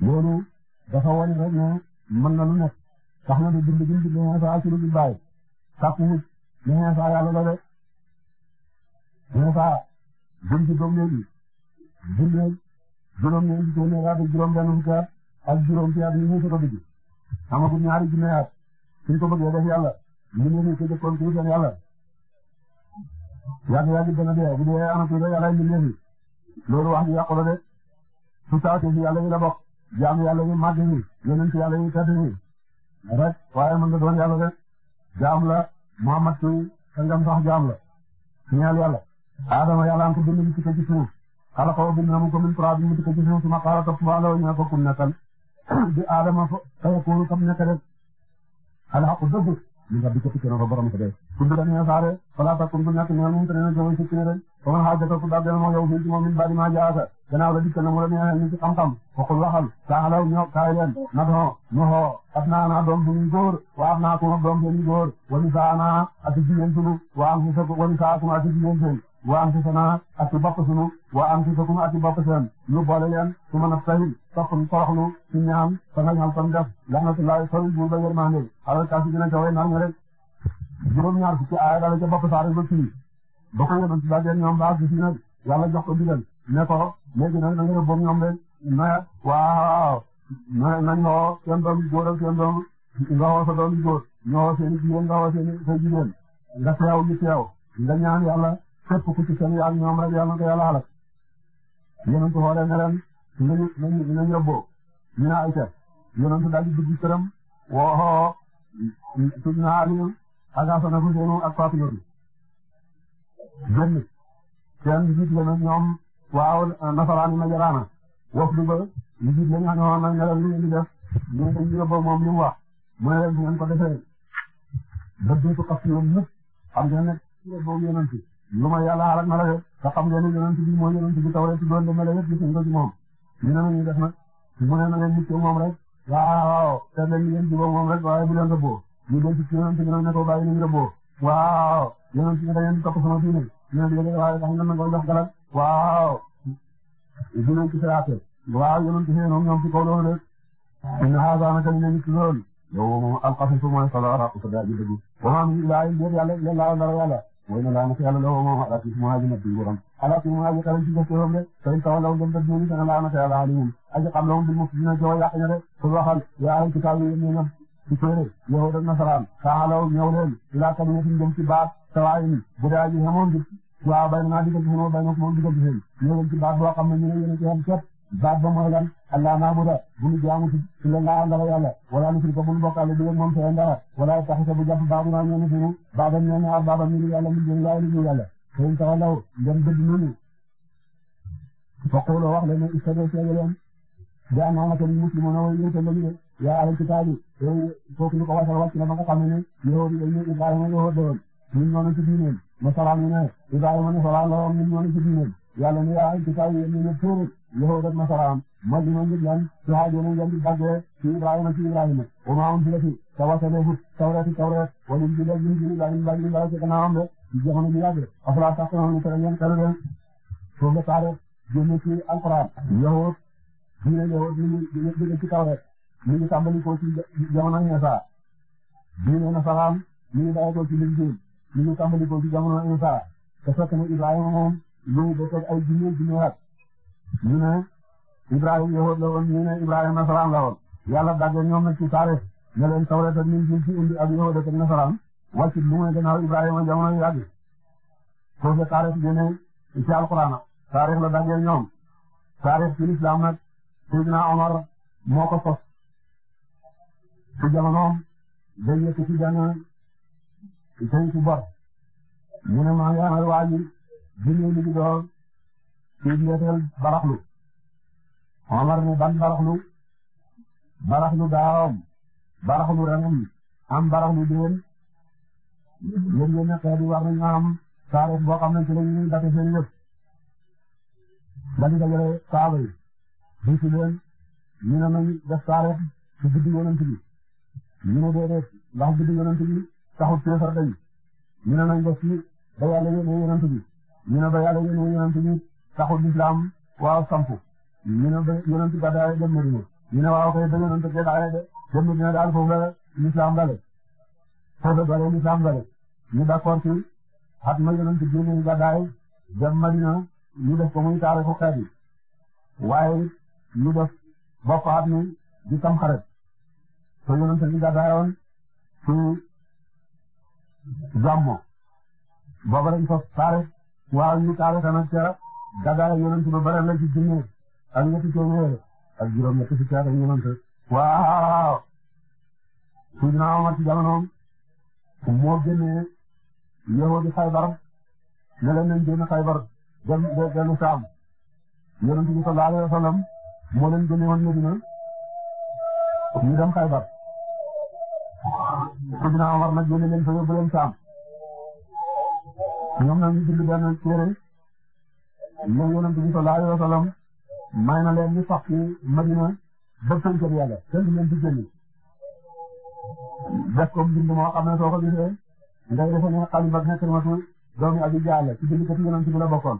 loolu dafa wane rek ne mën na lu nekk tax na di bind bind li Muusaa ci lu bàyyi sàkku wut li la de Muusaa bind ci doom léegi bind juróom-ñeent téeméer ak juróom-benn fukki at ak juróom fukki at ñu ngi ko bëgg amagul ñaari junne at suñ ko bëggee def yàlla ñu ngi dee bu dee amatul rek yàlla ñu ngi loolu wax bi yàqu la de su ci yàlla yi la bokk jaam yàlla yi màgg yi yonent yàlla yi tedd yi rek waaye mën doon yàlla de jaam la Muhammad ci sangam sax jaam la suñal yàlla Adama yàlla am ko mu ci ko ci suuf xala ko bind min turaab mu ci ko ci suuf suma xala ko fa la ñu ko kun nekkal kam nekk rek ala ko dëgg li nga di na ko borom de soo xaajatoo ku daal moom yow fii ci moom min bari maa jaaka gannaaw la dikkal na mu la neexee ni ci xam-xam waxul waxal saalaw ñoo kaay leen na doon nu xoo af naa naa doom suñuy góor wa af naa kuma doom suñuy góor wani saa naa ati jigéen sunu wa am sa wani saa kuma ati jigéen seen wa am sa naa ati bopp sunu wa am sa kuma ati bopp seen ñu boole leen su mën a sahil topp ñu toroxlu ci ñaan sa nga ñaan sam def laxnatullahi sori buur ba yërmande alal kasi dina ca way nar nga rek juróom ñaar fukki aaya dala ca bopp saare ba fii ba ko yonent daal leen ñoom laa gis nag yàlla ko digal ne ko léegi nag na nga def boobu ñoom de na waaw nga woo sa doom yu góor nga woo seen i nga woo seen nga teew ñu teew nga ñaan yàlla képp ku ci seen yaag ñoom rek yàlla nga ko yàlla xalak yonent xoolee ne leen nañu nañu nañ ak Asana benn seen li jiit la nag ñoom waaw nasaraan najaraana wax lu a li jiit la ñu xam ne woon nag nga lu ngeen di def ñu ngi leen yóbboo moom li mu wax mooy leen ngeen ko defee ba dootu xas ñoom ñëpp xam ngeen ne yóbboo yonent lu ma yàlla xalaat na la de te xam ngeen ne mu ne na ngeen mucc moom rek waaw te leen ngeen moom rek waaye bu leen rëbboo ñu denc ci yonent bi nag ne rëbboo waaw yéen ci da ngeen topp sama diine yéen ci da waaye da ngeen nangoo jox galal waaw dinañ ci siraate waaw yéen ci ñoom ñoom ci kaw loolu rek inna hada naka ñu ci lool yow moom alqasasu mooy sadaara ko da ji dëgg wa ma ilaha illa yàlla illa la dara yàlla way na la naka yàlla loo moom ala ci mooy dina ci nguram ala ci mooy dina ci jox yoom rek tay taw law dem dëgg ni la naka yàlla alim aji xam law bi mu dina jox yàq ña rek ko waxal ya al kitab yi ñu ñu ci tere yow rek na salaam taalaw ñëw leen ila kalimatu jëm ci baat sawaayun bu dee aji xamoon di waaw bay naa digal xamoo bay na ko moom digal a ci xam baat ba mooy lan allah naabuda bu ñu jaamu ci la ngaa andala yàlla wala nusri ko bu ñu bokkaale di leen moom seen wala taxita bu jàpp baabu naa ñoom suñu baabam ñoo ñaar baabam ñu yàlla mu jëm laay lu ñu yàlla seen taxalaw ngeen dëgg noonu faqulu wax leen istado seede leen da naana ko muslimu na way yéen lañu de yaa alal kitaabi kooku ñu ko wasal wàcc na ba nga xam ne ñun ñoo ne ci diine masala ñu ne Ibrahima ne masala la woon ñun ñoo ne ci diine yàlla ne yaa ci kaw yéen ñu ne tuur yow rek masalaam mooy li ma ngir lan ci xaaj yéen ngeen di ci Ibrahima ci Ibrahima wa maa am filati tawasalefu tawreti tawret wala ñu def ñu ci lañu bañ ñu bañ ci gannaawam de ci jamono bi yàgg afala sax ñu tere ngeen tere leen foofu la taare génne ci alquran yow diine yow ñu ñu dëgg ci tawret ñu ngi tàmbali ko li ñu tàmbali ko ci jamono Isa te fekk na Ibrahima moom ay junni junni at ñu ne Ibrahima la woon ñu ne Ibrahima nasaraan la woon yàlla dagge ñoom nag ci taarix ne leen Tawreet ak ñu ci indi ak yahuud ak nasaraan wàcc lu muy gannaaw Ibrahima jamono yàgg foofu taarix génne ci alquran taarix la dagge ñoom taarix ci lislaam nag Seydina Omar moo ko sos ci jamonoom dañ nekk ci denc bor mu ne maa ngi amal waa ji junni li doon ci ñetteel baraxlu Omar ne ban baraxlu baraxlu daawam baraxlu renam am baraxlu déwén yéen yéen a xeetu wax nañu am taarix boo xam ne ci la ñuy date seen yëpp dañu dajale saaba yi di ci leen ñu ne nañ def taarix ci guddi yonent bi ñu ne déedéet taxut ci farata yi ñu ne nañ def ci ba yàlla yónnee mi bi ñu ne ba yàlla yónnee yonent bi taxut waaw sampu ñu ne ba yonent ba daawee dem Medina ñu ne waaw kay ba yonent ba daawee de dem Medina daal foofu la lislaam dale foofu la dale lislaam dale ñu d'accord ci xat ma yonent génne ba daawee dem Medina ko muy taariixu xeet yi waaye ñu mi di tam xaret te yonent bi gàddaayoon ci Gammo boobu lañ foofu taarix waaw ñu taarix nag ca dagaay yonent ba bare la ci junne ak ñetti téeméer ak juróom-ñetti fukki ci jamonoom moo génnee yahoodi Xaybar ne leen nañ génn Xaybar dem dellu Saam yonent bi sallallahu alayhi wa sallam moo leen génne woon Medina ñu Xaybar président Omar nag génne leen fa yóbbu leen saam ñoom nag ñu bind benn téere ne yonent bi sallallahu alayhi wa sallam may na leen ñu sax ci Madina ba pencëb yàlla kenn du leen ci ko mbind moo xam ne soo ko gisee ngay defe ne doomi Abi Jahl ci bind ko ci la bokkoon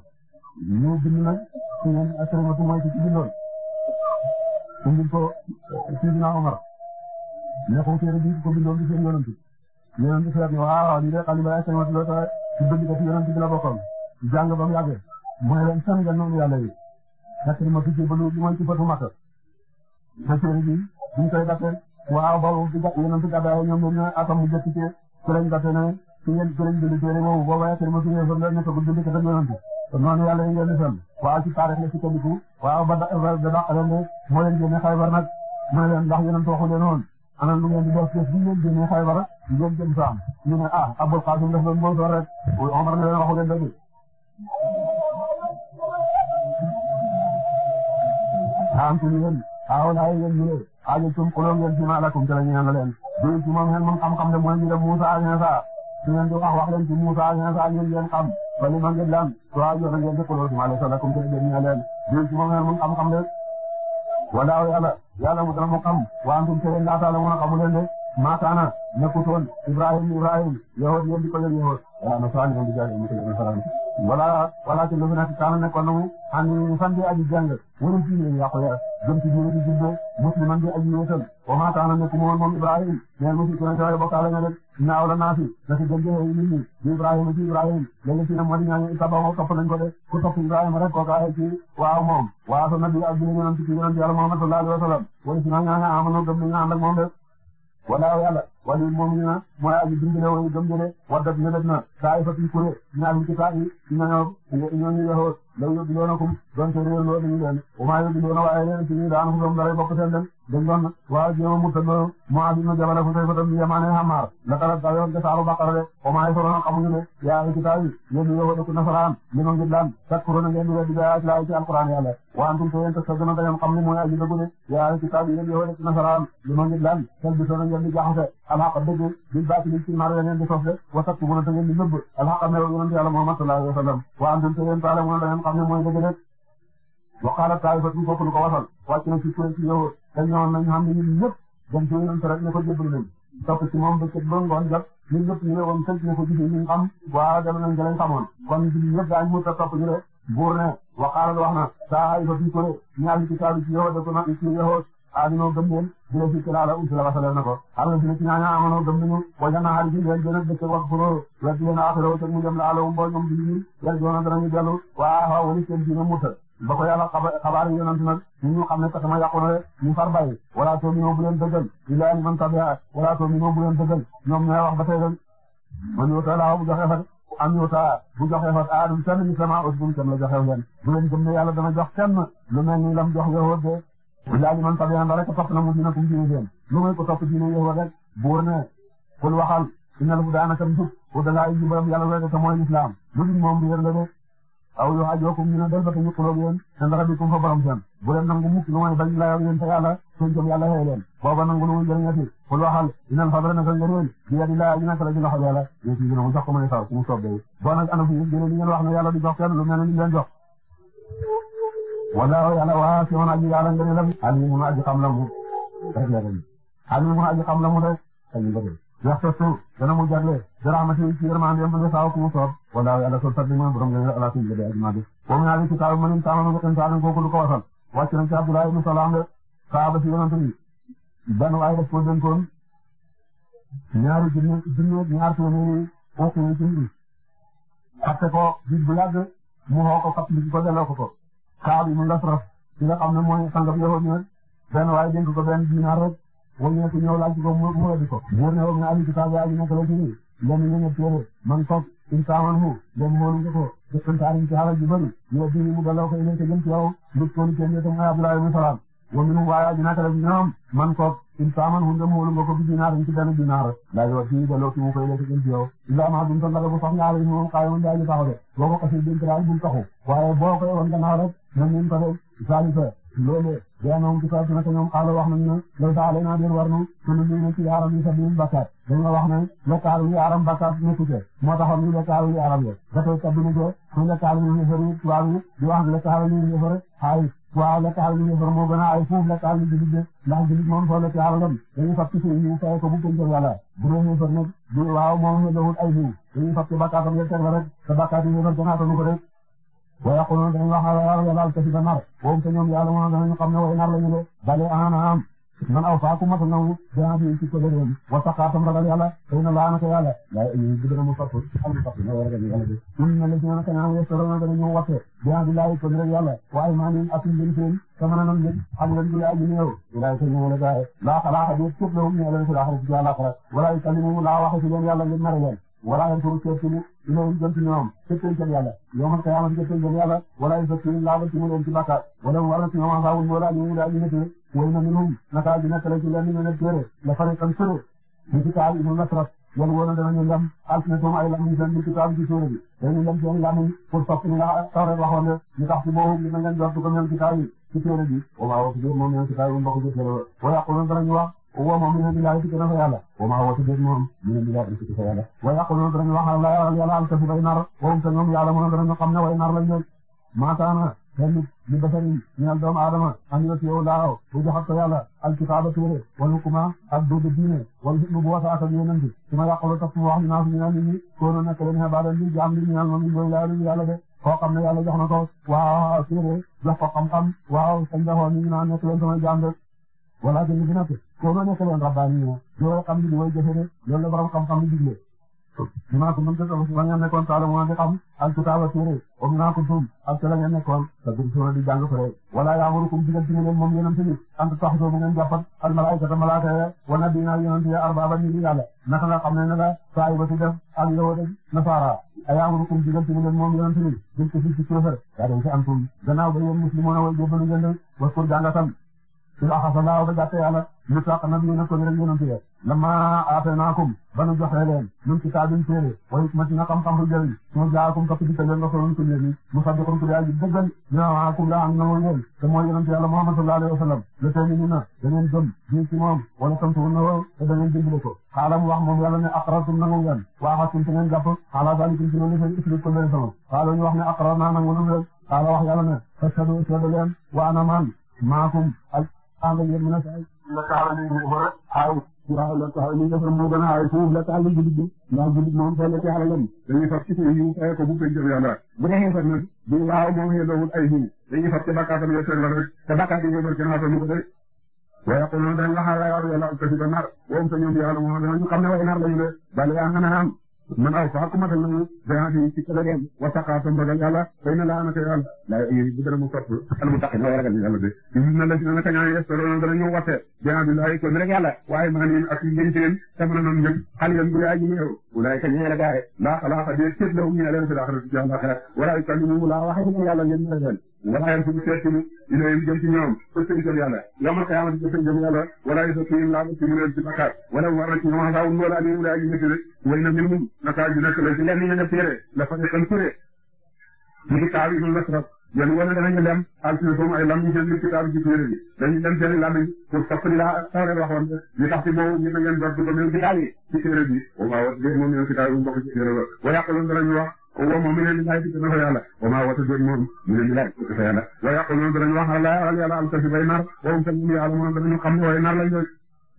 ñu bind nag ci Ikrimatu mooy ci ci bindoon indil ko mais comme téere bi ko bindoon di seen yonent bi yonent bi seet ne waaw lii de xalima ay sañwati la ta ci bëgg ko ci yonent bi la bokkoon ba mu yàggee mooy leen san nga noonu yàlla yi fekk ma tuddee ba lu mooy ci bi duñ koy dafe waaw boobu di ga yonent gàddaay ñoom ñoom ñooy atam mu jëkk ci ci lañ dafe ne ci ngeen ci lañ bind téere boobu booba xalima su ngeen la nekk ko bind ko tam yonent noonu yàlla yi ngeen di san waaw ci taarix la ci tëddiku waaw ba da ba dàq leen de moo ana nu ngeen di def suuf bi ngeen génnee Xaybara ngeen jëm saam ñu ne ah Abul Qasim def leen bon soor rek Omar ne leen waxu leen dëgg am ci yéen aw laay yéen ñu ne aajatum xuloo ngeen fi ma lakum te la ñu ne leen duy ci moom ngeen mën xam-xam de mooy ñu dem Musa ak Isa su ngeen di wax wax leen ci Musa ak Isa ngeen ngeen xam bali ma ngeen lan soo aajoon ngeen di xuloo ci ma lakum te la ñu ne leen duy ci moom ngeen mën xam-xam de walaaw yàlla yàlla mu dana mu xam waantum te yéen laata la mun a xamu leen de maataana nekkutoon Ibrahim Ibrahim yahood yéen di ko yéen yahood waaw nasaraan yéen di jaay yéen di ko yéen nasaraan wala wala ci lu fi nekk kaana nekkoon na mu xam fan bi aji jàng wala ci yéen yàqu yàlla jëm ci biir di jubbe musliman bi aji wéetal wa maataana nekku moom moom Ibrahim ñeen musi ko na taway bokkaale nga rek naaw la a fi na si gën jëlee nit ñi di Ibrahima ci Ibrahim léegi ci na moo di ñaan tabax topp nañ ko de ku topp Ibrahima rek kooku ay ci waaw moom waaw sa nabi ak dina ñaan ci yonent Yàlla Muhammad sallallahu alayhi wa sallam wala si naa ñaan amoon gëm nañu ànd ak moom de wala yàlla wali moom ñu na mooy aji dimbale way gëm jële waddat ñëlet na saa yi fa fii kuré ñaar ñi ci saa yi ñooñoo ñooñu yoxoo law yóbbu loona kum doon te réer loo dañu leen umaa yóbbu loona waaye si ñu daan ko gëm daray bokk seen dañ doon waaw jéem a mutaloo Mu'aaz ibn Jabal Hudayfa tam Yamaan Ammaar la dara daa yoon ca saaru Baqara de wa maa yasruuna xamuñu ne yaa ahla kitaab yi yéen ñu yoo dëkk nasaraan li ma ngir laan takkuruuna ngeen di weddi daa laa ci alquran yàlla wa antum te yéen tasa gën a da ngeen xam ne mooy aji dëggu de yaa ahla kitaab yi yéen yoo dëkk nasaraan li ma ngir laan talbisuuna ngeen di jaxase alxaqa dëgg bil baatili ci naar ngeen di sof de wa taktubuuna te ngeen di nëbb alxaqa meew yonent yàlla Muhammad sallallahu alayhi wa sallam wa antum te yéen taalamuuna da ngeen xam ne mooy dëgg de wa qaalat taaifatun foofu lu ko wasal wàcc na ci kuréel ci yow te ñooñu nag xam ne ñun ñëpp dem ci yonent rek ne ko jébbalu nañ topp ci moom bëccëg ba ngoon jot ñun ñëpp ñu ne woon tëj ne ko gisee ñu xam waa dem nañ jëlañ xamoon kon ñun ñëpp daañu mu topp ñu rek buur ne waxaala wax na saa ay fa fii ko ñaari ci kaaru ci yoo def ko na ci yoo aadunoo gëm leen bila si kilaala uti la wasaleel na ko ala si na ci ñaañaa amonoo gëm nañu wajan na xari ji leen gën a dëkk wax furoo wet leen axiroo la alawum boo ñoom di ñu yar joona danañu dellu waa waa wali ba ko yàlla xabaar yonent nag ñu xam ne kat ma yàqu na ñu far bàyyi wala too minoo bu leen dëggal illaa man tabi'a wala too minoo bu leen dëggal ñoom ñooy wax ba tey rek man yóota laaw bu joxe fat am yóota bu joxe fat aadum kenn ñu sama aussi buñ kenn la joxew leen bu leen gëm ne yàlla dana jox kenn lu mel ni lam jox yowoot de illaa man tabi'a ba rek topp na dina kum diine seen lu may ko topp diine yowoot rek buur ne kul waxal innal hudaanakam jub udalaay jubam yàlla wéde te mooy islam lu dul moom bi yér la de aw yoo ajookum ñu ne delbata ñu xuloog yéen te ndax bi kum fa borom seen bu leen nangu mukk lu may bañ laa yéen te yàlla pencom yàlla xëy leen booba nangu lu muy jëriñati xul waxal inal fadla naka ngëneel bi yadi laa ñu nekk la ci loxol yàlla yéen ci gëna mu jox ko mën a saw ku mu soobee boo nag ana fu ñu jëlee li wax ne yàlla du jox kenn lu mel ne li waa si woon aji yàlla ngëneelam alimun aji xam la mu rek leen alimun aji xam la mu rek añu ngëneel waxta su dana mu jagle bi rahmati ci yërmandeem wala ala sol fadli mooy borom ngeen ne alaakum bi la dee ajumaa bi. moom ñaari ci kaaw du ko wasal wàcc nañ ci Abdullah ibn Salaam la saaba si yonent bi benn waaye daf ko dénkoon ñaari junne ñaar téeméeri oote yi ci mbir. xatte ko biir bu mu xoo ko fàttali ci ko delloo ko ko. bi mu ngas raf ci nga xam ne mooy sangam yoo xam ne benn waaye dénk ko benn dinaar rek wala ñëw laaj ko mu mu wëddi ko. bu man toog in taamanhu dem xooluñ ko ko jënd taalim ci xalal ju bëri yow bii mu delloo ko ilayka jëm ci yow lu toll kenn itam mooy Abdoulaye ibn Salaam wa minhum waaye ajina kala bi ñoom man ko in taamanhu dem xoolu nga ko bi dinaarin ci benn dinaar la yow bii delloo ki mu ko ilayka jëm ci yow illa ma dum tan la bu sax nga alayhi moom qaayam daal di taxaw de boo ko xasee dénk daal bul taxu waaye boo koy woon gannaaw rek ñoom ñu ko def salifa loolu jaanaam di ko dina ko ñoom xaala wax nañ ne loolu daal naa dér war nu sunu lii na ci yaaram yi sa biir bakkaat dañoo wax ne lekkaaluñu yaaram bakkaat nekku ca moo taxoon ñu lekkaaluñu yaaram ya dafay kadduna jo suñ lekkaaluñu yëfër tubaab yi di wax lekkaaluñu yëfër xaay waaw lekkaaluñu yëfër moo gën a ay fuuf lekkaaluñu jullit de ndax jullit moom soo lekk yaaralam dañuy fab ci suuf yi fay ko bu pëncër yàlla bu dee yëfër nag waaw moom xëjowul ay fiiw dañuy fab ci bakkaatam ya teg la rek te bakkaat yi yëfër gënaatanu ko rek wa yaquluna dañuy wax yàlla yàlla kese ba nar boobu te ñoom yàlla moom danañu xam ne way nar lañu de bale anaam man aw faaku mata nawu dana fi ci ko dem wa saqatam ragal yàlla te na laana ko yàlla la ñu gëna mu faatu am faatu na ragal yàlla de ñun na la ñu naka ñaan yeso ro na ñu waxe dana di lay ko ragal yàlla waaye maa ngi atum ngeen seen sama nan ngeen am lan du lay ñu ñëw la ko ñu la gaay la xalaaxa du ci ñu la ko la xara wala kalimu la waxu leen yàlla ngeen nar leen wala yanfuru ceeb ilayhim jëm ci ñoom te tey jëm yàlla yawmal qiyaamati nga tey jëm yàlla wala yuzakkiihim laabat ci mu leen ci bàkkaar wala mu war na ci ñoom asaabul mboolaa ñu daal ñu nekk way na minhum naka ji nekk la ci lenn ñu ne téere la fariqan sore bi kitaab ibnu nasrat yan woona danañu ndam alsinatum ay lamuñ seen bi kitaab ci suura bi dañu ndam seen lamuñ pour sopp la tawre waxoon ne ñu tax ci boobu li na ngeen jot ko même kitaab yi ci téere bi wa maa ukhbirukum min kitaab yi mbokk ci téere wa yaquuluuna danañu wax wa moom ñu ne bilaay si gën a fa yàlla wa maa woote déet moom ñu ne bilaay si gën a fa yàlla waaye yàquluna danañ waxal la yàlla al kasi bay nar wowum te ñoom yàlla mën a danañ xam ne way nar lañ doon maataana te nit li basari minal doomu aadama an yot yow laaw bu joxat ko yàlla alkitaaba tuure wal hukuma ak duudu diine wal nubuwwata ak yonent su ma yàqulu topp mu wax ñu naa su ñu naan nit ñi kóono nekk leen xebaada li jaam li minal moom boy laa lu yàlla de koo xam ne yàlla jox na ko waaw tuure jox ko xam-xam waaw sañ joxoo ñu naan nekk leen samay jaam de wala jënd bi nekk foofu nekk leen rabbaaniina loolu xam li ñu koy jëfee de loolu la borom xam-xam yi digle dinaa ko mën a toog ba ngeen nekkoon Saalum moo di xam alkitaaba téere wa minaa kuntum ak ca la ngeen nekkoon sa dugub suuna di jàng fure. wala ya'murukum digal ci ngeen moom yonent bi an tattaxizu bu ngeen jàppat al malaa'ikata malaaka ya wa nabiyyiina yonent ya arbaaba ñu yàlla naka nga xam ne ne la saa yu ba ci def ak yow de nasaara ya'murukum digal ci ngeen moom yonent bi jëm ci fii ci kéefër yaa dañ ci antum gannaaw ba yéen muslimuuna way jébbalu ngeen de waskur jàngatam si la xasalaaw ba gàttee yàlla li tax nag ñu ne ko rek yonent ya lamma aateenaakum ba nu joxee leen min kitaabin téere wa hikmatin xam-xam bu jëriñ suma jaakum topp di leen rasulun ku leen mu saddiqun ku yaa ji dëggal ñaawaakum laa am na mooy leen te mooy yonent yàlla Muhammad sallallahu alayhi wa sallam le teeni ni na da ngeen gëm jii ci moom wala santuun na wow te da ngeen dimbale ko xaalam wax moom yàlla ne aqrartum nangu ngeen waaxatum ci ngeen jàpp xaalaa zalikum ci loolu seen isri ko leen sama xaala ñu wax ne aqrar naa nangu nu leen xaala wax yàlla ne fashhadu seeda leen wa ana man maakum ak am na yéen mën a say la taxaw ni mu war a aaw waaw la taxaw ni defar moo gën a aaw suuf la taxaw ni jullit bi ndax jullit moom fay la ci alalam dañuy far ci yiw fay ko bu feñ jëf yàlla bu dee xeefar nag bu waaw moom xeelowul ay yiw dañuy far ci bakkaatam yo seen la rek te bakkaat yi yóbbar kenn xaatal mu ko doy waaye ku noonu dañ la xaar lay war yàlla ak kasi ba nar woom sa ñoom yàlla moom danañu xam ne way nar lañu de bal yaa nga naan man aw sax ku matal nañu gannaaw bi ci kala dem wasaqaa sa mbagal yàlla xëy na laa amate yàlla laa bu dana mu sopp al mu taqi mooy ragal ni yàlla de ñun na la si naka ñaan espéroon dana ñu wate gannaaw bi laay ko rek yàlla waaye maa niin ak ngeen seen sama noonu ngeen xal yan bu yaay ñu ñëw wulaay ka ñee la gaare laa xalaaxa de seet la um ñee leen fi laaxara ci àllaxira wala yukallimuhum laa waxe yàlla ngeen mara leen waxaayam suñu seet tamit ilayhim jëm ci ñoom pour tënkal yàlla yomal xiyaamati ci tënkal yàlla wala yi sa kii laa ko suñu leen ci bakkaar wala war na ci ñoom asaawul loola ni wulaay yu métti rek way na min mum naka ju nekk la ci lenn ñu nga téere la fa nekkal téere ñu ngi kaaw ibnu nasraf yéen wane danañu lem alsinatahum ay lam ñu seen li kitaab ji téere bi dañu lem seen i lamiñ pour topp li la tawreet waxoon ñu tax ci moom ñu ne ngeen dor du ko meew bi daayi ci téere bi wa maa wasdee moom leen kitaab yi mu bokk ci téere ba wa yàqaloon danañu wax moom mi ne li laay dikk na fa yàlla wa maa wata doon moom mi ne li laay dikk fa yàlla wa yaquluun danañ wax ala ala yàlla am tasi bay nar wawum ta ñum yàlla moom danañu xam ne way nar lañ doon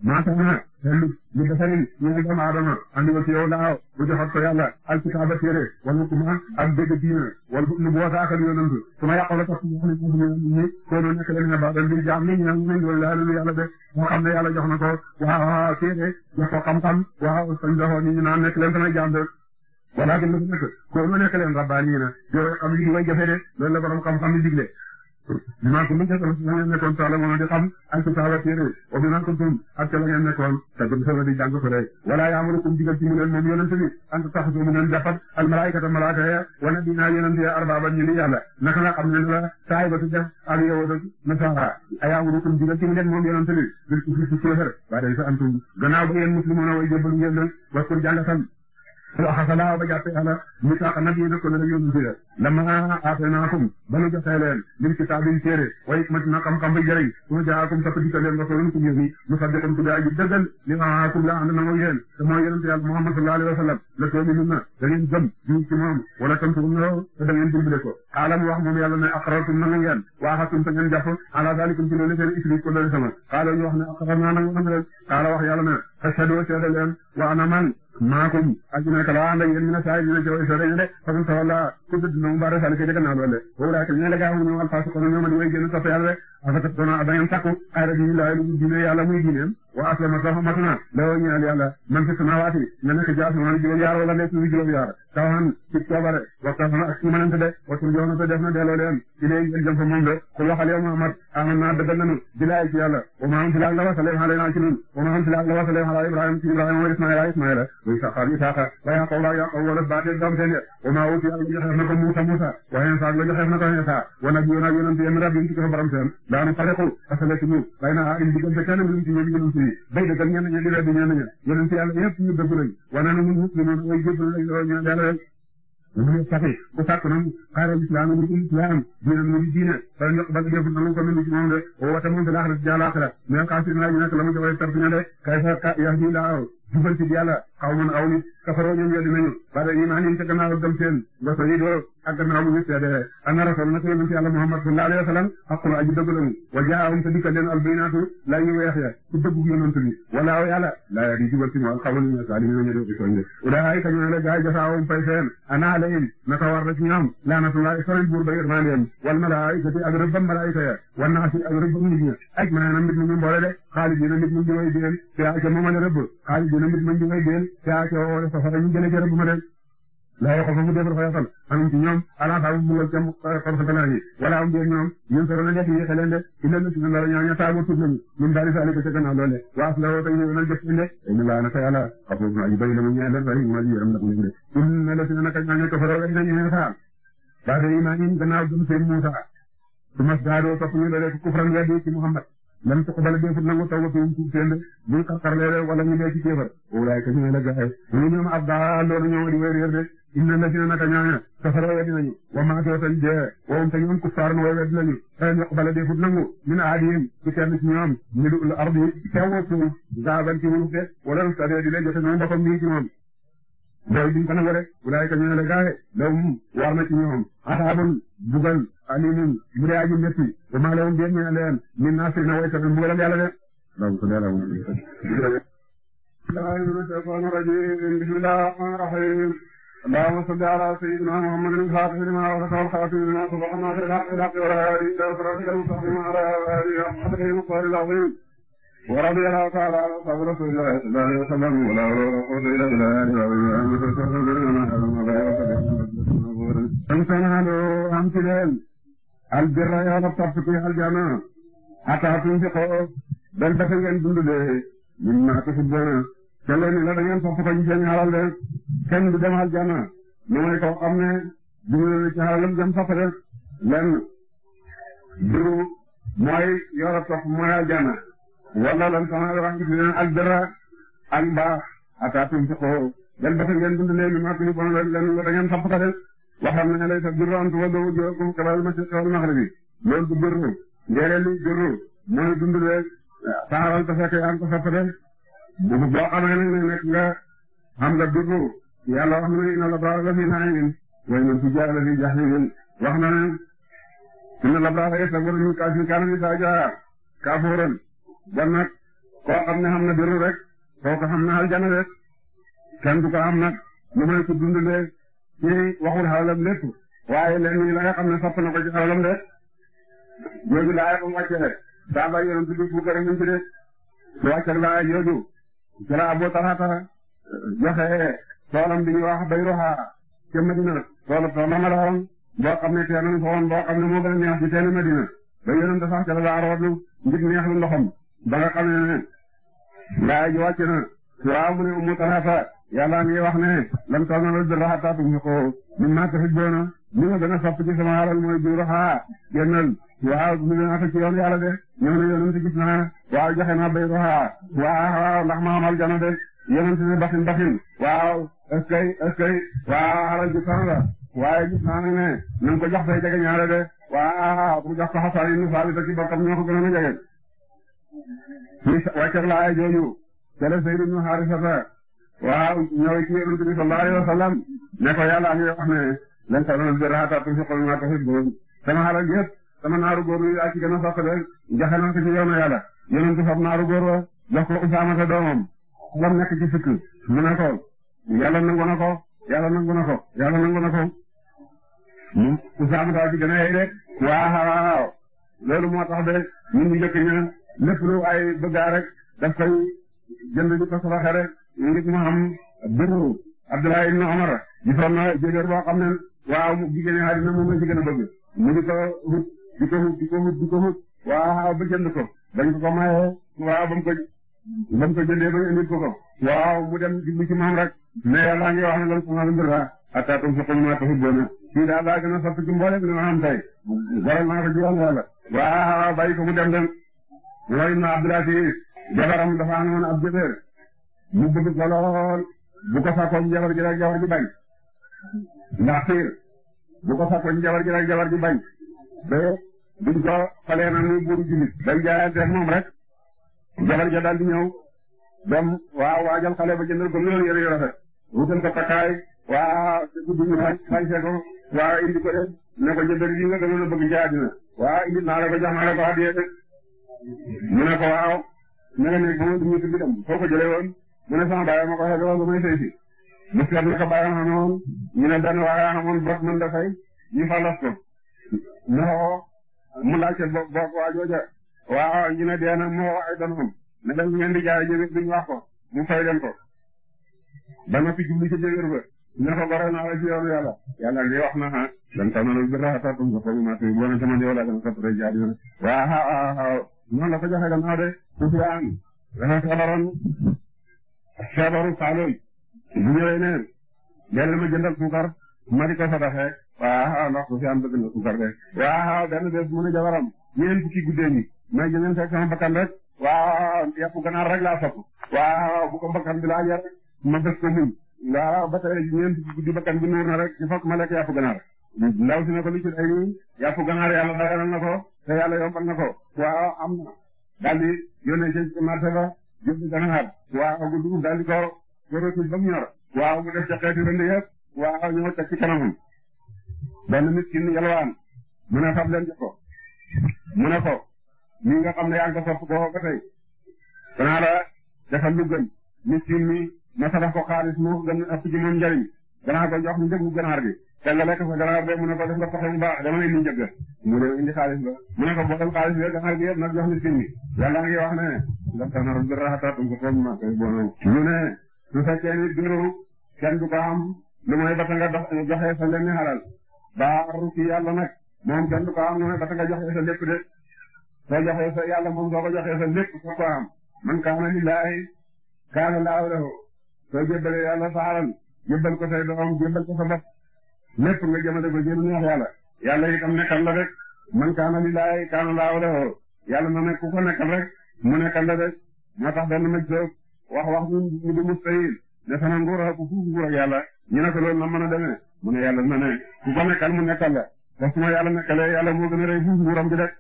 maa tax na tellu ñu defarin ñu ngi doomu aadama andi ko ci yow laaw mu joxat ko yàlla alkitaaba téere wala kuma ak dégg diina wala nu boota akal yonantu su ma yàqola tax ñu wax ne ñi ko no nekk leen nga baax dañ di jaam ni ñu ngi ñu la lu yàlla de moo xam ne yàlla jox na ko waaw waaw téere jox ko xam-xam waaw sañ doxoo ni ñu naan nekk leen sama jaam de voilà gën na fi nekk loolu la nekk leen rabbaaniina yooyu am li way jafe de loolu la borom xam-xam yi digle bi maa ko mën a def na ngeen nekkoon taala moom di xam ak taala téere o bi maa ko tum ak la ngeen nekkoon te gëm solo di jàng ko de wala yaamurukum digal ci mu leen moom yonent bi an taxasu mu leen jàppat al malaayikata malaaka ya wala dinaa yonent ya arbaaba ñu ni yàlla naka la xam ne la saay ba tu def ak yow ak nasaara ayaamurukum digal ci mu leen moom yonent bi bil kufri ci kéefër waaye day sa antum gannaaw ba ngeen muslimuuna way jébbalu ngeen nag waskur jàngatal xasalaaw ba jàppee yàlla misaaqa nag yi ko ne yóbbu si la lamma aateenaakum ba nu joxee leen lim kitaab yi téere wa hikmatin xam-xam ba jëriñ su ma jaakum topp dikkal leen rasulun ku ñëw ni mu saddiqan ku daa ji dëggal li maakum la ànd na mooy yéen te mooy yonente yàlla Muhammad sallallahu alayhi wa sallam la tu'minuunna da ngeen gëm ñu ci moom wala tansuruunnahu te da ngeen dimbale ko xaalam wax moom yàlla ne aqrartum na ngeen waaxatum te ngeen jàpp ala zalikum ci loolu seen isri ko loolu sama xaala ñu wax ne aqrarnaa na ngeen xaala wax yàlla ne ashhadu seede leen wa ana man maakum aljina kala anda yéen mina saa yéen a jaww soo dañu de ku dund moom baara sànni kii de gannaaw loolu de. boobu laa la gaa xam ne moom alfaas ñoom a di way génn topp rek afatat doona da ngeen sàkku xayra bi laa lu diine yàlla muy diineem wa aslama sax matu naa la ñeel yàlla man fi samaawaati na nekk jaas ma juróom yaar wala nekk lu juróom yaar tawan ci coobare waxta sama ak manante de watul joona te def na delloo leen ilay ngeen jëm fa moom de ku waxal yow Muhammad aman naa dëggal nañu bilaay ci wa ma am laag la wasalee xale naa ci nun wa ma am fi laag la wasalee xale Ibrahima ci Ibrahima wa Ismaila Ismaila wa Isaqa Isaqa wa Yaqub wa Yaqub wala baatee doom seen wa ma wuti yàlla joxeef na ko Musa Musa na ko wa nag yoon ak yonent yéen daana pareku asala ci ñun waaye naa ay diggante kenn mënu ci ñoom ñoom ci day dëggal ñenn ñi di weddi ñenn ña yonent yàlla yëpp ñu dëgg lañ wana na mun muslimun way jëpp lañ lo ñu yàlla ñu saxi bu sàkk nañ xaaral islam ni islam diinam mu diine fa ñu ba def na ko ñu ci moom de o wata moom dala xalat jala xalat mais xaasi na ñu nak la mu joxe tarfina de kay fa ka yahdi la jubal ci yàlla xaw ma aw nit kafaroo ñoom weddi nañu ba da imaan yi ca gannaaw dem seen na yi doo ak gannaaw bu ñu seedee ana rasul nag yonent yàlla Muhammad sallallahu alayhi wa sallam xaqul aji dëgg lañu wa jaahum te dikkal leen albaynaatu la ñu weex ya ci dëggu yonent bi wala aw yàlla laa yaa di jubal ci moom xamal ñu saalimina ñu di soññe ulaayika ñoo la gaay jasaawum fay seen ana alayhim naka war na ci ñoom laanatullahi soñ buur ba yërmandeem wal malaayikati ak rëbbam malaayika ya wa naasi ak rëbbam nit ña aj maanaam nit mu ñu mboole de xaalidina nit mu ñu way déen fi ca moomale rëbb xaalidina nit mu ñu way caa caa wala safara yu gën a gërëm bu ma dee laa yoo xam ne mu dee ba dafa yaqal amuñ ci ñoom alaaka mu ngi jëm xarxar gannaaw yi wala am biir ñoom ñun solo na nekk yi xeleen de illa na tudd loolu ñoo ña taamu tudd nañu ñun daal di saali ko ca gannaaw loole la woo tey ñu ngi jëf inde la mu ñeel leen rek ma ji yaram nag ñu de inna la sina naka ñoo ña kafara rek nañu ñu xaar baade iman yi gannaaw gëm seen Musa su mas daadoo topp ñu loole ku kufran weddi ci Muhammad lam tuqbal defut nangu tawbatuhum tuub seen buñ xarxarlee wala ñu dee ci kéefar ulaa'ika ñooy la gaay ñu ñoom abdaloolu ñoo di way réer de inna lazina naka ñooña kafara weddi nañu wa maatoo tañ dee wowum te ñoom kuffaarun way weddi nañu xëy yuqbala defut nangu min aadihim ci kenn ci ñoom milul ardi teewoo suuf zaban ci wuluf de wala lu sadee di leen joxe moom boppam nii ci moom doy duñ ko nangu rek ulaa'ika ñooy la gaay lawum war na ci ñoom asaabun bugal alimin bu dee aji métti ba maa leen dégg ñu ne leen min naa fi na way tamit mbugalam yàlla de donc loolu amul. bismillahir rahmanir rahim allahumma salli ala sayyidina muhammadin al-fatih lima ughliqa wal khatimi lima sabaqa nasiril haqqi bil haqqi wa ala alihi wa sahbihi al-mustaqim ala alihi wa sahbihi al-muqtar al-azim wa radiyallahu ta'ala an ashabi rasulillah sallallahu alayhi wa sallam wa la hawla wala quwwata illa billah al-ali wa sahbihi wa sallam albirra yoona topp ci aljana ataatum fi xoo bel dafa ngeen dundulee min maa tuhibbuuna te leen la da ngeen ko ñu seen alal de kenn du dem aljana lu may koo xam ne jumlale ci alalam jëm topp de lenn biru mooy yoona topp mooy aljana walla lan sama wax ci leen albirra ak mbaax ataatum fi xoo bel ngeen dundulee min maa tuhibbuuna leen la da ngeen topp ko de waxoon nañu lay sax duraan tuba doo jëm xabaar yi ma si soxal naxari bi loolu du gërëm njëriñ li gërëm mooy dund leen saxaral te fekk yaa ngi ko soppate boo xamee nag ne nekk nga nga gërëm yàlla la fi na'imin wa inna fujjaara la fi jahimin wax na ne inna la baara yastaghfiru lil kaafiriina kaana mizaajuhaa kaafuuran nag koo xam ne xam na gërëm rek kooku xam na rek kenn du ko am nag lu may ko ci waxul xalalam lépp waaye lenn yi la nga xam ne sopp na ko ci xalalam de jooju laaya ba mu wàccee saaba yonent bi bu gërëm ñu ci de su wàccee laaya jooju ci la Abu Talha joxe toolam bi ñuy wax Bayruha ca Madina toolu toolam la xaroon boo xam ne teenoon fa boo xam ne moo gën a neex ci teenu Madina ba yonent sax ca la laa rootlu neex lu ba nga xam ne laaya ji wàcc na waaw mu ne Ummu yàlla ngi wax ne lan taw na la dara xataa tuuti ko ñun maa taxit doona nga gën a sopp ci sama alal mooy jiw roxa génnal waaw ñu gën a fa ci yoon yàlla de ñëw na yonent gis naa waaw joxe naa bay roxa waaw waaw ndax ma amal jana de yonent ne baxin baxin waaw eskay eskay waaw alal ji fan la waaye gis naa ne ko jox fay jege ñaare de waaw bu jox ko nu faali ta ci bokkam ñoo ko gën a na jege wàcceeg ay jooju tele Seydou ñu xaarisata waaw ñëw ci yonent bi sallallahu alayhi wa sallam ne ko yàlla ngi wax ne lan tanaalul birra hattaa tunfiquu mimmaa tuhibbuun sama alal yëpp sama naaru góor yi yaa ci gën a soxla joxe naa ko ci yoonu yàlla yonent fab naaru góor wa jox ko Usaamata doomam lam nekk ci fukk mu ne yàlla nangu na ko yàlla nangu na ko yàlla nangu na ko mu Usaamata ci gën a yey de waaw loolu moo tax de ñun ñu jëkk ña lépp lu ay bëggaa rek daf koy jënd di ko soxla rek ñu ngi am biru Abdullah ibn Umar gisoon na jëgër boo xam ne waaw jigéen ñi àddina moom la ci gën a bëgg mu ngi ko wut di ko wut di ko wut di ko wut waaw ba jënd ko dañ ko ko maye waaw ko ba mu ko ko ko waaw mu dem jublu ci moom rek mais yàlla ngi wax ne lan subhaana billah hatta tunfiqu mimmaa tuhibbuuna kii daal gën a sopp ci mboolem li ma am tey waral naa ko jiwaan yàlla waaw bàyyi ko mu dem dem loolu na Abdullah si jabaram dafa amoon ab jëfër mu bëgg ko lool bu ko sàkkoon jabar ji rek jabar ji bañ ndax xiir bu ko sàkkoon jabar ji rek jabar ji bañ ba duñ ko falee na muy buuru jullit dañ jaayante moom rek jabar ja daal di ñëw dem waaw waajal xale ba jëndal ko loolu yëre yu rafet wutal ko takkaay waaw te guddi ñu fañ fañse ko waaw indi ko de ne ko jëndal lii nga gënoon a bëgg ci àddina waaw indi naa la ko jox naa la ko addiye de mu ne ko waaw ne nga nekk moom du ñu tuddi dem foo ko jëlee woon mu ne sama baay ma ko waxee lool nga may sëy si mu seet naka baay ma xamoon ñu ne benn waaye xamoon bët mën da fay ñu fa los ko mu xoo mu laajte bo boog waa jooja waaw ñu ne dee na mu xoo ay doon ne dañ ngeen di jaay wax ko mu fay leen ko ba noppi jublu ci jëgër ba ñu ne ko gore naa la ci yoonu yàlla yàlla li wax na ah dan tanalul birra hatta tunfiqu mimma tuhibbuna sama yow laa gën a soppare jaadi waaw ah, ah, ah, waaw noonu la ko joxe fi am dafa feebaroon feebaru Saalum bu ñëwee ne yàlla ma jëndal suukar ma di ko sadaxe waaw ndax su fi am bëgg na suukar de waaw benn bés mu ne jabaram ñeen fukki guddee ñi mais ñu ngeen fekk sama bakkan rek waaw yàpp ganaar rek laa sopp waaw bu ko bakkan bi laa jar ma bés ko muñ waaw ba tey ñeen fukki guddi bakkan bi nuur na rek ci fokk ma lekk yàpp ganaar ndaw si ne ko lu ci day nii yàpp ganaar yàlla daganal na ko te yàlla yombal na ko waaw am na daal di yónnee ci marché ba jëf ji dana xar waaw gu dugub daal di ko wéretul ba miskin yalwaan mu ne fab leen jox ko mu ne ko mi nga xam ne yaa ngi ko sopp boo ba tey danaa miskin mi ma ko xaalis moo ganaar bi danga lekk fa ganaar de mu ne ko def nga pexe bu baax dama lay nuyu njëkk mu ba mu ne ko boolem xaalis bi ganaar gi yëpp nag jox miskin bi yàlla ngi wax ne ndax dana rëdd raxatatum ko foog ma koy boolem. mu ne su fekkee ni duru kenn du ko am lu mooy bata nga dox joxe sa lenn xalal baaru ci yàlla nag moom kenn du ko lu mooy bata nga sa lépp de soo joxe sa yàlla moom soo ko joxe sa lépp ko am man kaana lillaahi kaana laahu lahu soo jébbalee yàlla sa xalal jébbal ko say doom jébbal ko sa bopp lépp nga jëmale ko jël neex yàlla yàlla itam nekkal la rek man kaana lillahi kaana laahu lahu yàlla na nekk ku ko nekkal rek mu nekkal la rek moo tax benn maj doob wax wax ñu du mustahil ne sama nguur ak ku na mën a demee mu ne yàlla na ku ko nekkal mu nekkal la te su ma yàlla nekkalee yàlla moo gën a rëy fuuf nguuram gi rek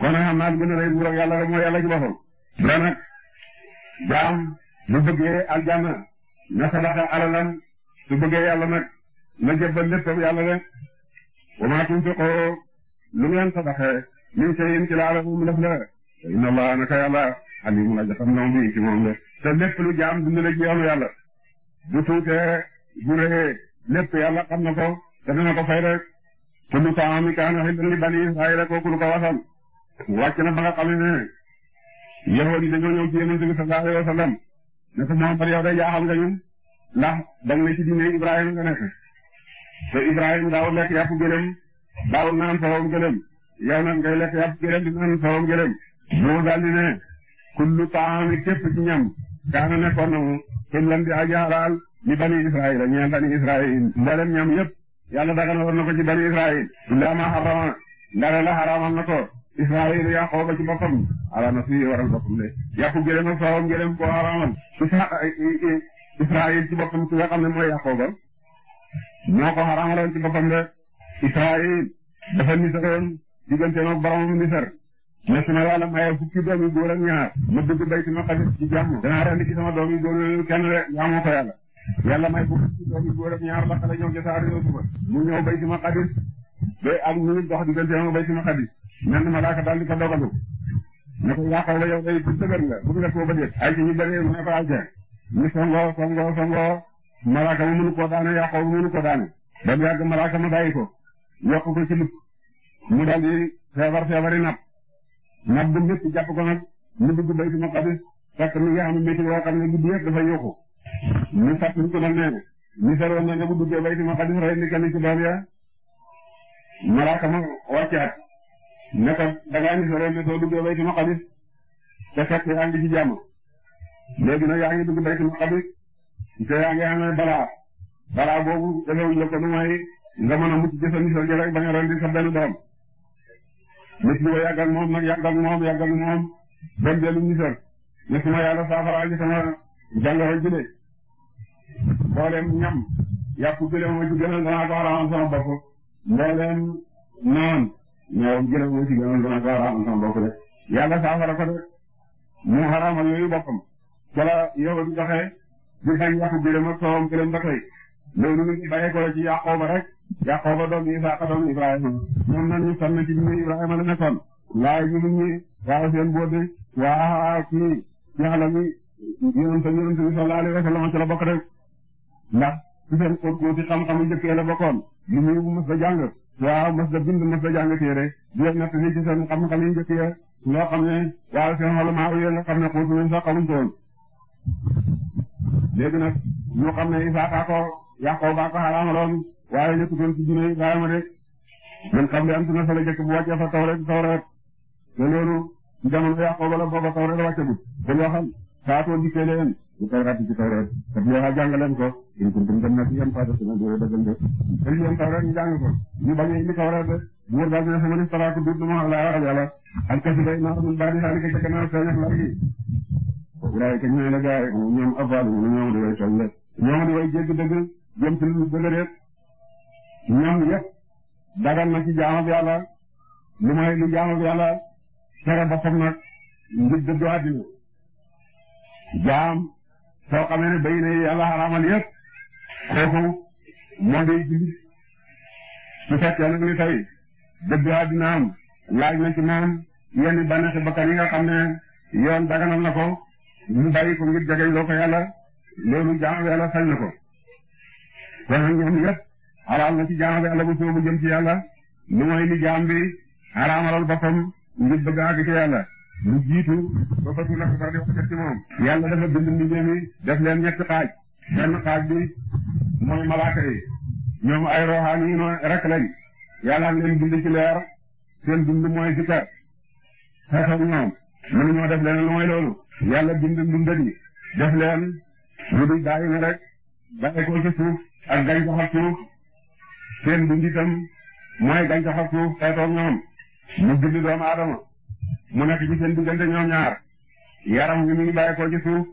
kon nag a rëy nguuram rek mooy yàlla ci boppam. jaam bu bëggee aljanna na sadaqa alalam su bëggee yàlla na jébbal léppam yàlla de wa maa tunfiqoo lu ngeen sadaxee min shay'in ci laala mu def la inna allaha naka yàlla alimun aja xam na bi ci moom de te lépp lu jaam dund la ci yoonu yàlla bu tuutee bu rëyee lépp yàlla xam na ko te dana ko fay rek kullu ta'aami kaana hillan li bani israa'ila kooku lu ko wasal wàcc na ba nga xam ne yahood yi dañoo ñëw ci bi sallallahu alayhi wa sallam ne ko Muhammad yow de jaaxal nga ñun dang ne ci diine Ibrahima nga te Ibrahima daawul lekk yàpp gëlëm daawul naan sawam gëlëm yow nag ngay lekk yàpp gëlëm di naan sawam gëlëm mu daal di ne kullu taami képp ci ñam kaana nekkoon na mu xillan di aji halaal li bani Israayiila ñeel bani Israayiil mboolem ñam yëpp yàlla dagana woon na ko ci bani Israayiil illaa maa harrama ndare la na ko Israayiil Yaqooba ci boppam ala nafsihi waral boppam de yàqu gëlëm ak sawam gëlëm koo xaraamal Israayiil ci boppam ki nga xam ne mooy moo ko xaraamaloon ci boppam de Israayil dafa nisaroon digganteem ak boromam nisar ne doomi góor ñaar ma dugg baytu maqdis ci jàmm danaa rendi ci sama doomi góor yooyu kenn rek ñaamoo may ko fukki ñaar ba xale ñëw ca saa réew mu ñëw baytu maqdis ba ak ñu dox digganteem ak baytu maqdis menn malaaka daal di ko dogalu ne ko yaakaar la yow day dëgër nga bëgg nga soo ba déet ay ci ñu bëree mu ne ay ca ñu malaaka ma mënu koo daane Yaqoob mënu ko daane ba mu yàgg malaaka ma bàyyi ko yokk ko ci lupp mu daal di feebar feebari napp napp bu métti jàpp ko nag mu dugg Baytul Maqdis fekk mi nga xam ne métti woo guddi yëpp dafa yokku ñu fàtt ñu ko doon nee na ñu feroon na ne bu duggee Baytul ni kenn ci doom ya malaaka ma wàccaat ne ko da ngaa ñu feroon ne doo duggee Baytul Maqdis te fekk yaa ngi ci jàmm nte yaa ngi amee balaa balaa boobu defewuñ la ko nu may nga mën a mucc ci sa misal ji rek ba nga rendi sa benn doom nit ñi ba yàggal moom nag yàggal moom yàggal moom benn dellu misal ne su ma yàlla saafaraal ci sama jàngoro ji de mbooleem ñam yàpp gëlëm moo ci gënal danaa ko xaraamal sama bopp mbooleem naan ñoom gëlëm moo ci gënal danaa ko xaraamal sama bopp de yàlla saafara ko de mu xaraamal yooyu boppam ca la yow a doxee gis nañ waxu gërëm ak soowam gërëm ba loolu mi ngi bàyyeekoo ci Yaqooba rek Yaqooba doom Isaaqa doom Ibrahima moom nag ñu sonn ci ñu ngi waaye seen boode waa kii mi yonent yonent bi sallallahu alayhi wa la bokk rek ndax ci seen kóot-kóot yi xam-xamu la bokkoon lu muy mës a jàng waaw mës a bind mës a jàng téere di leen natt ci seen xam-xam yi njëkkee loo xam ne waaw seen xol maa yooyu nga xam ne xóotu nañ sax léegi nag ñu xam ne Isaaqa ko Yaqooba ko xaraamaloon waaye nekkutoon ci junne Ibrahima de man xam ne am na fa la jëkk bu fa taw rek taw rek te Yaqooba la booba taw rek la wàccagul. dañoo xam saatoo dikkee leen bu taw rek ci taw rek yoo jàng leen ko in kuntum dem na ci yem faa na doo dëggal de te li yem taw ko ñu bañ a indi de buur daal dina xamal ne salaatu duut lu ma wax laa wax kasi day naa mun baadi wulaay ka ñooy la gaay ñoom avaalu ñu ñoom di way toll de ñoom di way jégg dëgg jëm ci lu dëgg de ñoom yëpp dagal na ci jaamab yàlla lu may lu jaamab yàlla tere boppam nag ngir dëddu àddina jaam soo xamee ne bay na yàlla xaraamal yëpp kooku moo day julli su fekkee nag ni tey dëddu àddina laaj na ci moom yenn bànneexi bakkan yi nga xam ne yoon na ko mu bàyyi ko ngir jagleel loo ko yàlla loolu sañ na ko. kon nag ñoom ñëpp xaraam ci jaamu yàlla bu soobu jëm ci yàlla lu mooy li jaam bi xaraamalal boppam ngir bëgg a àgg ci yàlla. lu jiitu ba fa tuula ko far ci moom. yàlla dafa bind mbindeem yi def leen ñetti xaaj. benn bi mooy malaaka yi ay roxaan yi noonu rek lañ yàlla leen bind ci leer seen dund mooy mënuñoo def leneen lu mooy loolu yàlla bind ndundal yi def leen lu dul bàyyi rek bàyyi ko ci suuf ak gàncax ak suuf seen dund itam mooy gàncax ak suuf xeetoog ñoom mu bind doomu aadama mu nekk ci seen diggante ñoom ñaar yaram wi mu ngi bàyyi ko ci suuf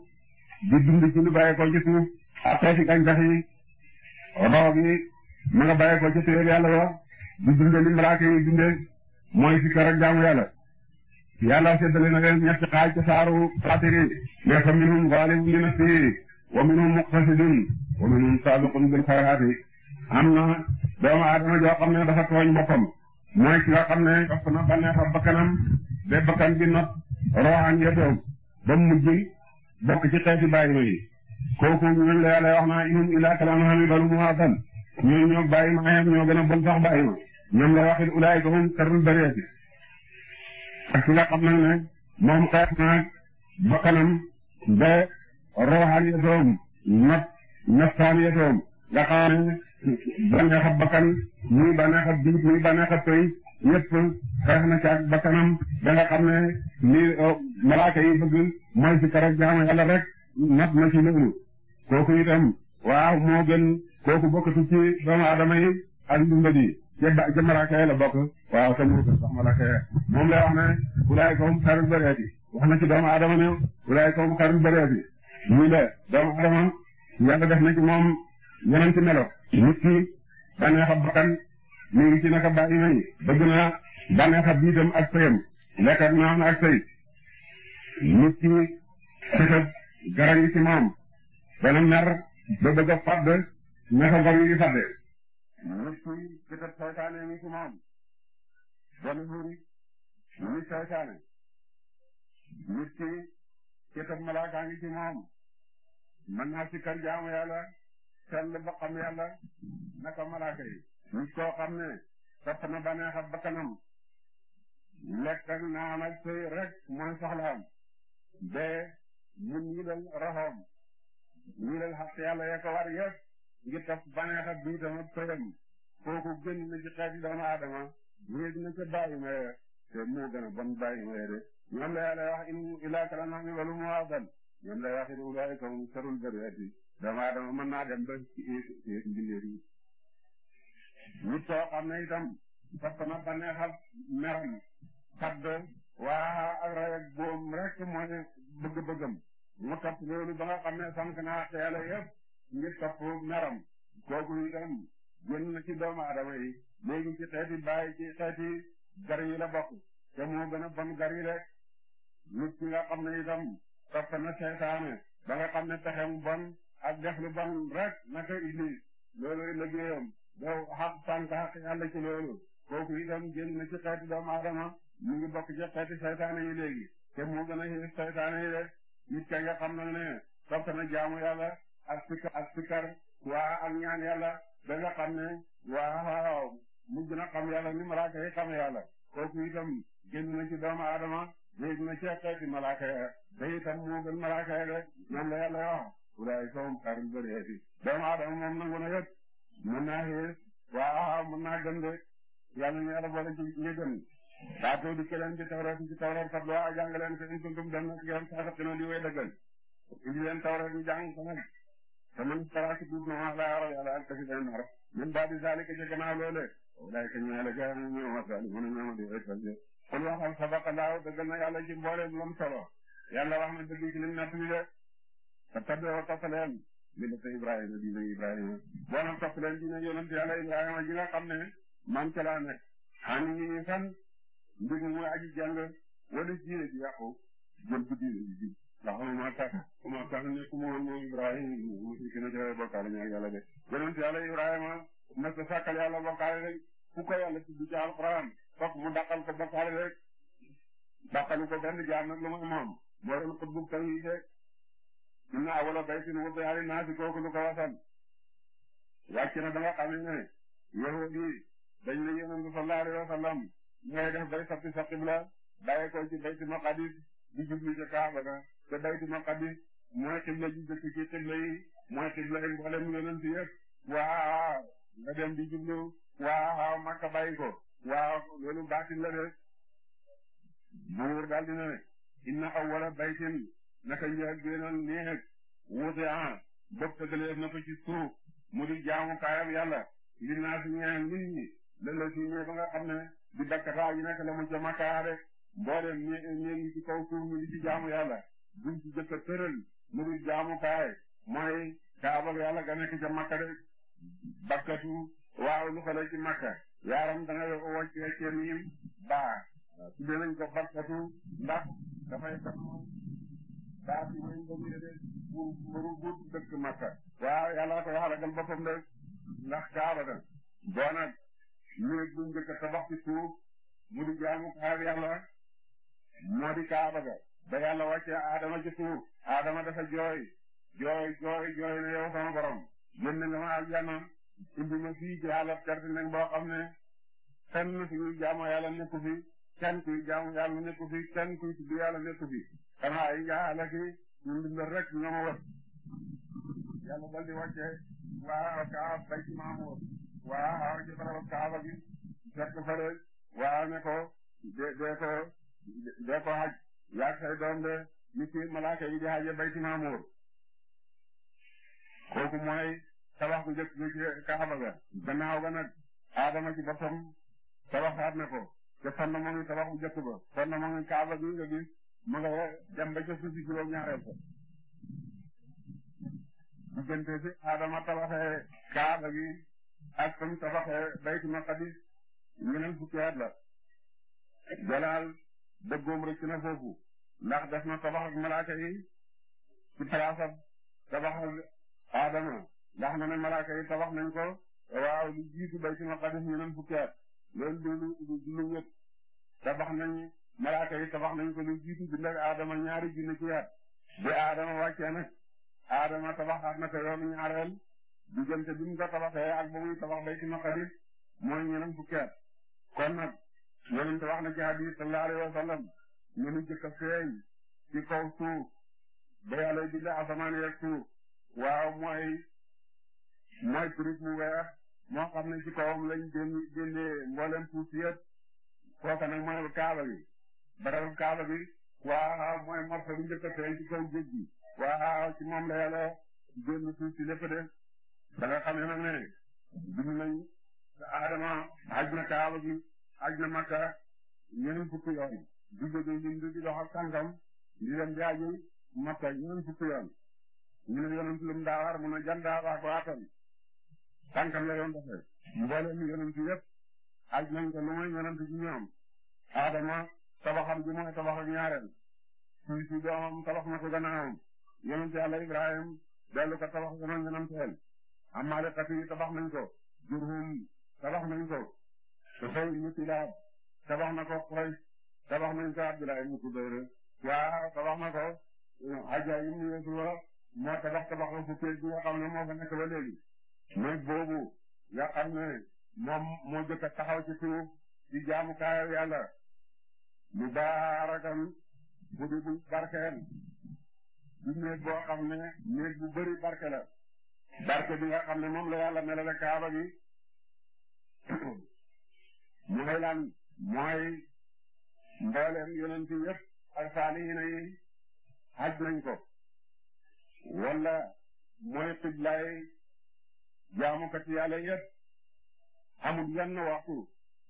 di dund ci lu bàyyi ko ci suuf ak xeeti gàncax yi roob yi ma nga bàyyi ci suuf yàlla ba di dundali malaaka yi dundee mooy si kër ak yàlla yàlla seddale na leen ñetti xaaj ci saaru faatiri mais fa minhum zaalimun li nafsihi wa minhum muqtasidun wa minhum saabiqun bil xayraati am na doomu aadama joo xam ne dafa tooñ boppam mooy ki nga xam ne topp na bànneex a bakkanam ba bakkan bi not roxaan yetoom ba mujj bokk ci xeeti bàyyi ma yi kooku ñooñu la yàlla wax naa inhum illaa kal an'aami bal hum adall ñooñu ñoo bàyyi ma ñoo gën a bon sax bàyyi ma ñoom la waxit ulaa'ika hum sharrul bariyyati ak nga xam nag ne moom xeex na bakkanam ba ruuxaniyatoom naf nafsaaniyatoom nga xam ne bànneex ab bakkan muy bànneex ab biir muy bànneex ab tëy yëpp xeex na ci ak bakkanam ba nga xam ne lii malaaka yi bëgg mooy si keroog jaamu yàlla rek nat na ci loolu kooku itam waaw moo kooku bokkatu ci doomu aadama yi ak ndumba ca malaaka ya la bokk waaw te mu sax malaaka moom lay wax ulaay kawum xarul bëreeti wax na ci doomu aadama ulaay kawum xarul bëreeti muy la doomu aadama yàlla def na ci moom yeneen ci melo nit ki bànneexa bakkan mi ngi ci naka bàyyi may bëgg na bànneexa biitam ak payam lekk ak naan ak tey nit ki sëtëb gara ngi ci moom dana mer ba bëgg a fàdd naka gor ngi fàdde miski kitëb saytaane mi ci moom dana xuri mi saytaane miski kitëb malaaka ngi ci moom mën naa ci kër jaamu yàlla sell ba xam yàlla naka malaaka yi nit koo xam na baneex ak rek mooy soxlaam de mu ñilal roxoom ñilal xaq yàlla ya ko ngir a bànneex ak biitam tëram kooku génn na ci xeeti doomu aadama yéeg na ca bàyyi ma ya te moo gën a bon bàyyi ma ya de la yàlla wax in illaa kalanam yi walu mu waasal ñoom la wax in ulaa'ika hum sarul bariyati doomu aadama mën naa dem ba ci éeg mbindeer yi nit soo na bànneex ak meram xadd waa ak rey ak boom rek bëgg-bëggam mu topp loolu ba nga xam ne sànq naa te yàlla ngir topp meram googu itam génn na ci doomu adama yi léegi ci xeeti bàyyi ci xeeti gar yi la bokk te moo gën a bon gar yi rek nit ki nga xam ne itam topp na seytaane ba nga xam ne pexem bon ak def lu bon rek naka iblis loolu liggéeyam doo xaq sànq xaq yàlla ci loolu kooku itam génn na ci xeeti doomu adama mu ngi bokk ci xeeti seytaane yi léegi te moo gën a seytaane yi rek nit ka nga xam ne topp na jaamu yàlla ak sikar ak sikar waa ak ñaan yàlla ba nga xam waa waaw mu gën a xam yàlla ni malaaka yi xam yàlla kooku itam génn ci doomu aadama géej na ci xeeti malaaka ya ba itam moo gën malaaka ya rek nan la yàlla wax wulaay soom xarul na yëpp mën naa xëy ci ñi gën daa di keleen ci tawreet ci tawreet kat waa jàng leen ko in ci gërëm te man faraa si biir moment laa war a yàlla ak tafi benn mara man daal di zaale que ca gannaaw loolee walaay que ñu yàlla jaay ma ñu ñëw Moussa ñu mën a ñëw di rek fan yii. kon waxal sabaqa laaw dëgg na yàlla ci mbooleem lu leen millata Ibrahima diina Ibrahima boonam topp leen man ca laa nekk. xaani ñu ñu fan mbir ndax moo tax moo tax nekkuma woon moom Ibrahima mosu gën a defee bokkaale ñaar yàlla de yonent yàlla Ibrahima mos a sàkkal yàlla bokkaale rek fu ko yàlla tudd ci fokk mu dàqal ko bokkaale rek dàqalu ko benn jaar nag lu muy moom moo doon ko bug taw yi rek awala baytin wa bayari naa si kooku lu ko wasan wàcc na da nga xamee yahudi yi dañ ne yonent sallallahu alayhi wa sallam ngay def bay sappi sa ko ci bayti maqadis di jubli ca Kaaba te baytu maqdis mooy xibla ji dëkk ci xibla yi mooy xibla yi mboolem yonent yëpp waaw nga dem di jublu waaw Makka bàyyi ko waaw loolu baatin la de buur daal dina ne inna awwala baytin naka njëkk gënal neex wuute ah bopp tëgaleef na ko ci mu di jaamu kaayam yàlla li naa si ñaan nit ñi lële si ñëw nga xam ne di bakkataa yi nekk la mu ca Makka rek mboolem ci kaw suuf di jaamu yàlla. buñ ci jëkk a mu di jaamukaay mooy kaabal yàlla ga nekk ca makka de bakkatu waaw lu xale ci makka yaaram da nga yo wocc wecce miim baa tudde nañ ko bakkatu ndax dafay tax baa si mañ ba muyede pour mbaru guut dëkk makka waaw yàlla ko yaxalagal boppam de ndax kaaba ga boo nag néeg buñ jëkk a tabax mu di jaamukaay yàlla moo di kaaba ga ba yàlla wàccee Adama ci Adama dafa jooy jooy jooy jooy na yow sama borom yónne nga ma aljanna indi ma fii ci xaalab carte nag boo xam ne fenn suñu jaamu yàlla nekku fi kenn kuy jaamu yàlla nekku fi kenn kuy tudd yàlla nekku fi xanaa yi nga xaala ki ñu mbindal rek ñoo ma wër yàlla dal di wàcce waa kaab bay ci maamoor waa aw ci barab kaaba bi fekk fa rek waa ne ko de de ko de ko haj yaa say doom de ni ci malaaka yi di xaaje bayti maamuur kooku mooy tabax bu njëkk bi ci Kaaba ga gannaaw ga nag Adama ci boppam tabaxaat na ko te fànn moom tabax bu njëkk ba fànn moom Kaaba gi nga gis ma nga dem ca suuf juróom ñaareel ko diggante si Adama tabaxee Kaaba gi ak tam tabaxee bayti maqdis ñeneen fukki at la jalaal dëggoom rek na foofu ndax def na tabax ak malaaka yi ci palaasam tabax aadama ndax na ne malaaka yi tabax nañ ko waaw lu jiitu baytul maqdis ñeneen fukki at loolu loolu lu ñett tabax nañ malaaka yi tabax nañ ko lu jiitu bind ak aadama ñaari junni ci at bi aadama wàccee nag aadama tabaxaat na ko yoonu ñaareel diggante bi mu ko tabaxee ak ba muy tabax baytul maqdis mooy ñeneen fukki at kon nag yonent wax na ci hadis sallallahu alayhi wa sallam ñu nu jëkk a feeñ ci kaw suuf ba mooy mooy turib mu weex moo xam ne ci kawam lañ génn génnee mboolem puus yëpp kooka nag mooy kaaba gi barab kaaba gi waaw mooy morso bi njëkk a feeñ ci kaw géej ci moom la yàlla génn suuf si de da xam ne ne ne Adama haj kaaba gi aj na Makka ñeneen fukki yoon di jóge ñun di dox ak tànkam di dem di aji Makka ñeneen fukki yoon ñu ne yonent lu mu daa war mun a jan daa wax ko atam tànkam la doon doxee mboolem yonent yëpp aj nañ ko lu mooy yonent ci ñoom Adama tabaxam ji mooy tabax ak ñaareel suuf si doomam tabax na ko gannaawam yonent Yàlla Ibrahim dellu ko tabax gannaaw yonenteel amaale kat yi tabax nañ ko Jurhum tabax nañ ko Sufay ibn Kilaab tabax na ko Quraysh tabax nañ ko Abdullah ibn Zubayr waaw tabax na ko Hajjaj ibn Yusuf moo tabax tabax ko fukkee bi nga xam ne moo fa nekk ba léegi néeg boobu nga xam ne moom moo jëkk a taxaw ci suuf ci jaamukaayu yàlla mubaarakan bu di bu barkeel di néeg boo xam ne néeg bu bëri barke la barke bi nga xam ne moom la yàlla melale kaaba bi mooy lan mooy mbooleem yonent yëpp ak saalihiina yi aj nañ ko wala mooy xiblaay jaamukat yàlla yëpp amul yenn waxtu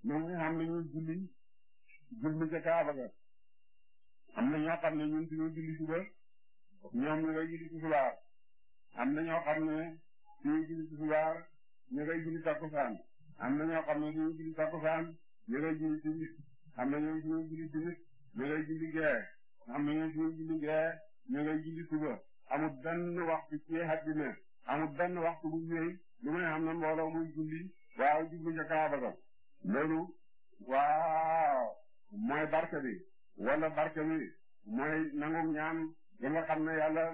ñu ngi xam ne ñuy julli julli ca Kaaba ga na ñoo xam ne ñun suñu julli ñoom ñu ngay julli tisbaar am na ñoo xam ne suñu julli tisbaar ñu ngay julli takkusaan am na ñoo xam ne ñu ngi julli takkusaan ñu ngay julli timis am na ñoo ñu ngi julli timis ñu ngay julli gee am na ñoo ñu julli gee ñu ngay julli suba amul benn waxtu ci àddina amul benn waxtu bu wéy lu may xam ne mbooloo muy julli waaw jublu ca Kaaba ga loolu waaw mooy barke bi wala mooy nangum ñaan da nga xam ne yàlla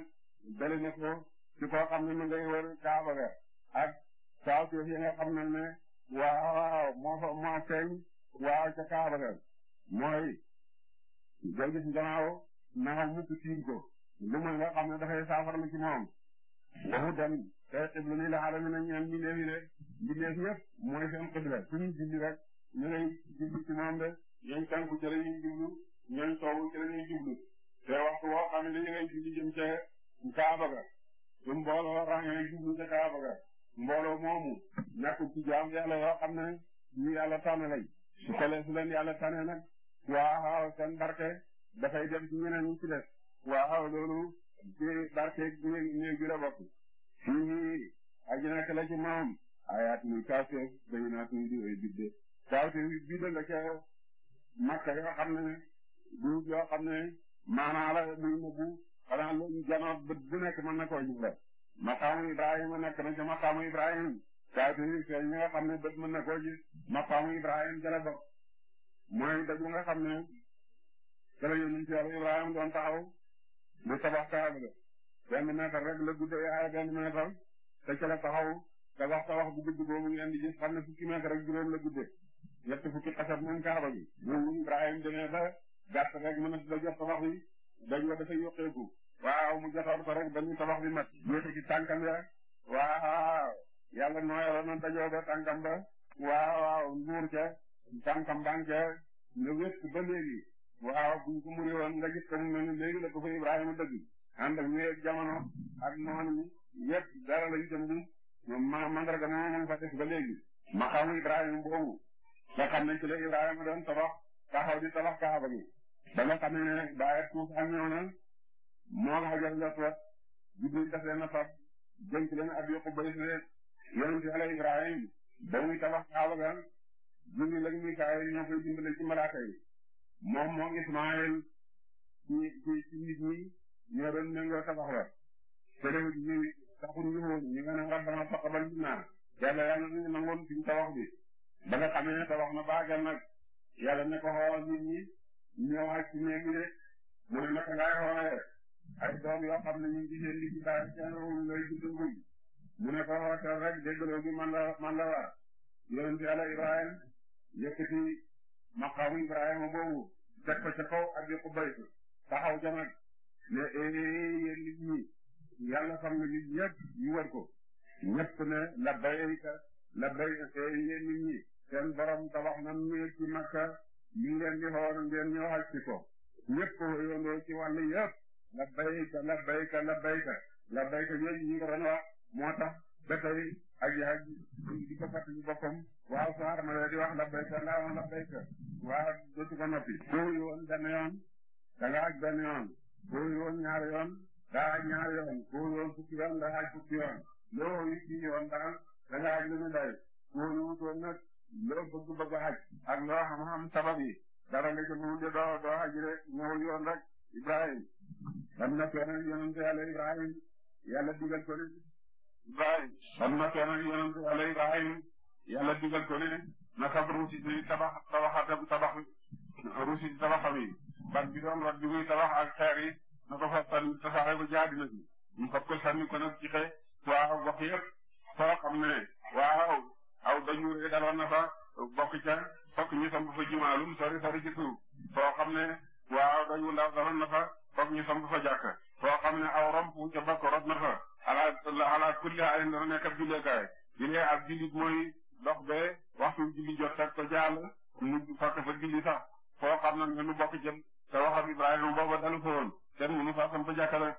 dale na ko ci koo xam ne mu ngay wër Kaaba ga ak saaw yi nga xam ne ne waaw waaw moo fa moo feeñ waaw ca Kaaba mooy doo gis gannaaw na nga tiim ko lu mooy nga xam ne dafay saafaralu ci moom waxu dem te xiblu ni la xale mi na ñeen mbindeef yi de mbindeef ñëpp mooy seen xibla suñu rek ñu ngay jublu ci moom de ñooñ tànku ci la ñuy jublu ñooñ soowu ci la ñuy jublu te waxtu woo xam ne dañu ngay julli ca Kaaba ga suñu booloo ràññee jublu ca Kaaba mbooloo moomu nekk ci jaam yàlla yoo xam ne ñu yàlla tànn lañ su ko leen su leen yàlla tànnee nag waaw seen barke dafay dem ci ñeneen ñi ci des waaw loolu ci barke néeg bi la bokk fii aji nekk la ci moom ayaat muy kawteef dañu naa suñu bidde kawteef yi bidde la ca makka yoo xam ne duub yoo xam ne maanaa la muy nëbbu xanaa loolu janoot bët bu nekk mën na koo jubla maqaamu Ibrahima nekk na ca maqaamu Ibrahima saati yi feeñ ñi nga xam ne bët mën na koo gis maqaamu Ibrahima ca la bokk mooy dëgg nga xam ne ca la yónni ci yàlla Ibrahima doon taxaw mu tabax kaaba ga benn mètre rek la guddee ay benn mètre te ca la taxaw tabax tabax bu gudd boobu ngeen di xam ne fukki mètre rek juróom la guddee ñett fukki xasat moom kaaba bi. ñoom Ibrahima demee ba gàtt rek mën na si la jot tabax bi dëgg la dafay yokkeeku. waaw mu jotoon ko rek ba ñu tabax bi mat wéete ci tànkam ya waaw yàlla nooyaloon na dajoo ba tànkam ba waaw nuur ca tànkam bànca nga wéet ba léegi waaw buñ ko muri woon nga gis ko mu mel léegi la ko fa Ibrahima dëgg ànd ak ñëweg jamono ak noonu yépp dara la itam bi ma mandarga moom moom fa def ba léegi ma xamu Ibrahima boobu nga xam ne ci la Ibrahima doon tabax taxaw di tabax kaaba gi ba nga xam ne ne daayet suuf am ñëw moo hajar nga soog Jibril daf leen a fab jënk leen ab yokku bëri si leen yonent Ibrahim ba muy tabax Kaaba ga Jibril ak Mikaayil ñoo koy dimbale ci malaaka yi moom moom Ismaayil ci ci ci nit ñi ñoo doon méngoo tabax la te def ñu taxul ñu woon ñu nga ne rabbana taqabbal minna yàlla yàlla nañu nangoon suñu tabax bi ba nga xamee ne tabax na baagal nag yàlla ne ko xoolal nit ñi ñëwaat ci néeg bi de mu ne naka laay xoolee ay doom yoo xam ne ñu ngi gisee li ci baax seen ruum looy judd moom mu ne ko xootal rek déggaloo gi man la man la war yonent yàlla Ibrahima yëkkati maqaamu Ibrahima boobu teg ko ca kaw ak yëpp baytu taxaw jamono ne eh, yéen nit ñi yàlla xam ne nit ñëpp ñu wër ko ñëpp ne la bayka la bay eh, yéen nit ñi seen tabax na néeg ci Makka ñu ngeen di xool ngeen ñëw xaj ci ko ñëpp ko yóndoo wàll labbayka labbayka labbayka labbayka yooyu ñu wax moo tax ba tey ak di ko fàttali boppam waaw soxar ma la wax labbayka laa labbayka waaw dootu ko noppi. boo yoon benn yoon da nga ak benn yoon boo ñaar yoon daa ak ñaar yoon boo yoon fukki yoon daa ak fukki yoon loo yi ci yoon daal da nga ak lu mu day boo yuutoon nag loo bëgg bëgg a xaj ak loo xam sabab yi dara nga jël mu mujj doo doo xaj rek ñëwul yoon rek Ibrahima. bam nekkee nag yonente yàlla Ibrahim yàlla digal ko ne Ibrahim bam nekkee nag yonente yàlla Ibrahim yàlla digal ko ne na sab ruusi si tabax tabax ruusi si tabaxam yi bat bi doon wat bi tabax ak xeer na ko fa sànni tasaare ba jaadina si mu fab ko sànni ko nag ci xëy waaw gox yëpp soo xam ne waaw aw dañu ree daloon na fa bokk ca fokk ñu samp fa jumaalum sori sori ci suuf soo xam ne waaw dañu ndaw daloon na fa foog ñu samp fa jàkk ne aw romb ca bokk rob na fa ala ala kulli ay dana nekk ab jullekaay julee ak jullit mooy dox bee waxtu julli jot teg ko jàll mu fekk fa julli sax foo xam ne nu bokk jëm te waxam Ibrahima booba dalu fa woon kenn fa samp jàkka rek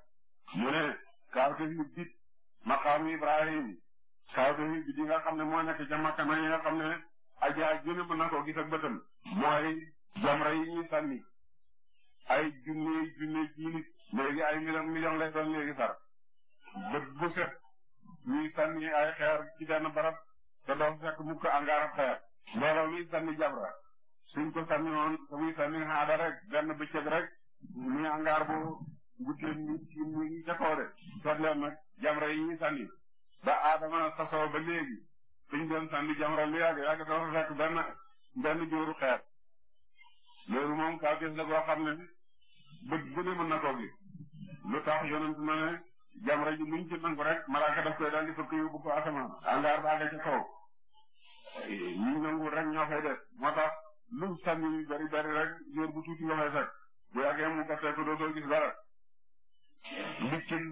mu ne kaaw te fi bit maqaamu Ibrahima kaaw te fi bit nga xam ne moo nekk ca Makka na yi nga xam ne ajaaj jëne mën na koo gis ak mooy jamra yi ñuy sànni ay junni junni ci nit léegi ay million million lay doon léegi far bët bu set ñuy sànni ay xeer ci benn barab te doo fekk mukk angaarab xeer looloo muy sànni jabra suñ ko sànni woon te muy sànni rek benn bëccëg rek muy angaar bu guddee muy ci muy ca kaw de soog yi ñuy sànni ba aadama sasoo ba léegi suñ doon sànni jamra lu yàgg yàgg doo fekk benn benn jóoru xeer loolu moom kaw gis la boo xam ne bët bu ne mën na toog li lu tax yonent na ne jamra ji luñ ci nangu daf koy daal di fëkk yóbbu ko asamaan angaar baa nga ci kaw eh, ñu nangu rek ñoo fay def moo tax lu sànni bari bari rek yóor bu tuuti nga fay fekk bu yàggee mu gasee ko dootoo gis dara liccin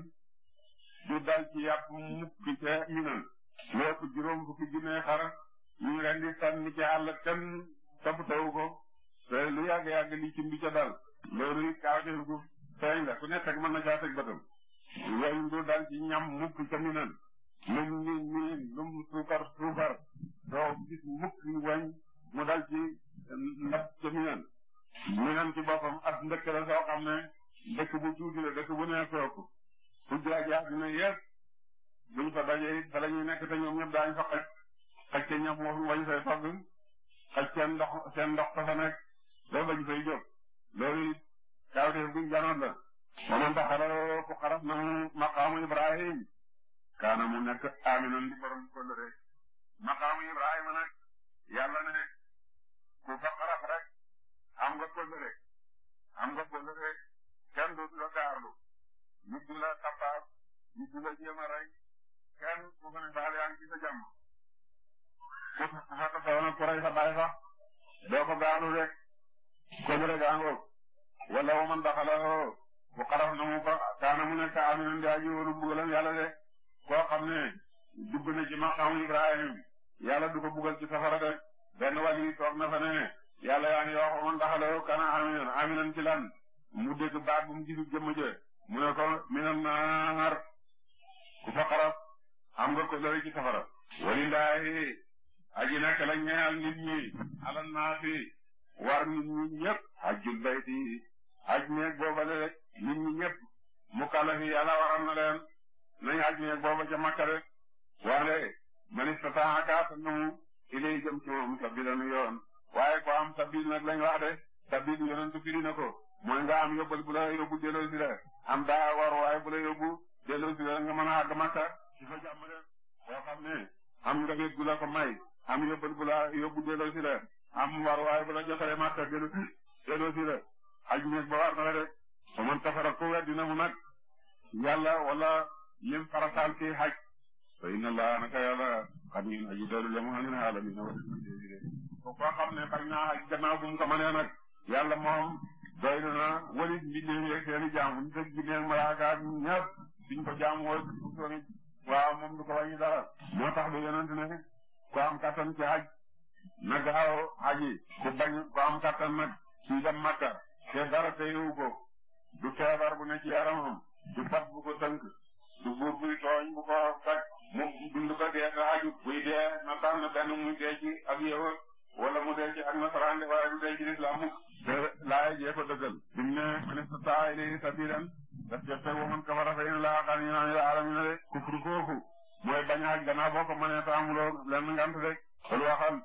du dal ci yàpp mukk ca minan lépp juróom fukki junne xar ñu ren sànni ci àll kenn topp tawu ko te lu yàgg yàgg liccin bi ca dal loolu it kaw teef gu feeñ la ku ne teg mën na caa teg bëtam yooyu du dal ci ñam mukk ca mi nan lu mi mi lu mu suukar suukar doo gis mukk weñ mu dal ci ndab ca mi nan ci boppam ak ndëkk la soo xam ne dëkk bu tuuti la dëkk bu nee sook fu jaag yaa dina yëpp buñ fa dajee it fa la ñuy nekk te ñoom ñëpp daañ fa xaj xaj ca ñam wañ fay togg xaj seen ndox seen ndox fa nekk ba bañ fay jóg loolu it kaawteef guñ janoon la maman daxaloo ku xaraf na maqaamu ibrahim kaana mu nekk aminan di borom kóllëre maqaamu ibrahima nag yàlla ne ku fa xaraf rek am nga kóllëre am nga kóllëre kenn du la gaarlu ñu du la tappaar ñu du la jéem a rey kenn ku ko ne daal yaa ngi ci sa jàmm ku fa taxaw na ku rey sa baay sax doo ko gaarlu rek kóllëre gaango wala wa man daxalahu bu xaraf na mu ko kaana mu nekk aminan di aji woonu mbugalam yàlla de koo xam ne dugg na ci maqaamu Ibrahim yàlla du ko bugal ci safara de benn wali toog na fa ne yàlla yaa ngi wax wa man daxalahu kaana aminan aminan mu dégg baat bu mu gisu jëmm mu ne minan naar ku fa xaraf am nga kóllëre ci safara walillahi aji nekk la nit ñi ala naafi war nit ñi ñëpp hajjul bayti haj neeg booba de rek nit ñi ñëpp mukallaf yi yàlla na leen nañ haj neeg booba ca Makka rek war de man istataa ka sanamu ilay jëm ci moom sabilanu yoon waaye ko am sabil nag lañ wax de sabil yonentu firi na ko mooy nga am yóbbal bu la yóbbu delloo si la am daa war waaye bu yóbbu delloo si la nga mën a àgg Makka ci sa jàmm rek boo xam ne am nga wét gu la ko may am yóbbal bu yóbbu delloo si la am war waaye bu la jotee màkka gënu gënu si la aj néeg ba war na la de ba man kafara ku weddi na mu nag yàlla wala lim farataal ci xaj fa inna laa naka yàlla xam aji doolu la mu xam ne xaaral mi na wala ko koo xam ne naa xaj gannaaw bu mu ko mënee nag yàlla moom doy na na walit mbindeef yeeg seeni jaam ñu teg mbindeef malaaka ak ñëpp suñ ko jaam woo waaw moom du ko wàññi dara moo tax ba yonent ne ko am kattan ci xaj na gaaw aji ku bañ ku am kattan nag suy dem Makka te dara teewu ko du feebar bu ne ci yaramam du pat bu ko tënk du buur buy tooñ bu ko fekk mu dund ba dee te ajut buy dee na tànn benn muy dee ci ak yahud mu dee ci ak nasaraan waaye du dee ci lislaam mukk te laay jee ko dëggal dim ne man istata ilayhi sabilan daf ca teg kafara fa inna laa xani naa ila alamina de kufru kooku bañ ak gannaaw boo ko mënee taamuloo lenn ngant rek xol waxal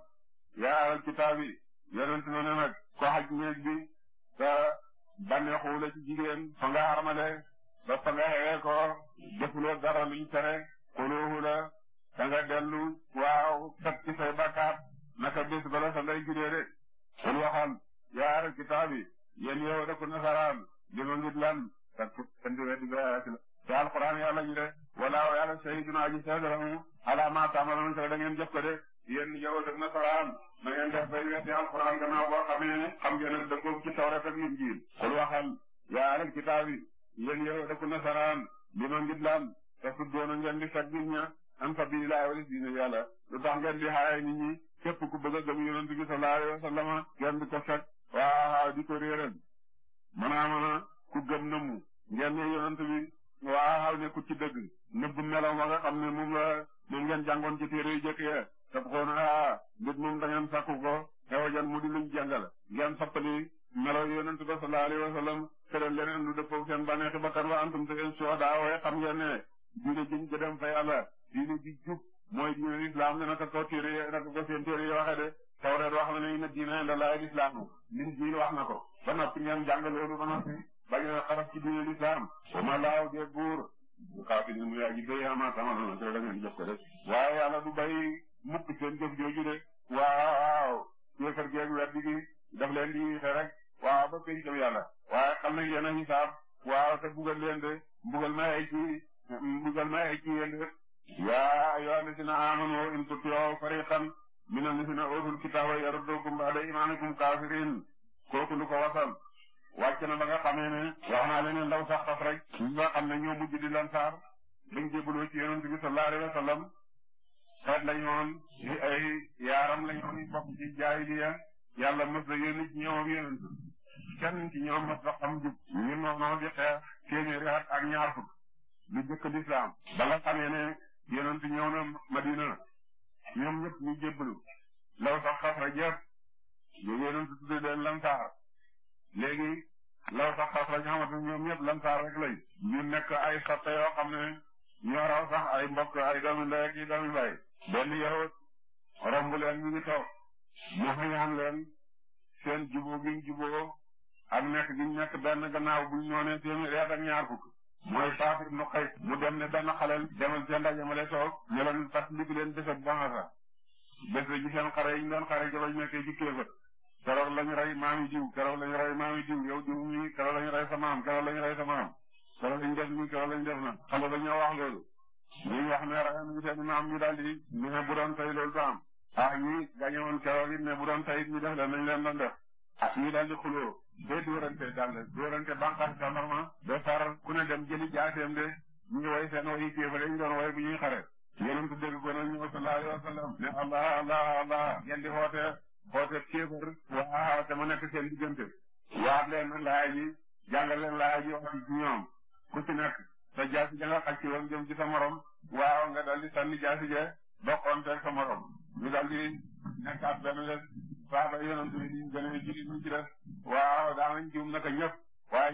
yaa alal kitaabi yonent ne ne nag ko xaj néeg bi te bànneexu la ci jigéen fa nga armale ba fa nga xewee ko defuloo dara luñ dellu waaw teg ci say bakkaat naka bés bala sa nday judee de yaa alal kitaabi yéen yow da ko nasaraan li ma lan te di weddi gayaati la te alquran yàlla ji de walaaw yàlla sa da ngeen jëf yéen yow def nasaraan na ngeen def bay weddi alxuraan gannaaw boo xamee xam ngeen ne dëggoo ci tawrat ak injiil xul waxal yaa ahlal kitaabi yéen yow def nasaraan li ma ngit laan te tuddoona ngeen di sag gi ña an sabilillahi walis diine yàlla lu tax ngeen di xaaye nit ñi képp ku bëgg a gëm yonent bi sallallahu alayhi wa di ko sag waaw di ko réeral manaa ku gëm namu ngeen ne yonent bi waaw nekkul ci dëgg nëbb melam wa nga xam ne moom ngeen jàngoon ci téere yu tap xoona a nit moom da ngeen sàkku ko xewajan mu di luñ jàngal ngeen soppali melaw yonent ba sallallahu alayhi wa sallam tëral leneen lu dëppoo seen bànneexi bakkan ba antum te en suhada waaye xam ngeen ne diine jëñ jëdem fa yàlla diine ji jub mooy diine islam ne naka ko téere naka ko seen téere yi waxe de tawreet wax na ne na diine la laay islam lin wax na ko ba noppi ngeen jàngal loolu ba noppi bañ a xaraf ci diine l'islam ama laaw buur xaafi mu yaa ji bay ama tamal na te da ngeen jëf ko rek waaye yàlla mukk seen jëf jooju de waaw yéefar geeg weddi gi daf leen di xe rek waaw ba pénc dem yàlla waaye xam nañ leen a xisaab waaw te bugal leen de bugal may ay ci bugal may ay ci yéen de yaa ayyuhal lazina aamanu in tuti'u fariqan minal lazina utul kitaaba yaruddukum ba'da iimaanikum kaafiriin kooku lu ko wasal wàcc na ba nga xamee wa wax naa leen ndaw sax rek ñi nga xam ne ñoo mujj di lansaar dañ jébbaloo ci yonent bi sallallahu alayhi wa xeet lañu woon ñu ay yaaram lañu woon bokk ci jaahiliya yàlla mës la yónni ci ñoom yonent kenn ci ñoom mës la xam jub ñu noonu di xeex téeméeri at ak ñaar fukk lu jëkk lislaam ba nga xamee ne yonent ñëw na Madina ñoom ñëpp ñu jébbalu law sax xasra jëf ñu yonent tudde leen lansaar léegi law sax xasra ñu xamante ñoom ñëpp lansaar rek lañ ñu nekk ay soppe yoo xam ne ñoo raw sax ay mbokk ay doomi ndey ak yi doomi baay benn yahut romb leen ñu ngi toog mu leen seen juboo gi ñu juboo ak nekk gi ñu benn gannaaw bu ñu noonee téeméeri at ak ñaar fukk mooy saafir nu xëy mu dem ne benn xaleel demal seen ndaje ma lay toog ñu leen fas liggéey leen deset banasa bés ji seen xare yi leen doon xare jabañ nekkee ci kéefër keroog lañu rey maami diw keroog lañu rey maami diw yow diw mi keroog lañu rey sa maam keroog lañu rey sa keroog lañu def mi keroog lañu def na xale dañoo wax ñi wax ne rayoon nañu seen maam ñu daal di ne bu doon tey loolu du am ah ñi gañewoon keroog it ne bu doon tey ñu def leen nañ leen doon def ah ñu daal di xuloo ba dóorante daal dóorante bànqaas gendarme ba far ku ne dem jëli jaaseem de ñu ngi woy seen woy kéefale ñu doon woy bu ñuy xare yonent bi dégg ko nag ñëw sallallahu alayhi wa sallam ne allah allah allah ngeen di xoote waa te ma nekk seen diggante waat leen laay ji jàngal leen laay ji wax ku ci nekk sa jaasi ja nga xaj ci woon jëm sa morom waaw nga daldi sànni jaasi ja doqonteeg sa morom ñu daldi nekkaat benn des saaba yonent bi ñu gën a julli ñu ci des waaw daanañ jiwum naka ñëpp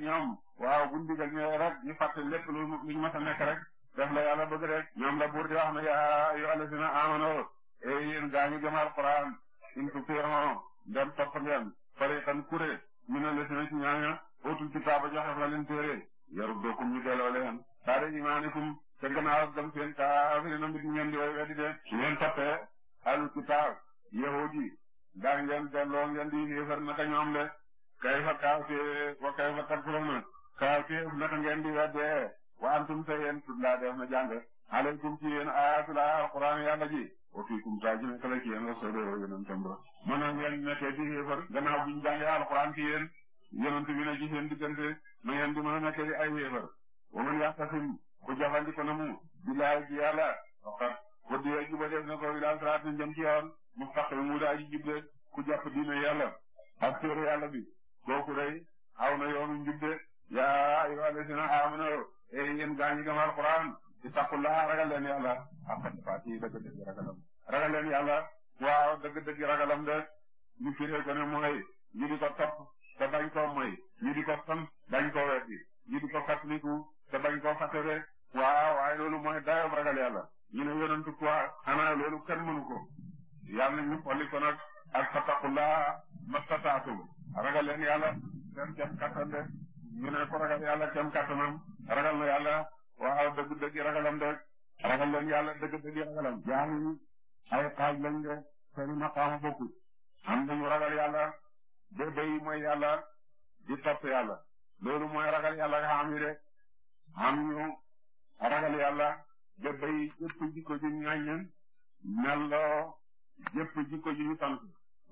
ñoom waaw buñ digal ñëwee rek ñu fàtte lépp lu ñu a nekk rek def la yàlla bëgg rek ñoom la buur di wax ne yaa yu alasina amano e yéen gaa ñu gëm alquran in tutiihu dem topp ngeen fariqan kuré mina alasina ci ñaaña utul kitaaba joxe la leen téere yaruddukum ñu delloo leen baada imaanikum te gannaaw gam seen kaafiri na mbir ñu ngeen di way weddi de su ngeen al kitaab yahuud yi daa ngeen delloo naka ñoom de kay fa kaafee wa kay fa takfuruna kaafee naka ngeen di weddee wa antum te yéen tutlaa na jàng alaykum ci yéen aayatullah alquran yàlla ji wa fiikum taa ci nekk la wa yéen rasulu yonent tam ba mën na ngeen nekkee di yéefar gannaaw buñ jàngee alquran ci yéen yonent bi ne ci na ngeen a wa man yaxtasim ku jafandiku na mu billaay ci yàlla waxat waddi yee juba def na ko ilaa siraat na jëm ci yoon mustaqim mu daa ji jubde ku jàpp diine yàlla ak téere yàlla bi kooku day aw na yoonu njubde yaa ayyuhal lazina aamanu e yéen gaañi gëm alquran ittaqullaha ragal leen yàlla ak faati dëgg dëgg ragalam ragal leen yàlla waaw dëgg dëgg ragalam de ñu firee ko ne mooy ñu di ko topp te bañ koo moy ñu di ko sant bañ koo weddi ñu di ko fàttaliku te bañ koo fàttewee waaw waaye loolu mooy dayoo ragal yàlla ñu ne yonentu quoi xanaa loolu kenn mënu ko yàlla ñu xolli ko nag ak fattaqullaa mastataatum ragal leen yàlla seen kem kattan ragal yàlla kem kattanam ragal na ragalam de ragal leen yàlla dëgg ragalam jaar yi ay xaaj lañ de seen maqaama bokkut am nañu ragal yàlla ba bay mooy yàlla di topp yàlla loolu mooy ragal yàlla nga xam am ñu ragal yàlla jëpp yi jëpp jikko ji ñu ñaññan melloo jëpp jikko ji ñu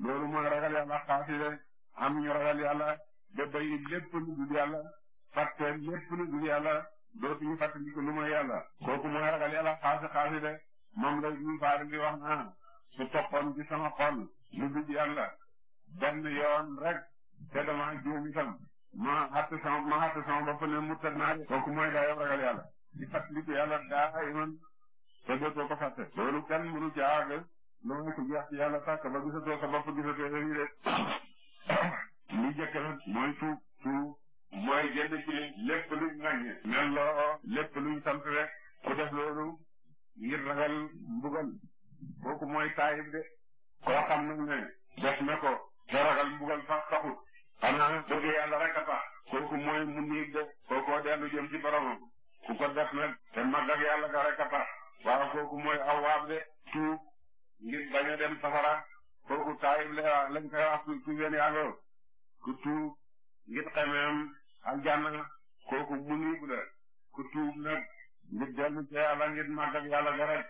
loolu mooy ragal yàlla xaasire am ñu ragal yàlla jëpp yi lépp lu dul yàlla fàtte lépp lu dul yàlla dootuñu fàtte jikko lu mooy yàlla kooku mooy ragal yàlla xaasi xaasire moom la ñu faari di wax naa su toppoon ci sama xol lu dul yàlla benn yoon rek te dama juum itam ma xatt sama ma xatt sama bopp ne mu tëdd naa de kooku mooy gaa yow ragal yàlla di fàttaliku yàlla daa iman te dootoo ko fàtte loolu kenn mënu ci àgg loolu ko jeex ci yàlla tàkk ba gisatoo sa bopp gisatoo sa yire li jëkk la mooy tuub tuub mooy génn ci lépp luñ ŋàññe mel loo lépp luñ sant rek ku def loolu ngir ragal mbugal kooku mooy taayib de koo xam nag ne def na ko te ragal mbugal sax taxut xanaa bëgg yàlla rek a kooku mooy mu niig de kookoo dellu jëm ci boromam ku ko def nag te mag ak yàlla ga rek a tax waaw kooku mooy awaab de tuub ngir bañ a dem safara kooku taayib la lañ koy wax ku tuubeen yàngoo ku tuub ngir xemeem ak jànna kooku mu niig la ku tuub nag ngir dellu ci yàlla ngir mag ak yàlla ga rek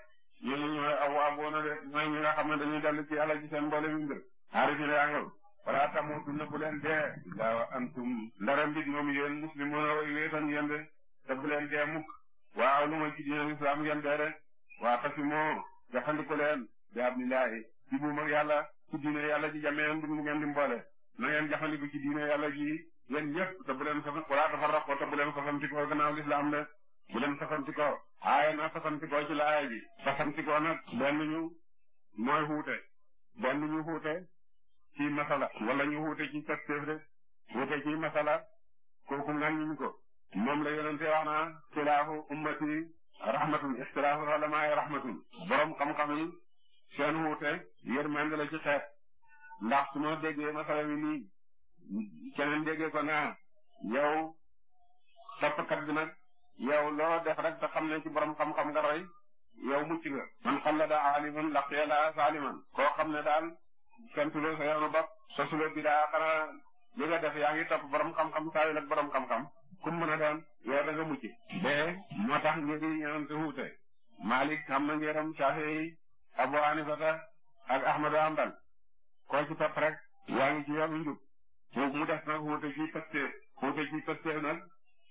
ñooñu ñooy awaaboona de mooy ñi nga xam ne seen mboole mi mbir aarifin yàngoo wala tamutunna bu leen dee illaa wa antum ndara mbit moom yéen muslimoon way wéetan yéen de te bu leen dee mukk waaw lu ma ci diine islam ngeen dee rek waa tasi moo jafandiku leen bi abdillahi ci buum yàlla ci diine yàlla ji jameen bu ngeen di mboole na ngeen jafandiku ci diine yàlla ji yéen ñëpp te bu leen safan wala tafarraqu te bu leen safantikoo gannaaw l'islam aaye na safantikoo ci laaya ji safantikoo nag benn ñu mooy xuute ci masala wala ñu wuute ci pastéef de wuute ci masala kooku ŋàññuñ ko moom la yonente wax naa xilaafu ummati rahmatun ixtilaafu ulamaay rahmatun borom xam-xam yi seen wuute yërmande la ci xeet ndax su ma déggee masala bi nii keneen déggee ko naa yow toppkat bi nag yow loo def rek te ne ci borom xam-xam nga roy yow mucc man xalla da aliman laqiya la saliman koo xam ne daal fentuloo sa yoonu bopp sosuloo bidaa xanaa li nga def yaa ngi topp borom xam-xam saa yu nag borom xam-xam kum mën a doon yow da nga mucc be moo tax ñu ngi ñaan si wuute Malik xam na a Shafi'i Abu Hanifata ak Ahmadu Hanbal koo ci topp rek yaa ngi ci yoonu njub boobu mu def nag wuute ci pëste wuute ci pëste nag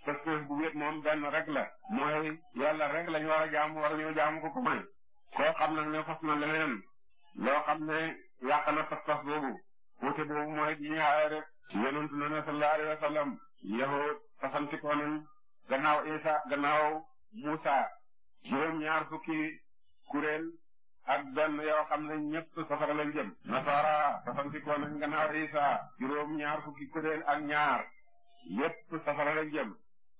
pëste bu moom benn rek la mooy yàlla rek lañu war a war a ñëw jaamu ko ko may koo xam nag ne fas na leneen loo xam ne yàq na pas-pas boobu wute boobu mooy bi ñuy rek yonent na ne sallallahu alayhi wa sallam yahood fasantikoo nañ gannaaw Isa gannaaw Musa juróom ñaar fukki kuréel ak benn yoo xam ne ñëpp safara lañ jëm nasara fasantikoo nañ gannaaw Isa juróom ñaar fukki kuréel ak ñaar yëpp safara lañ jëm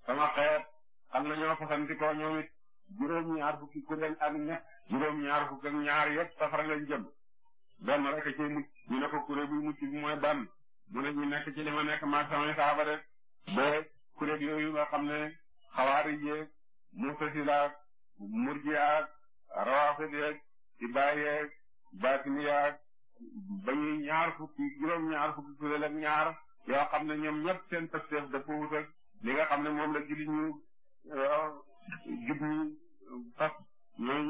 sama xeet xam nañoo fasantikoo ñoom it juróom ñaar fukki kuréel ak ñett juróom ñaar fukki ak ñaar yëpp safara lañ jëm benn rek ci mucc ñu mucc mooy ban mu ne ñu nekk ci li ma nekk maag samay saaba def ba kuréel yooyu nga xam ne xawaari yeeg murtasilaak murjiyaak rawaafid yeeg ibaay yeeg baatiniyaak ba ñuy ñaar fukki juróom-ñaar yoo xam ne ñoom ñëpp seen pësteef dafa wut ak li nga xam ne moom la jullit ñu euh, jub ñu fas ñooy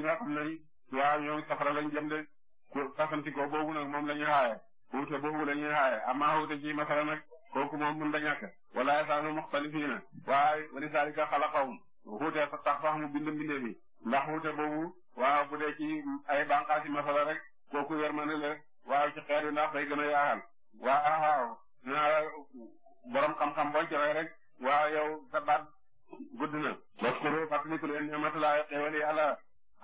nga xam ne safara lañ jëm de ku fasantikoo boobu na moom la ñuy xaaye wuute boobu la ñuy xaaye amaa wuute ci masala nag kooku moom mën da ñàkk wala yasaalu muxtalifiina waaye walisaalika xalaqahum wuute tax sax mu bind mbinde mi ndax wuute boobu waaw bu dee ci ay banqaasi masala rek kooku yërmande la waaw ci xeet wi ndax day gën a yaaxal waaw waaw naa borom xam-xam boo ci rek waaw yow sa baat gudd na waskuru fàttaliku leen ni'matullaahi xéewal yàlla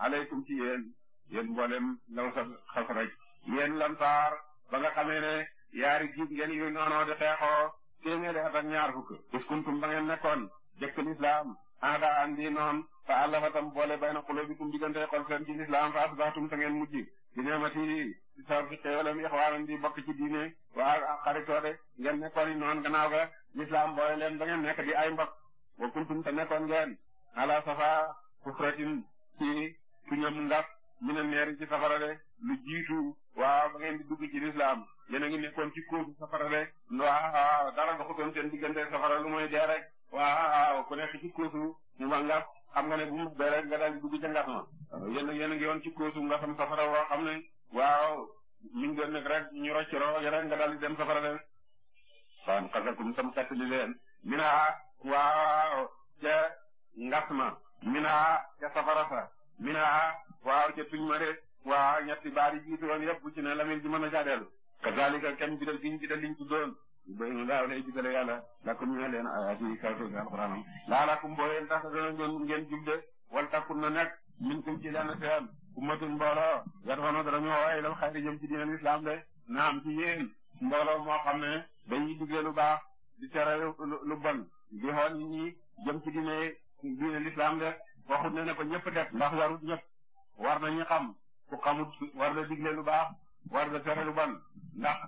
aleykum ci yéen yéen mboolem law sa xas rek yéen lantaar ba nga xamee ne yaari jiib ngeen yu noonoo di xeexoo téeméeri at ak ñaar fukk iskuntum ba ngeen nekkoon jëkk lislaam ada andi noon fa àllafa tam boole bay na xuloo bi kum diggante xol seen ci lislaam fa asbaxtum ta ngeen mujj di neemati sar ci xéewalam ixwaanan di bokk ci diine waa xaritoode ngeen nekkoon i noon gannaaw a lislaam boole leen ba ngeen nekk di ay mbokk wa kuntum te nekkoon ngeen ala safa mina neeri ci safara de lu jiitu waaw ba ngeen di ci lislaam yéen a ngi nekkoon ci kóobu safara de waaw dara doxutoon seen diggante safara lu mooy dee rek waaw ku nekk ci kóosu mu ba ngas xam nga ne bu mu dee rek nga daal di dugg ca ngas ma yéen yéen a ngi woon ci kóosu ngasam safara woo xam ne waaw ñu ngi doon nekk rek ñu rocc roo rek nga daal dem safara de fan xasakum sam xettali leen minaa waaw ca ngas ma minaa ca safara sa minaa waaw ca tuñ ma de waaw ñetti baat yi jiitu woon yëpp bu ci ne lamir ji mën a jaadeelu kazalika kenn bidal giñ bidal liñ tuddoon bay nu daaw lay bidale yàlla lakum ñe leen ayaati kawtu alquran laa lakum boo leen tax dana ngeen ngeen jub wal takun na nekk min kum ci lenn seen ummatun mbooloo yad'una dara ñu woo ilal xayri jëm ci diinal islam de naam ci yéen mbooloo moo xam ne dañuy digle lu baax di tere lu bon di xool nit ñi jëm ci diine ne ko ñëpp def ndax warut ñëpp war nañu xam ku xamut war na digle lu baax war na tere lu bon ndax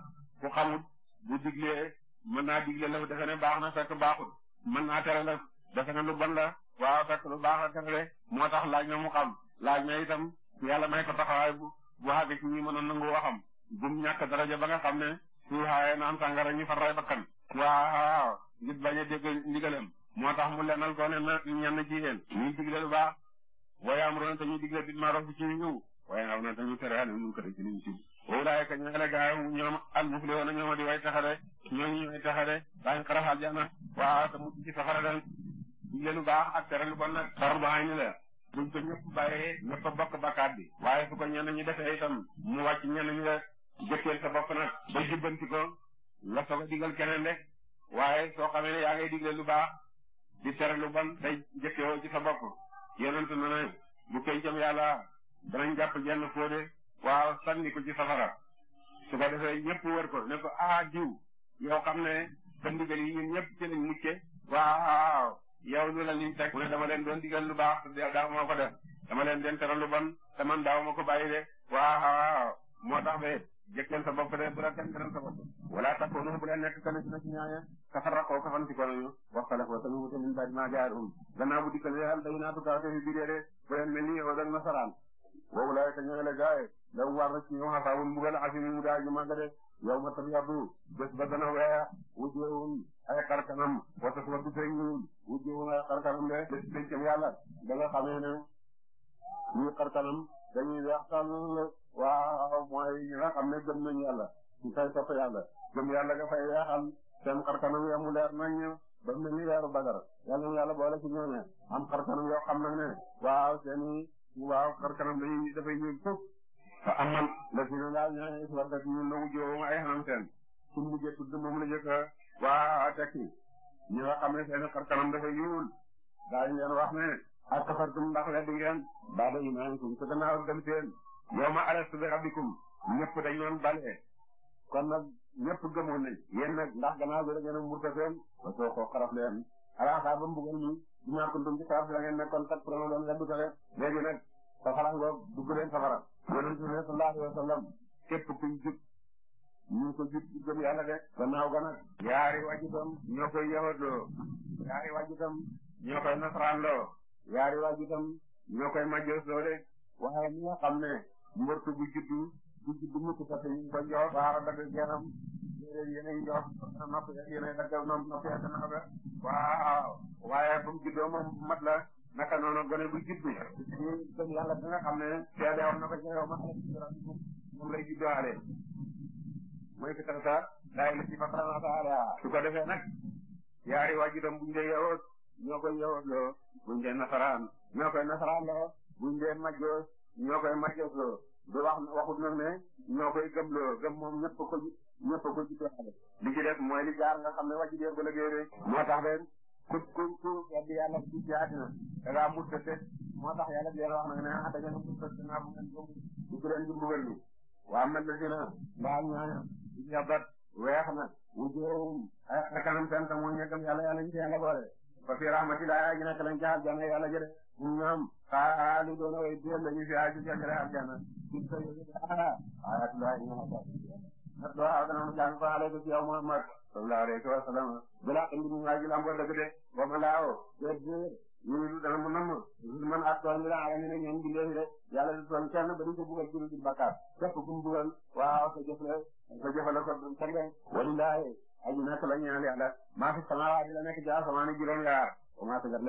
ku xamut bu diglee mën naa digle la defe ne baax na fekk baaxut mën naa tere la defe ne lu bon la waaw fekk lu baax la tere moo tax laaj na mu xam laaj na itam yàlla may ko taxawaay bu bu xàggee ci ñi mën a nangu waxam bum ñàkk daraja ba nga xam ne su xaayee naan sàngara ñu fa rey bakkan waaw ngir bañ a dégg ndigalam moo tax mu lenal ko na ñenn ci yéen ñuy digle lu baax waaye am roon tañu digle bil ma'ruf ci ñëw waaye am roon tañu tere ala mun ko ci ñu ci way taxare ñooñu ñooy taxare bañ xaraxal jana waa te mu ci taxare lu baax a tere lu bon la buñ ko ñëpp bàyyee ñëpp a bokk bakkaat bi waaye su ñu defee itam mu wàcc ñenn ñu rek sa bopp nag ba jubbanti ko nga soog a digal keneen soo xamee ne yaa ngay lu baax di tere lu bon day jëkkewoo ci yonent na ne bu pencam yàlla danañ jàpp jenn fóode waaw sànni ko ci safara su ko defee ñëpp wër ko ne ko ah diw yow xam ne sa ndigal yi ñun ñëpp ci lañ mucce waaw yow lu la niñ teg mu ne dama leen doon digal lu baax daaw ma ko def dama leen den teral lu ban te man daaw ma ko bàyyi de waaw moo tax be jëkkal sa bopp de bu la kenn gënal sa bopp wala takoonu bu leen nekk kana si na si ñaaña tafarraqoo kafan si ko nañu waxtalafoo tamit wute min baadi maa jaa'ahum gannaaw bu dikkale al day naatu kaw tefi biirée de bu leen mel ni yow dag nasaraan boobu lay te ñëwele gaaye law war na ci ñoom xasaabun mbugal asimi mu daa ju màgg de yow ma tabyaddu bés ba dana weex wujjoowun ay xar kanam wata su waddu teññuun wujjoowun ay xar kanam de bés pencam yàlla da nga xamee ne ñii xar kanam dañuy weex tàll waaw mooy ñi nga xam ne gëm nañu yàlla ñu fay topp yàlla gëm yàlla nga fay weexal seen xarkanam ya mu leer nañu ba mu ne ni weeru bagar yàlla ñu yàlla boole ci ñooñu am xarkanam yoo xam nag ne waaw seen i waaw xarkanam dañuy dafay ñuul fukk fa amal la fi ne daal ñooñu si warga si ñun nagu joowum la jëkk waaw ñi nga xam ne seen xarkanam dafay ñuul daañu leen wax ne ak kafartum ndax leddi ngeen baada imaanikum sa gannaaw gëm seen yawma alastu bi rabbikum ñëpp dañ doon bale kon nag ñëpp gëmoon nañ yéen nag ndax gannaaw bi rek ngeen a murtaseen ba soo ko xaraf leen alaaxaa ba mbugal mi du ñaa kuntum ci xaraf la ngeen nekkoon tak prono doon weddu leen safara yonent bi sallallahu alayhi wa sallam képp kuñ jub ñu ko jub ci gëm yàlla ga nag yaari wajutam ñoo koy yahutloo yaari wajutam ñoo koy nasaraan loo yaari wajutam ñoo koy majjoos loo de waaye mi nga xam ne mbërtu bu juddu bu juddu mukk parce que ñu ngi ko jox baara dagg geenam yéenay jox nopp yéenay daggal nopp waaw waaye ba mu mat la naka noonu gone bu juddu ñu gëm yàlla nga xam ne seede am na ko joxew ma moom lay juddoo ale mooy fi tax sa daay la ci fatarana taala su ko defee nag yaari waajuram buñ dee yawoot ñoo koy yawoot loo buñ nasaraan ñoo nasaraan loo buñ dee ñoo koy màggeef loo du wax waxut nag ne ñoo koy gëm loo gëm moom ñëpp ko ñëpp ko ci teexale li ci def mooy li jaar nga xam ne wàcc dee ko moo tax leen ku ku ku weddi yàlla ci ci àddina da mut te moo tax yàlla bi wax nag ne ah da ngeen mut te na dina mbaal ñaana yabat weex na wu joom ay ah, kanam seen te mooy ña gëm yàlla yàlla ñu ci yàlla boole fa ah lu doon way déel la ñu fi aju jagre aljanna ñu ko ah ayatullah inna ma tax do aw dana mu jàng ko alayka ci yow Muhammad sallallahu alayhi wa sallam bala indi mu waji lam bo dëgg de bo ma laaw déet déet ñu dana mu nam man ak doon la ala ñu ñen di leen de yàlla du doon ba ñu ko bugal jël di bakkaar képp bu mu bugal waaw sa jëf la sa jëf la ko doon tande wallahi aji nak la ñaan yàlla maa fi samaawaati la nekk ja samaani juróom yaar wa maa fi gat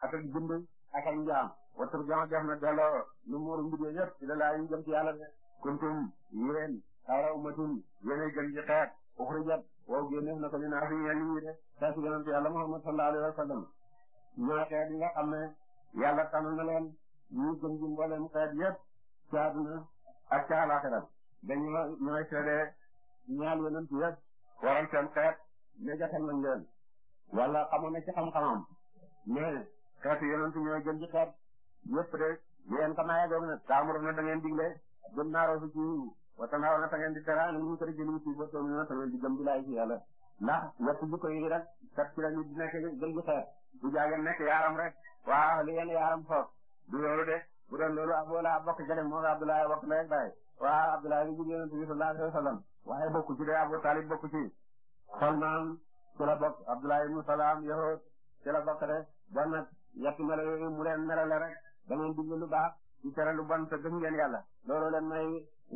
ak ak jënd ak ak njaam watur jama def na delloo lu muuru mbidee yëpp ci la laa yi jëm ci yàlla de kuntum yéen xayra ummatin yéenay gën ci xeet uxrijat wow génneef na ko ñu naa fi ñeen ñi de saa si yonent yàlla Muhammad sallallahu alayhi wa sallam ñooy xeet yi nga xam ne yàlla tànn na leen ñu gën ci mbooleem xeet yëpp ci àdduna ak ca àllaaxira dañoo ñooy seede ñaal yonent yëpp waral seen xeet ne jotal nañ leen wala xamoon na ci xam-xamam mais xeetu yonent ñooy gën ci xeet yëpp de yéen xam naa yàggoon na taamur na da ngeen digle gëm naa roosu ci watanaaw na da di tera ñu ko jëlu ci boto ñu da di gëm di laay ci yàlla ndax ñett jikko yi rek kat ci la ñu nekk gën ci rek waaw li yéen yaaram foof du loolu de bu doon loolu ak wala bokk jële moom Abdoulaye bokk na rek baay waaw Abdoulaye bi jigéen bi sallallahu alayhi wasallam waaye bokku ci de Abu Talib bokku ci Salman ci la bokk Abdoulaye ibn Salam yahud ci la bokk de bon nag yetti melo yooyu mu leen melale rek da ngeen digle lu baax ci tere lu bon te gëm ngeen yàlla loolu leen may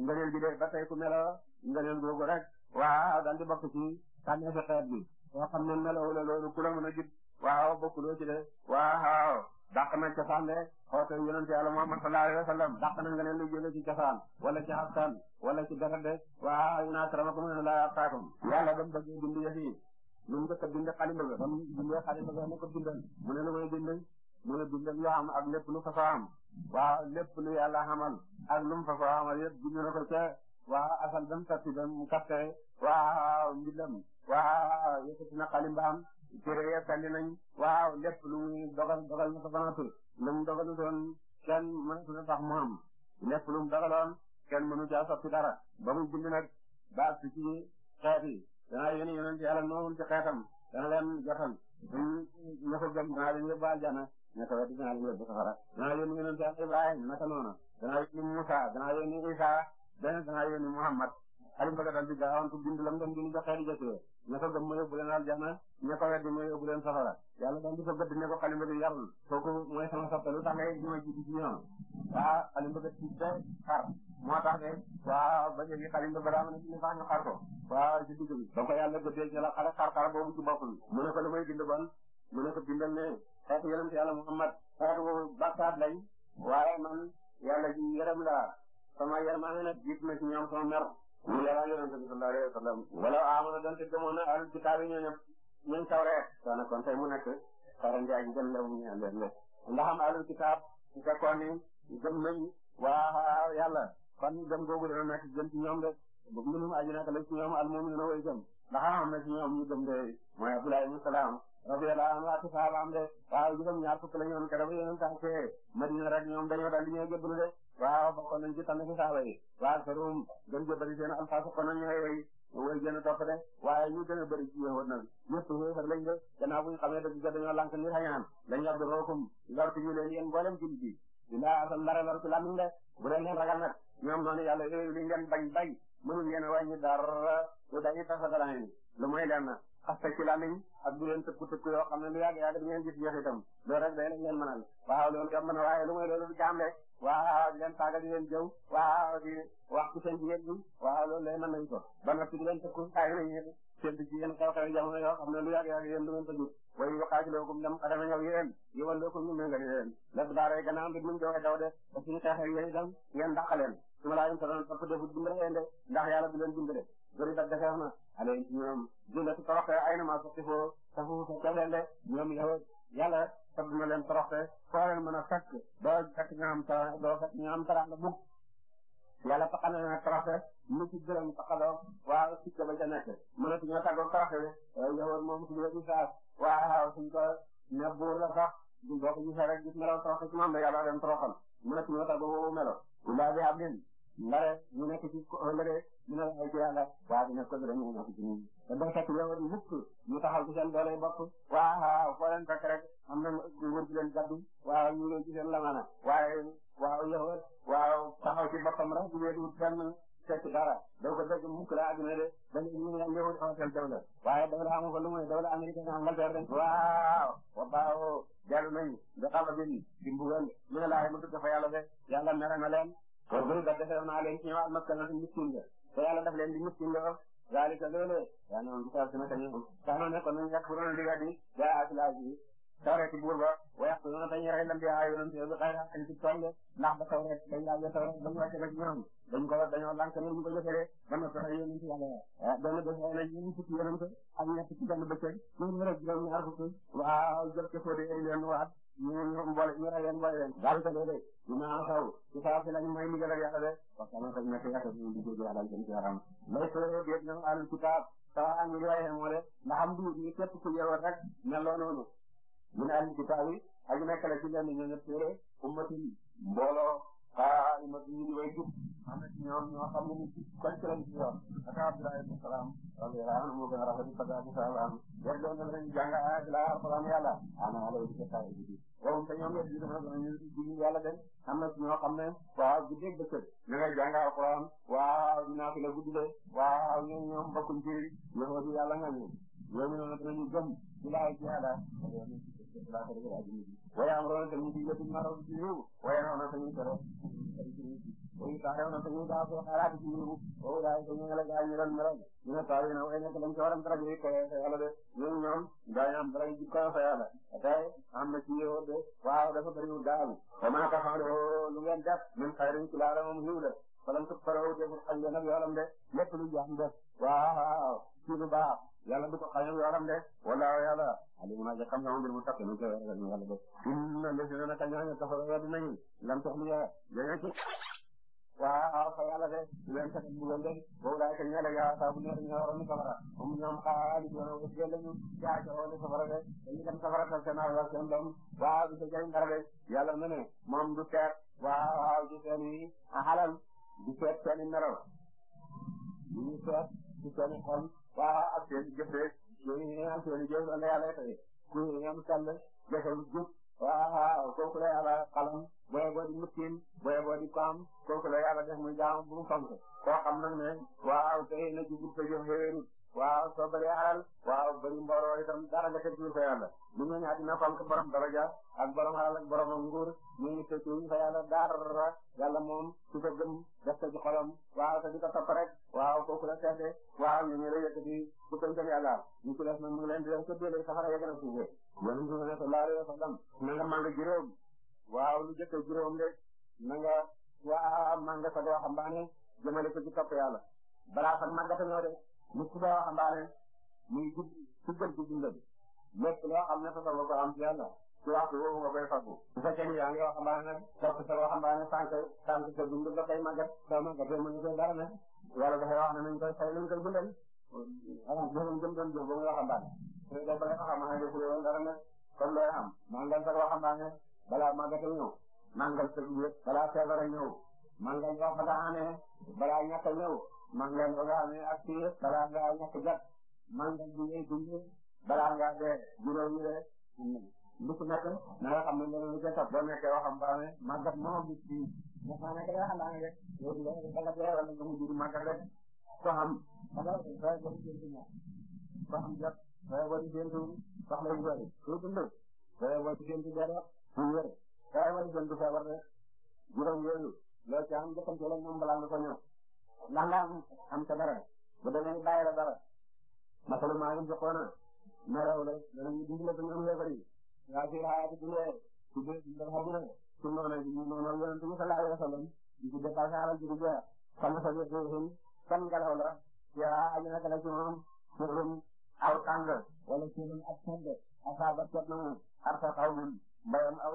ngëneel bi de ba tey ku melo ngëneel googu rek waaw daal di bokk ci tànnee fi xeet bi soo xam ne meloo la loolu ku la mën a jub waaw bokkuloo ci de waaw dàq na cosaan de xoote yonente yàlla Muhammad sallallahu alayhi wa sallam dàq na ngëneel lu jële ci cosaan wala ci askan wala ci deret de waaw inna akramakum indallahi atqakum yàlla ba mu bëggee dund yëf yi lu mu njëkk a bind xali bëgg ba mu bindee xali bëgg ne ko mu ne la koy mu ne bindal yoo xam ak lépp lu fa a am waaw lu yàlla xamal ak lu mu fa soo amal a bind na ko ca waaw asal ba mu tarti ba a kaste waaw wa a yëkkati na xali mbaam téere ya tali nañ waaw lépp lu muy dogal dogal na ko lu mu dogalu doon kenn mënatu na tax mu am lépp lu mu dogaloon kenn mënu caa dara ba mu bind nag baag ci xeet danaa yónni yonent yàlla noonu ci xeetam dana leen jotal ñun ña ko gëm danaa leen yóbbu aljana ña ko weddi danaa leen yóbbu safara danaa yónni yonent yàlla Ibrahima naka noonu danaa yónni Musa danaa yónni Isa benn danaa yónni Muhammad alim bëgg dal di gaawantu bind lam doon bind joxe di jëfee ña ko gëm ma yóbbu leen aljana ña ko weddi ma yóbbu leen safara yàlla daal di ko gëdd ne ko xalim bëgg yarul kooku mooy sama soppe lu tax ngay ma jiitu ci ñoom waa xalim bëgg tiit xar moo tax de ba léegi xalim ba balaa ma a dina sax ñu xar ko waaw ci digg bi ba ko yàlla gëddee ñu la xare xar-xar boobu ci bopp mu ne ko lu may bind bon mu ne ko bindal ne xeetu yonent yàlla Muhammad xeetu boobu bàkkaat lañ waaye man yàlla ji yërëm laa sama yërmaane nag jiit na ci mu yàlla yonent bi sallallahu alayhi wa sallam wala amana donte gëmoon na al kitaab yi ñoo ñëpp ñun tawreet daana kon tey mu nekk xaran jaay gën la mu ñaan leen ndax am kitaab ci fekkoon ni gëm nañ waa yàlla kon gëm googu dana nekk gën ci ñoom rek boobu mënum aji nekk la ci ñoom almu'minuna way gëm ndax am na ci ñoom ñu gëm de mooy Abdoulaye ibn Salaam radiyallahu anhu ak sahabaam de waaw juróom ñaar fukk la ñoon keroog yéen tax ke Madina rek ñoom dañoo dal di ñëw jébbalu de waaw bokkoon nañ ci tànn ci saaba yi waaw sarum gën jébbali seen alfaas ko nañ ñooy way way gën a topp de waaye ñu gën a bëri ci yéexoon nag ñëpp xéefar lañ de gannaaw bu ñu xamee dëgg ga dañoo lànk ni rañaan lañ yabdu rookum lortu ñu leen yéen mboolem jullit yi di laa asal dara lor ci làmmiñ de bu dee leen ragal nag ñoom noonu yàlla yooyu li ngeen bañ bañ mënul ngeen wàññi dara lu dañuy tasa dara ngeen lu mooy lenn xasta ci lamiñ ak du leen tëkku tëkku yoo xam ne lu yàgg yàgg du ngeen gis jeexitam loolu rek day lañ leen mënal waaw loolu yomb waaye lu mooy loolu jaam rek waaw di leen saaga di leen jëw waaw di wax ci seen jigéen bi waaw loolu lay mën nañ ko ba yoo xam ne lu yàgg yàgg yéen du ngeen ko gis way yu xaajalookum dem xadama ñëw yéen yi wallookum ñu méngal yéen la baare gannaaw bi muñ joxe daw de ba suñu xeexee yéen su ma laajee dana topp defut dimbale leen de ndax yàlla du leen dimbale bëri nag defee na allé ñoom dina ci toroxte ay na maa sotti foo sa fu sa leen de ñoom yow yàlla topp na leen toroxte foo leen mën a fekk doo fekk ñu am tara doo fekk ñu am tara nga bugg yàlla taxal na leen toroxte mu ci gërëm taxaloo waaw si ba ca nekk mënatu ñoo tàggoo toroxte eh, yow moom suñu la ñu saas waaw suñ ko ne buur la sax du boo ko gisee rek gis melaw toroxte ci moom de yàlla leen toroxal mënatu ñoo tàggoo boobu melo ulaa bi abdin ndare ñu nekk ci ndare ñu ne la ay ci yàlla waaw dina ko dina nekk ci ñun te doo fekk yow di mukk ñu taxaw ci seen doole bopp waaw waaw foo leen fekk rek am na nguur gi leen gàddu waaw ñu ngi ci seen lamana waaye waaw yow waaw taxaw ci boppam rek di wéetu benn fekk dara doo ko dégg mukk la adduna de da ñu ngi ñu ngi amatal dawla waaye dawla amu ko lu muy dawla américaine Angleterre de waaw wa baaw jàll nañu da xala bin di mbugal ñu ne laay mu tudd fa yàlla de yàlla mere na leen kon bu nga defee naa leen ci ñëwaat makkal na miskin ga te yàlla daf leen di miskin ga zalika loolee yaa ne moom bisaab si naka ñu tax na nekkoon nañu yàq furoon di weddi gaa asilage yi tawreet yi buur ba wa yàq noonu dañuy rey lam bi ay yonent bi xëy na xëy ci tool de ndax ba tawreet dañ laa jël tawreet dañu wàcce ko ci ñoom dañ ko dañoo lànk ne ñu ko jëfee ba na tax yonent yàlla benn defee na ñu fukki yonent ak ñett ci benn bëccëg ñu rek juróom ñaar fukk waaw jël ko fóodee leen waat ñu ñu mboole ñu leen mboole leen daal ko dee de ñu ma xaw ci saa si lañu mooy ndigal ak yàlla de parce que nag nag yàlla ñu di ah li ma fi ñu di way jub am na ci ñoom ñoo xam ne ni ci koñ ci lañ ci yoon aka Abdoulaye ibn Salaam radiyallahu anhu moo gën a rafet saga bi salaam def leen na lañ jàng aaya bi laa alquran yàlla ana ala di ka ibidi yow te ñoom yëpp dafa gën ñu yàlla de am na ci ñoo xam ne waaw bu dégg bëccëg ñu ngay jàng alquran waaw dinaa fi la guddi de waaw ñoom ñoom bokkuñ ci yëfoo di yàlla nga ñu ñoom ñu ne dinañu gëm ci laay ci yàlla ويأمرون بالمنكر بالمعروف بالمعروف وينهون عن المنكر ويطيعون سيدات الحالات بالمعروف وأولئك هم الذين المرض من الطاعون وإنك لم تورم ترى به كيف ñoom ñoom daañu am dara jikko fa yàlla tey am na ci yow de waaw dafa bëriwul daaw ba mën a ko xam lu ngeen def min xayrin ci laara moom hiw la falam tukkaroo deful xaj nag yoolam de lépp lu jaam def waaw ci lu baax yàlla du ko xañal yoolam de wala yàlla alimun aji xam nga moom bir mu takk nu ko ñu yàlla de inna lesina naka ñooñu kafara weddi nañu lan tax lu yaa jëñe ci waa aw fa yàlla de leen tax mu leen de boobu laa ka ñële yaa saabu ñële ñu waroon ni safara moom ñoom xaali doon wa jël lañu yaa ca woon safara de dañu dem safara tal seen aw seen doom waa du ca jëriñ dara de yàlla na ne moom du teer waa waaw ci seen yi xalal du seet seen i naraw ñu seet ci seen i xol waaw ak seen i jëf rek yooyu ñu naan seen i jëf la yàlla fay ku ñoom sàll defal jub waaw kooku la yàlla xalam booy boo di miskin booy boo di paam kooku la yàlla def muy jaam bu mu fonk koo xam nag ne waaw tey na jubut sa jëf xéwénut waaw soo bëree alal waaw bëri mbooloo itam dara nga tëj fa yàlla ñu ngi àddina fonk borom daraja ak borom alal ak borom nguur ñu ngi tëj fa yàlla dara yàlla moom su ko gëm def ko ci xolam waaw te di ko topp waaw kooku la seete waaw ñu ngi lay yëkkati su ko gëm yàlla ñu ci des nag mu leen di leen sëddee lay safara yegg na suufee yéen ñu ngi sallallahu alayhi wa sallam na nga juróom waaw lu jëkk juróom rek na nga waaw màng sa doo mu ci la waxambaane muy jub suggal ci dundam lépp loo xam ne sa doom ko am ci yàlla ci waxtu woowu nga koy faggu bu fekkee ni yaa ngi waxambaane nag topp sa waxambaane sànq sànq sa dund dafay màggat soo màggatee mënu ko dara nag wala dafay wax ne nañ koy fay nañ koy dundal aram jëfam jëm doon jëf ba muy waxambaane so da bala ko xam ne defu woon dara nag comme looy xam màngal sa waxambaane balaa màggat a ñëw màngal sa yëpp balaa feebar a ñëw màngal sa fataane balaa ñàkk a ñëw màngal ba nga amee ak kii yëpp balaa ngaa ñàkk jàpp màngal bi ngay dund balaa ngaa dee juróomi rek lu ci nekk na nga xam ne loolu lu ca topp boo nekkee waxam ba amee màggat moo gis fii ndax maanaam da ngay xalaat rek loolu la danga dee wala nga mujj di màggat rek ko xam danga danga ko jënd ñaar ko xam jot danga ko jënd soxla yu bëri soo dund danga ko jënd dara fu wér danga ko jënd feebar rek juróom yooyu loo ci am jëfante la moom balaa nga ko ñëw langaam am ca dara bu demee bàyyi la dara masalu maa ngi joxoona na raw la danañu dimbale ko ñoom yéefar yi waa fi xayaati dunya ci biir dal xadina ci noona ñu noonal yonent di ci dépassé alal ji di jeex fan sa biir xiin fan ngelaw la yaa ajana kala ci moom suurum aw tàng wala suurum ak tàng asaabat jot nañu arsa xawmin bayam aw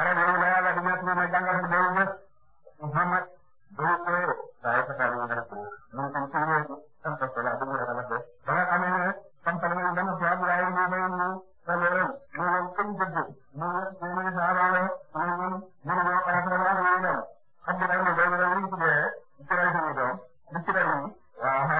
xare boobu la yàlla di ñett moom a jàngal bu doy wës Muhammad doy ko waaye fasal ñu def ko mun tam ci ñëw ci tam ko la bu ñu la def ba nga xamee ne tam tam ñu dama ci ab waaye ñu bay ñu fa leeral ñu leen kenn dëgg ñu ñu ñu saaba la ñu ñu ñu ñu xare la ñu dem xam nga dañu doy ñu ñu ci ci ray ñu doom ci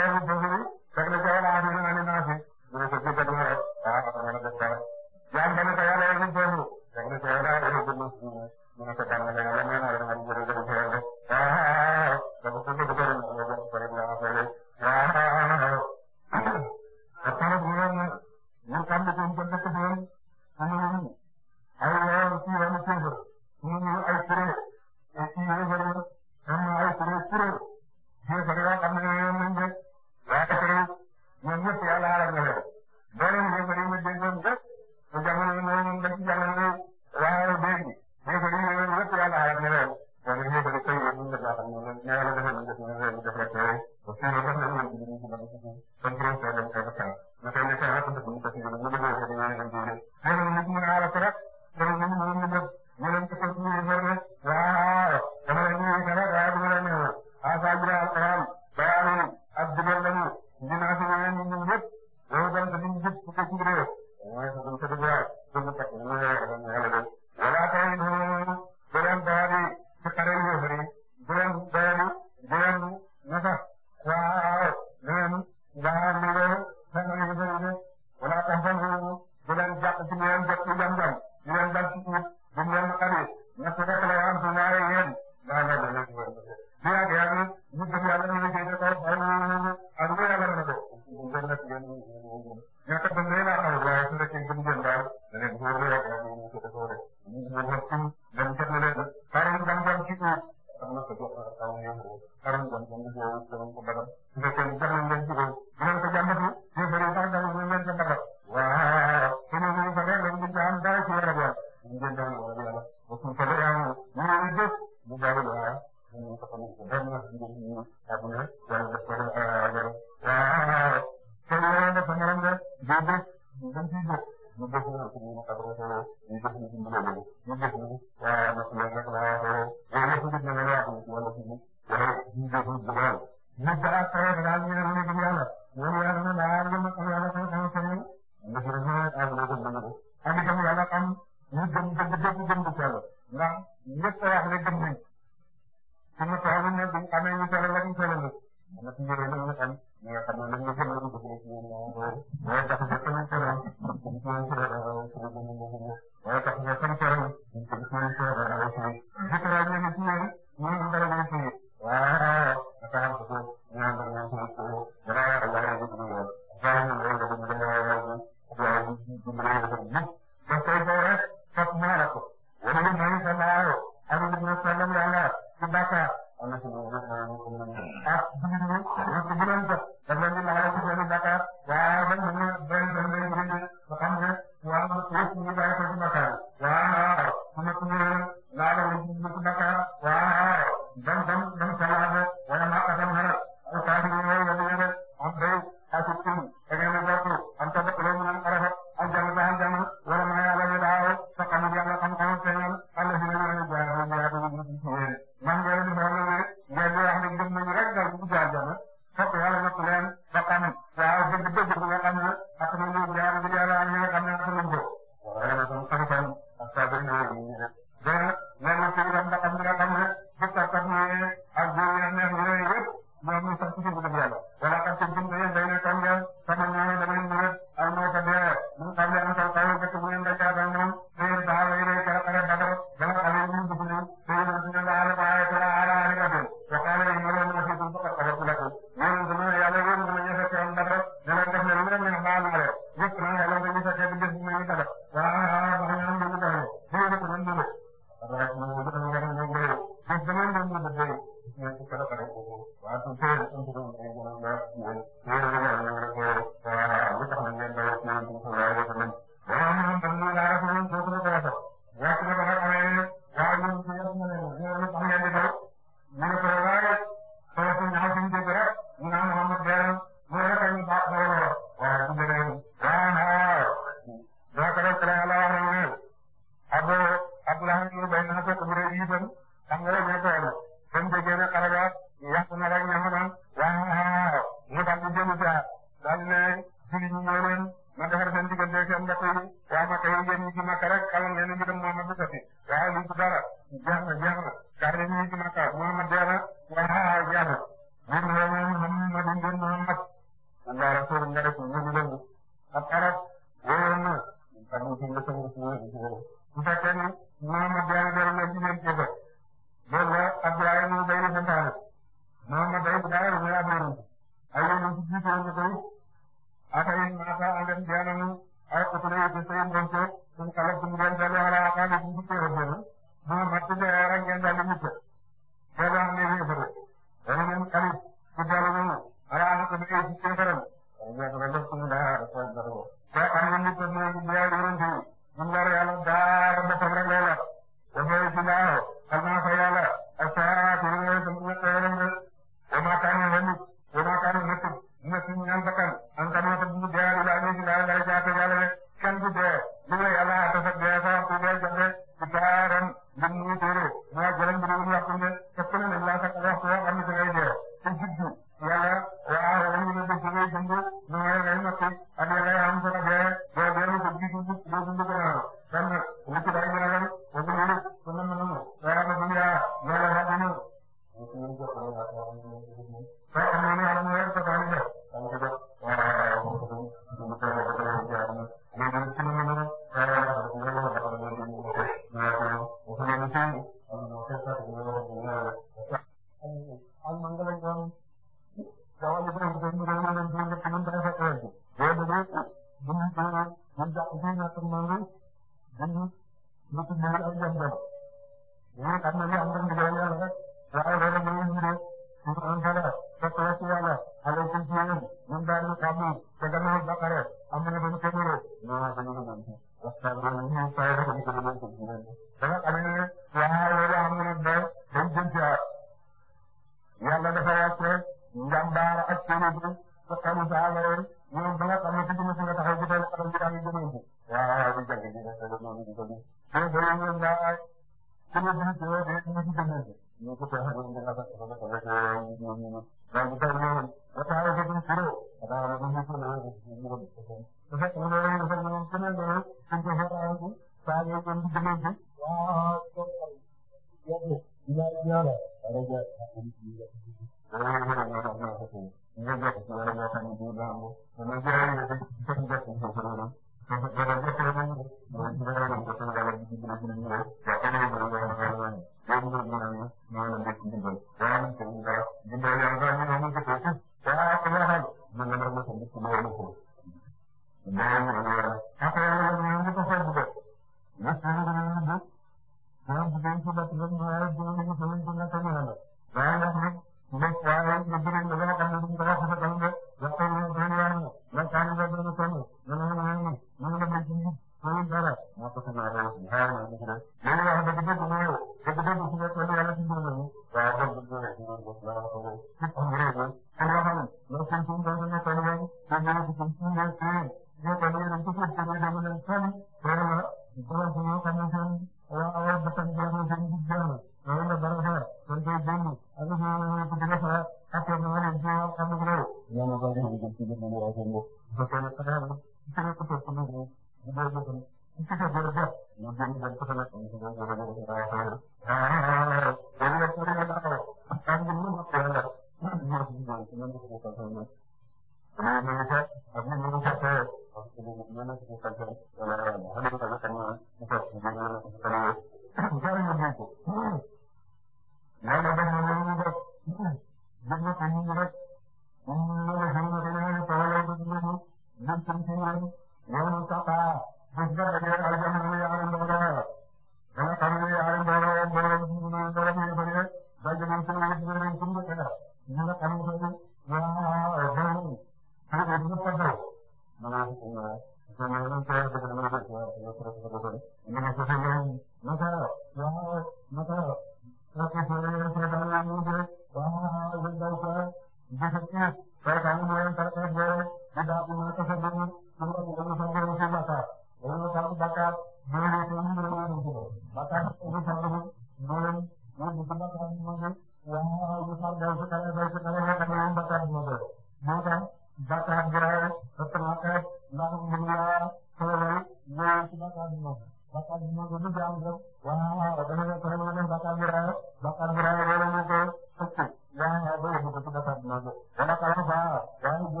kala baa waaye bu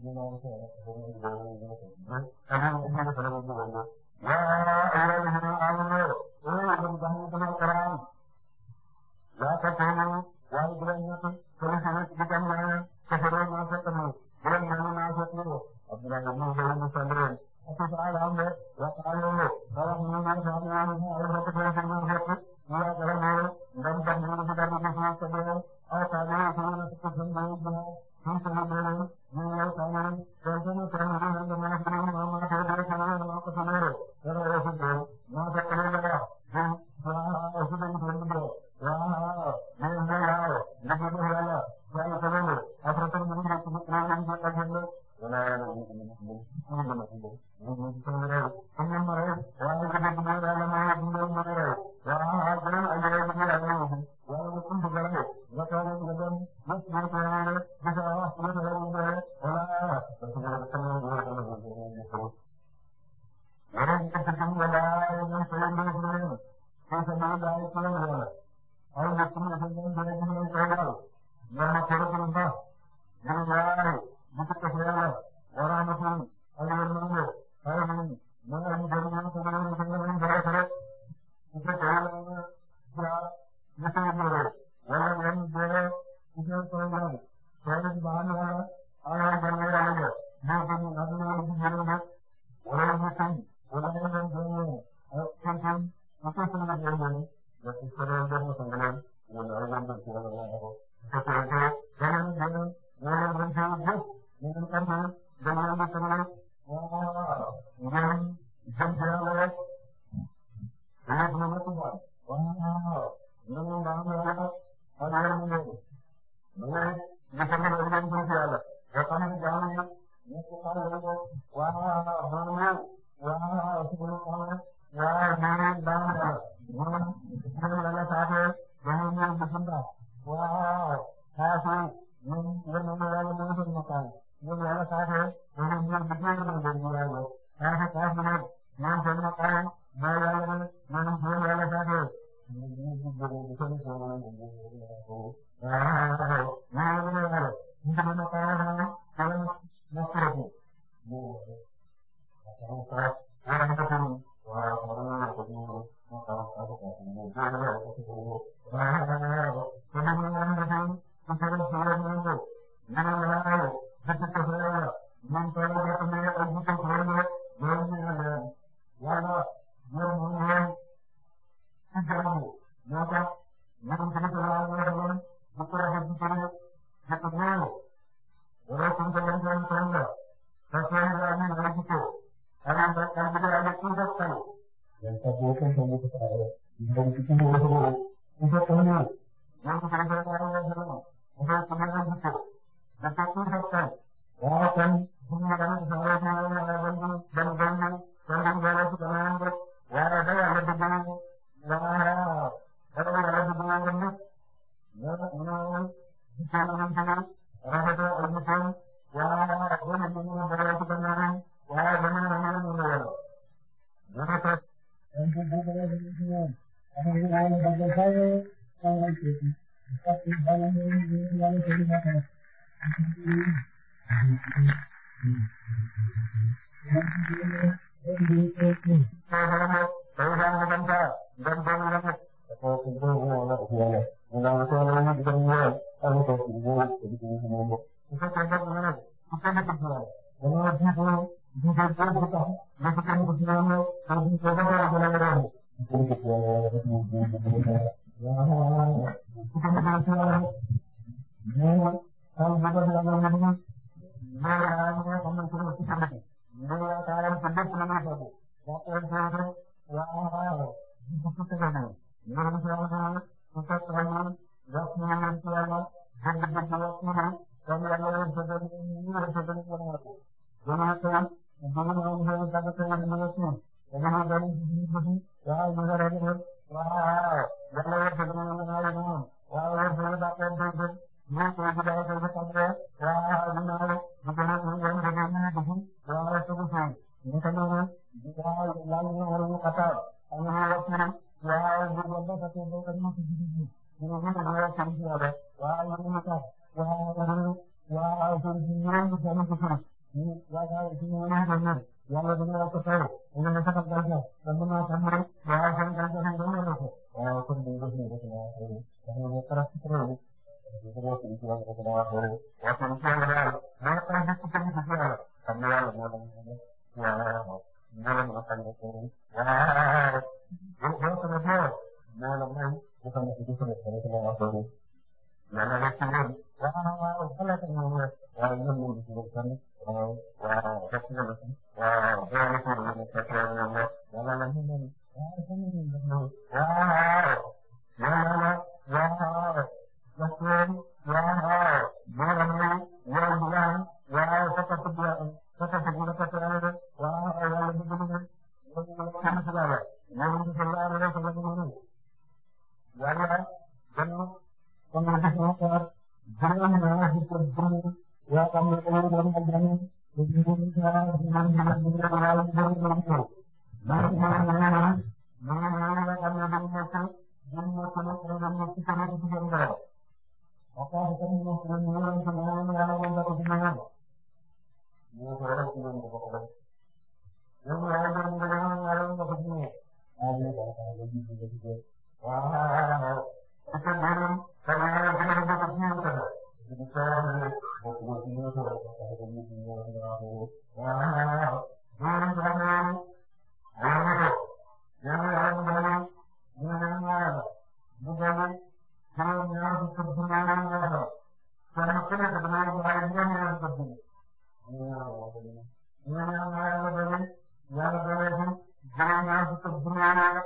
demee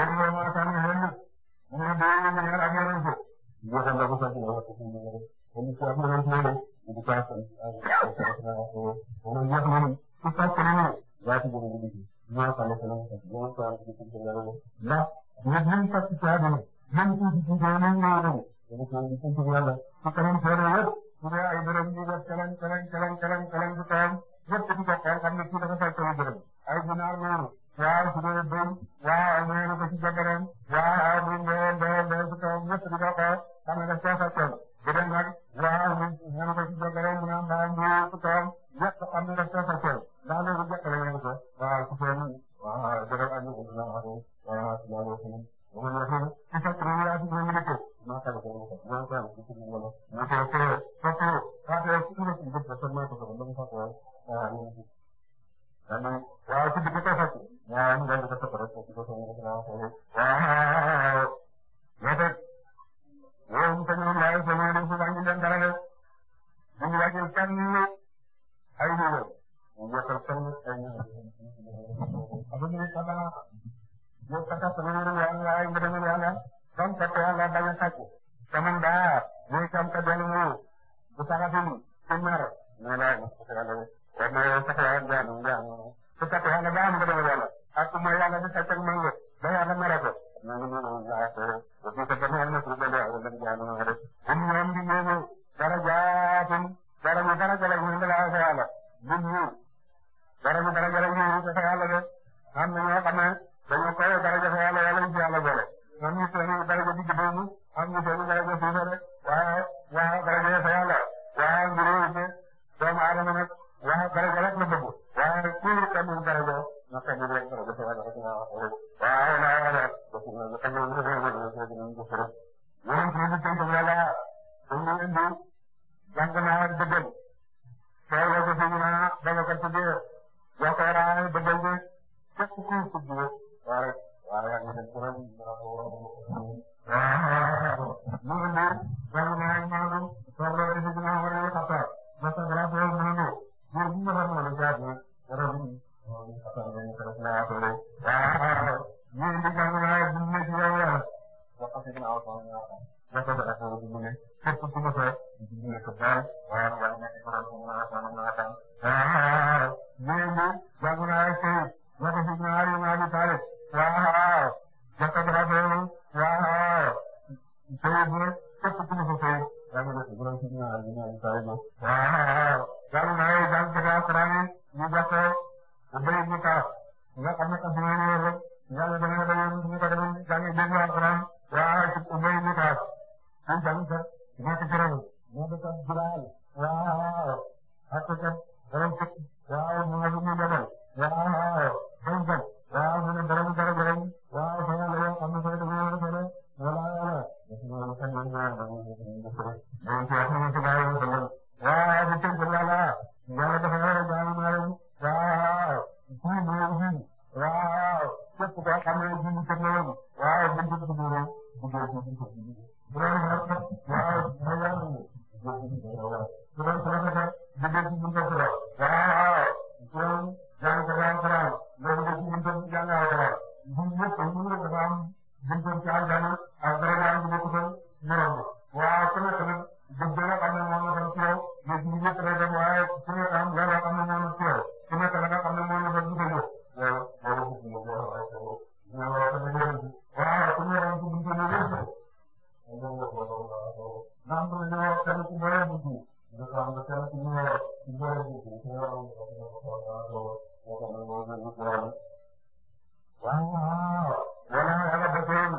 am ay ginaar noonu waaw su dee doom waaw am na ko ci jabaram waaw bu ndeyal ndeyal ndeyal ci kawam ñëpp di ko xool xam nga daf koy xëccoon bu dee nag waaw ñu ko ci jabaram mu naan maa ngi ci kawam ñëpp xam nga daf koy xëccoon ndax loolu jàppale ngeen ko waaw ci seen waaw jabar am na ko dina wax ko waaw ci laa wax nii mu ngi wax nii ci fekk ñu yaa ci ñu ngi ko maa xam ko ñu ko ñoo ko ci ci ñu la ñu ko ko ko ko ko ko ko ko ko ko ko ko ko ko ko ko ko ko ko dana waaw si biir kese si. waaw ñu ngi ko rek si biir kese bi waaw waaw waaw. lépp it loolu sañoon waaye sañoon nañu si wàññi leen dara de ñu ngi wàcceel kenn ay diwe. ñu jokkal kenn ay diwe. parce que ñu ngi ko balaa ñu ko kese ñu ngi leen waaye nga demee yàlla comme que yàlla bañ a sàcc. tamit daa ñuy kam ka dellu mu bu saxatul ci mer ñu laaj war na taxawaay jaadu jaadu su fekkee yàlla ba am ko doon yàlla ak mooy yàlla bu fekkee mën nga ba yàlla mere ko ñu ngi ñu jaasoo aussi que dama am na suñu bëgg yàlla dem jaadu nga rek am ñoom di yéene dara jaatum dara ñu dara jëlee ñu ndalaa sa yàlla buñ ñu dara ñu dara jëlee ñu sa yàlla de am na ñoo xam ne dañoo koy dara jëfe yàlla yàlla ñu ci yàlla boole ñoom ñu seeni dara jëfi jëfeemu am ñu seeni dara jëfi sa de waaye waaye dara jëfe sa yàlla waaye mbiru doomu aadama nag waaye daraja rek la bëgg waaye kuy xamul daraja na xamul rek daraja sa wàll rek la wax waaye naa wax rek parce que ñu xamul lu ko bëgg rek dinañ ko fere yéen ci ñu tontu yàlla dañ leen di jàng naa dëggal soo la ko fi naa dama ko tuddee yokkoo raay dëggal de képp kuy tudd waaye waaye yaa ngi dem këram dara ko war a ñu indi jàng naa ñaanum soo la ko fi naa war a yëkkata ba sa grâce góor bu ñu waxoon wala jaadu borom ñu xatal nga ñu xatal laa ko lay waaw ñoom ñu xam naa bu ñu nekk yow yaa wax ko dina aw sama ñaar la ko dara sama bu ne képp ku ko fee di ne ko daal waaw wala nekk borom sama ñaar sama ñaar tam waaw ñoom ñu jàng naa sëy la ko fi ñaari ñaari taale waaw la ko dara sama waaw sëy bu ne képp ku ko fee jàng naa borom sama ñaar ñaari taale waaw yàlla na yàlla jàng ci alxuraan yi ñu jox ko Ubay ibn Ka'b nga xam ne ko bu ngeen yore yàlla da ngeen a doon ñu ko doon jàng jàng alxuraan waaye ci Ubay ibn Ka'b ñu jàng ko nekk ci réew ñu ngi ko Bilaal waaw ak ko borom fukk waaw mu ngi ñu jabal waaw bañ bañ waaw mu ne borom dara borom waaw sa yàlla yow am na solo da ngeen a solo wala wala. waaw bu tënk loola yàlla dafa war a jaamu maanaam waaw jiw bi yëngu jiw waaw képp koo xam ne jiw bi tënk na woon waaw bu njëkk bi rek bu dee jiw bi tënk bi bu doon rafet waaw bu doon rafet bu doon rafet bu dee jiw bi tënk la waaw loolu jàng ko daan faral loolu de jiw bi tënk jàng naa faral bu ñëpp ñu ngi dafa am buntu ci aljana ak dara daan bu bokkul ak morom waaw ku nekk nag bëgg la xam ne moom la ko ci yow bés bu nekk lay dem waaye su nekk am dara am na ñoo ñu teew su nekk la nga xam ne moo la fa jiite ñëw loolu loolu gis nga ko waaw waaw waaw xam nga ñëw waaw su ñëwoon ci buntu bi yëpp ñëw nga ko waaw waaw ndax mu ngi ñëw kenn ku bëre buntu nga xam nga kenn ku ñëw ku bëre buntu ku ñëw am nga ko waaw waaw moo xam ne moo gën a gën waaw waaw wala yàlla defee ma.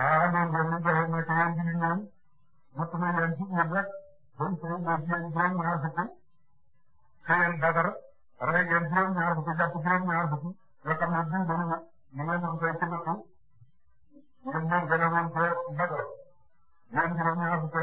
ah man de li joxe mooy que yéen bi ñu ñëw mottu ma leen ci ñëpp rek ba mu soog mooy juróom ñaar fukk xëyal Badar rey ngeen juróom ñaar fukk jàpp juróom ñaar fukk nga xam ne bii dañu ne mu ngi leen koy tëbëtu. ñoom ñoo gën a mën ko Badar yéen juróom ñaar fukk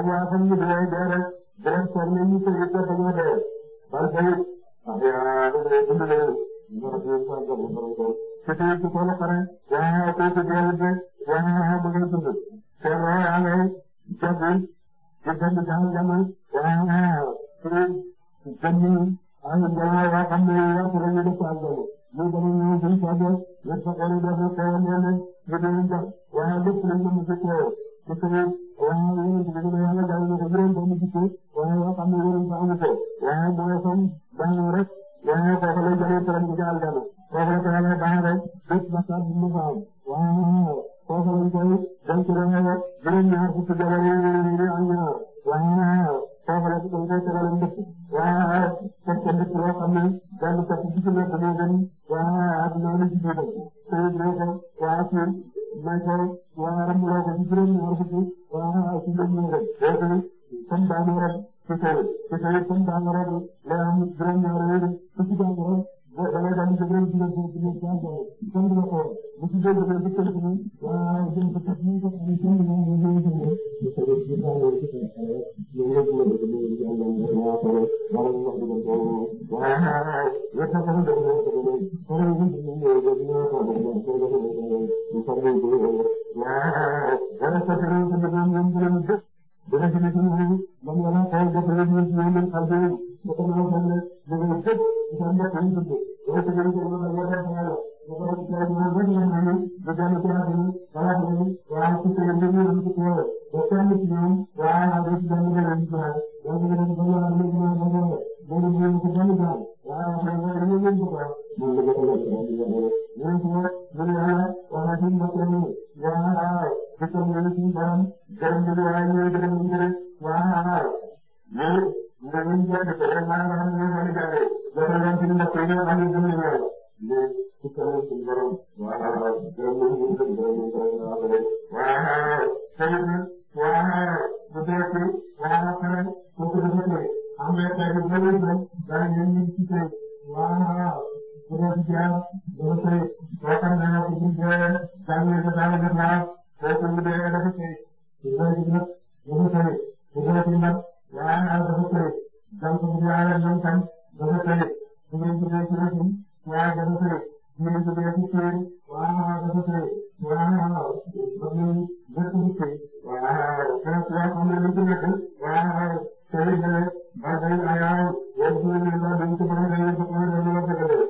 añaasam ñu dee dee rek deret soxla ñu ko yëpp dañoo dee bal bayit ahyaa dee dund leen ngarab yi sa gabu borom ko ci tey ci ko la pare yaa ko ko dee de yaa ba ngay dund te yaa ngay jagul ci jàng jàng jàng yaa ci jëmm ay jàng yoo xam ne yaa ko lañu def ak jàng ñu dañu ñu jëm sa bopp ñu sa ko def ko leen ñu dañu jàng yaa lépp lañu mu ci teew parce :fra que :fra waaye yonent bi dafa yàlla jagleel na ko juróom benni jikko waaye yoo xam ne yonent bi amu ko waaye mooy comme :fra baax rek waaye kooku lay jëlee këram di ko aljana kooku la ko yàlla baaxee rek bépp bakkaar bu mu mës a am waaye kooku ñu koy dem ci réew mi rek juróom-ñaar fukki jabar yi ak ñaar waaye naa kooku la ñu koy tegalal ndëkk waaye teg ko ndëkk loo xam ne jàll kat bi ci nekk moo gën waaye ak noonu ci jiital tey dina ko waaye ci may ko wala daal di déglu di leen di leen sant sant na ko bu ci déglu di leen sant na waaw jëm ko sax ñu sax ñu sant na ñu leen sant na. bu soobee ci ñu naan ci seen xale ñu ngi leen di leen di leen di leen wax dëgg yàlla ñu wax dëgg yàlla waaw yow sax dafa dëgg yàlla dëgg yàlla xale yi ñu ngi ñëw ba ñu wax dëgg yàlla xale yi ñu ngi ñëw ñu sax ñu ngi waaw dara sax dafa dëgg yàlla ñu leen dëgg dama gën a déglu ba mu yàlla xaw a jot rek ñun ñoo mën xel dégg nga xam naa xam ne dégg nga fépp nga xam ne dañ ko déglu dama ko gën a déglu ba mu yàlla xaw a jot nga xam ne dañ ko gën a déglu ba jàmm ci rajo bi wala rajo bi waaye ci seen mbir mi lañ ko teewee ba kenn ci ñoom waaye naa doon ci jàmm nga leen ci waaye yow nga leen ba yàlla lu ñu leen ko doon loolu ñu ko gën a jàmm waaye xam nga dañu leen ko ko ñu ko ko ko ñu ko ñu ko ñu ko gërëm ñu daan waay gëstoo ñu ne suñu borom gërëm ñu daan waay ñooy gërëm ñu gërëm waaw waaw waay mais nga ñu jënd ko rek maa ngi xam ne ñoo ngi jaaree. gërëm leen ci ndax tey ñoom am na gëm ñu waay mais gëstoo leen suñu borom. waaw waaw waaw gërëm leen ñu gërëm gërëm ñu gërëm ñu waaw waaw waaw tamit waaw waaw bu dee ci waaw waaw tamit kooku dafa tey am na tey bu bëri nag daañu leen ñu ci tey waaw waaw période bi jeex dana sori yaakaar naa ne bu ñu jeexee jàngale ko daal def naa boo ko ñu dee dafa sori loolu it nag dafa sori bu dee ci ndam waaye daal dafa sori donc bu dee alal ñoom tam dafa sori bu ngeen tuddee ci rëdd waaye dafa sori bu ngeen tuddee ci kër waaye dafa sori waaye ba muy gëstu bi sori waaye kenn ku yoo xam ne lu ci nekk waaye sori na la ba day ayaay yéen ci lu ñu doon dañ ci bëri dañuy def loolu la ko dëgëlee.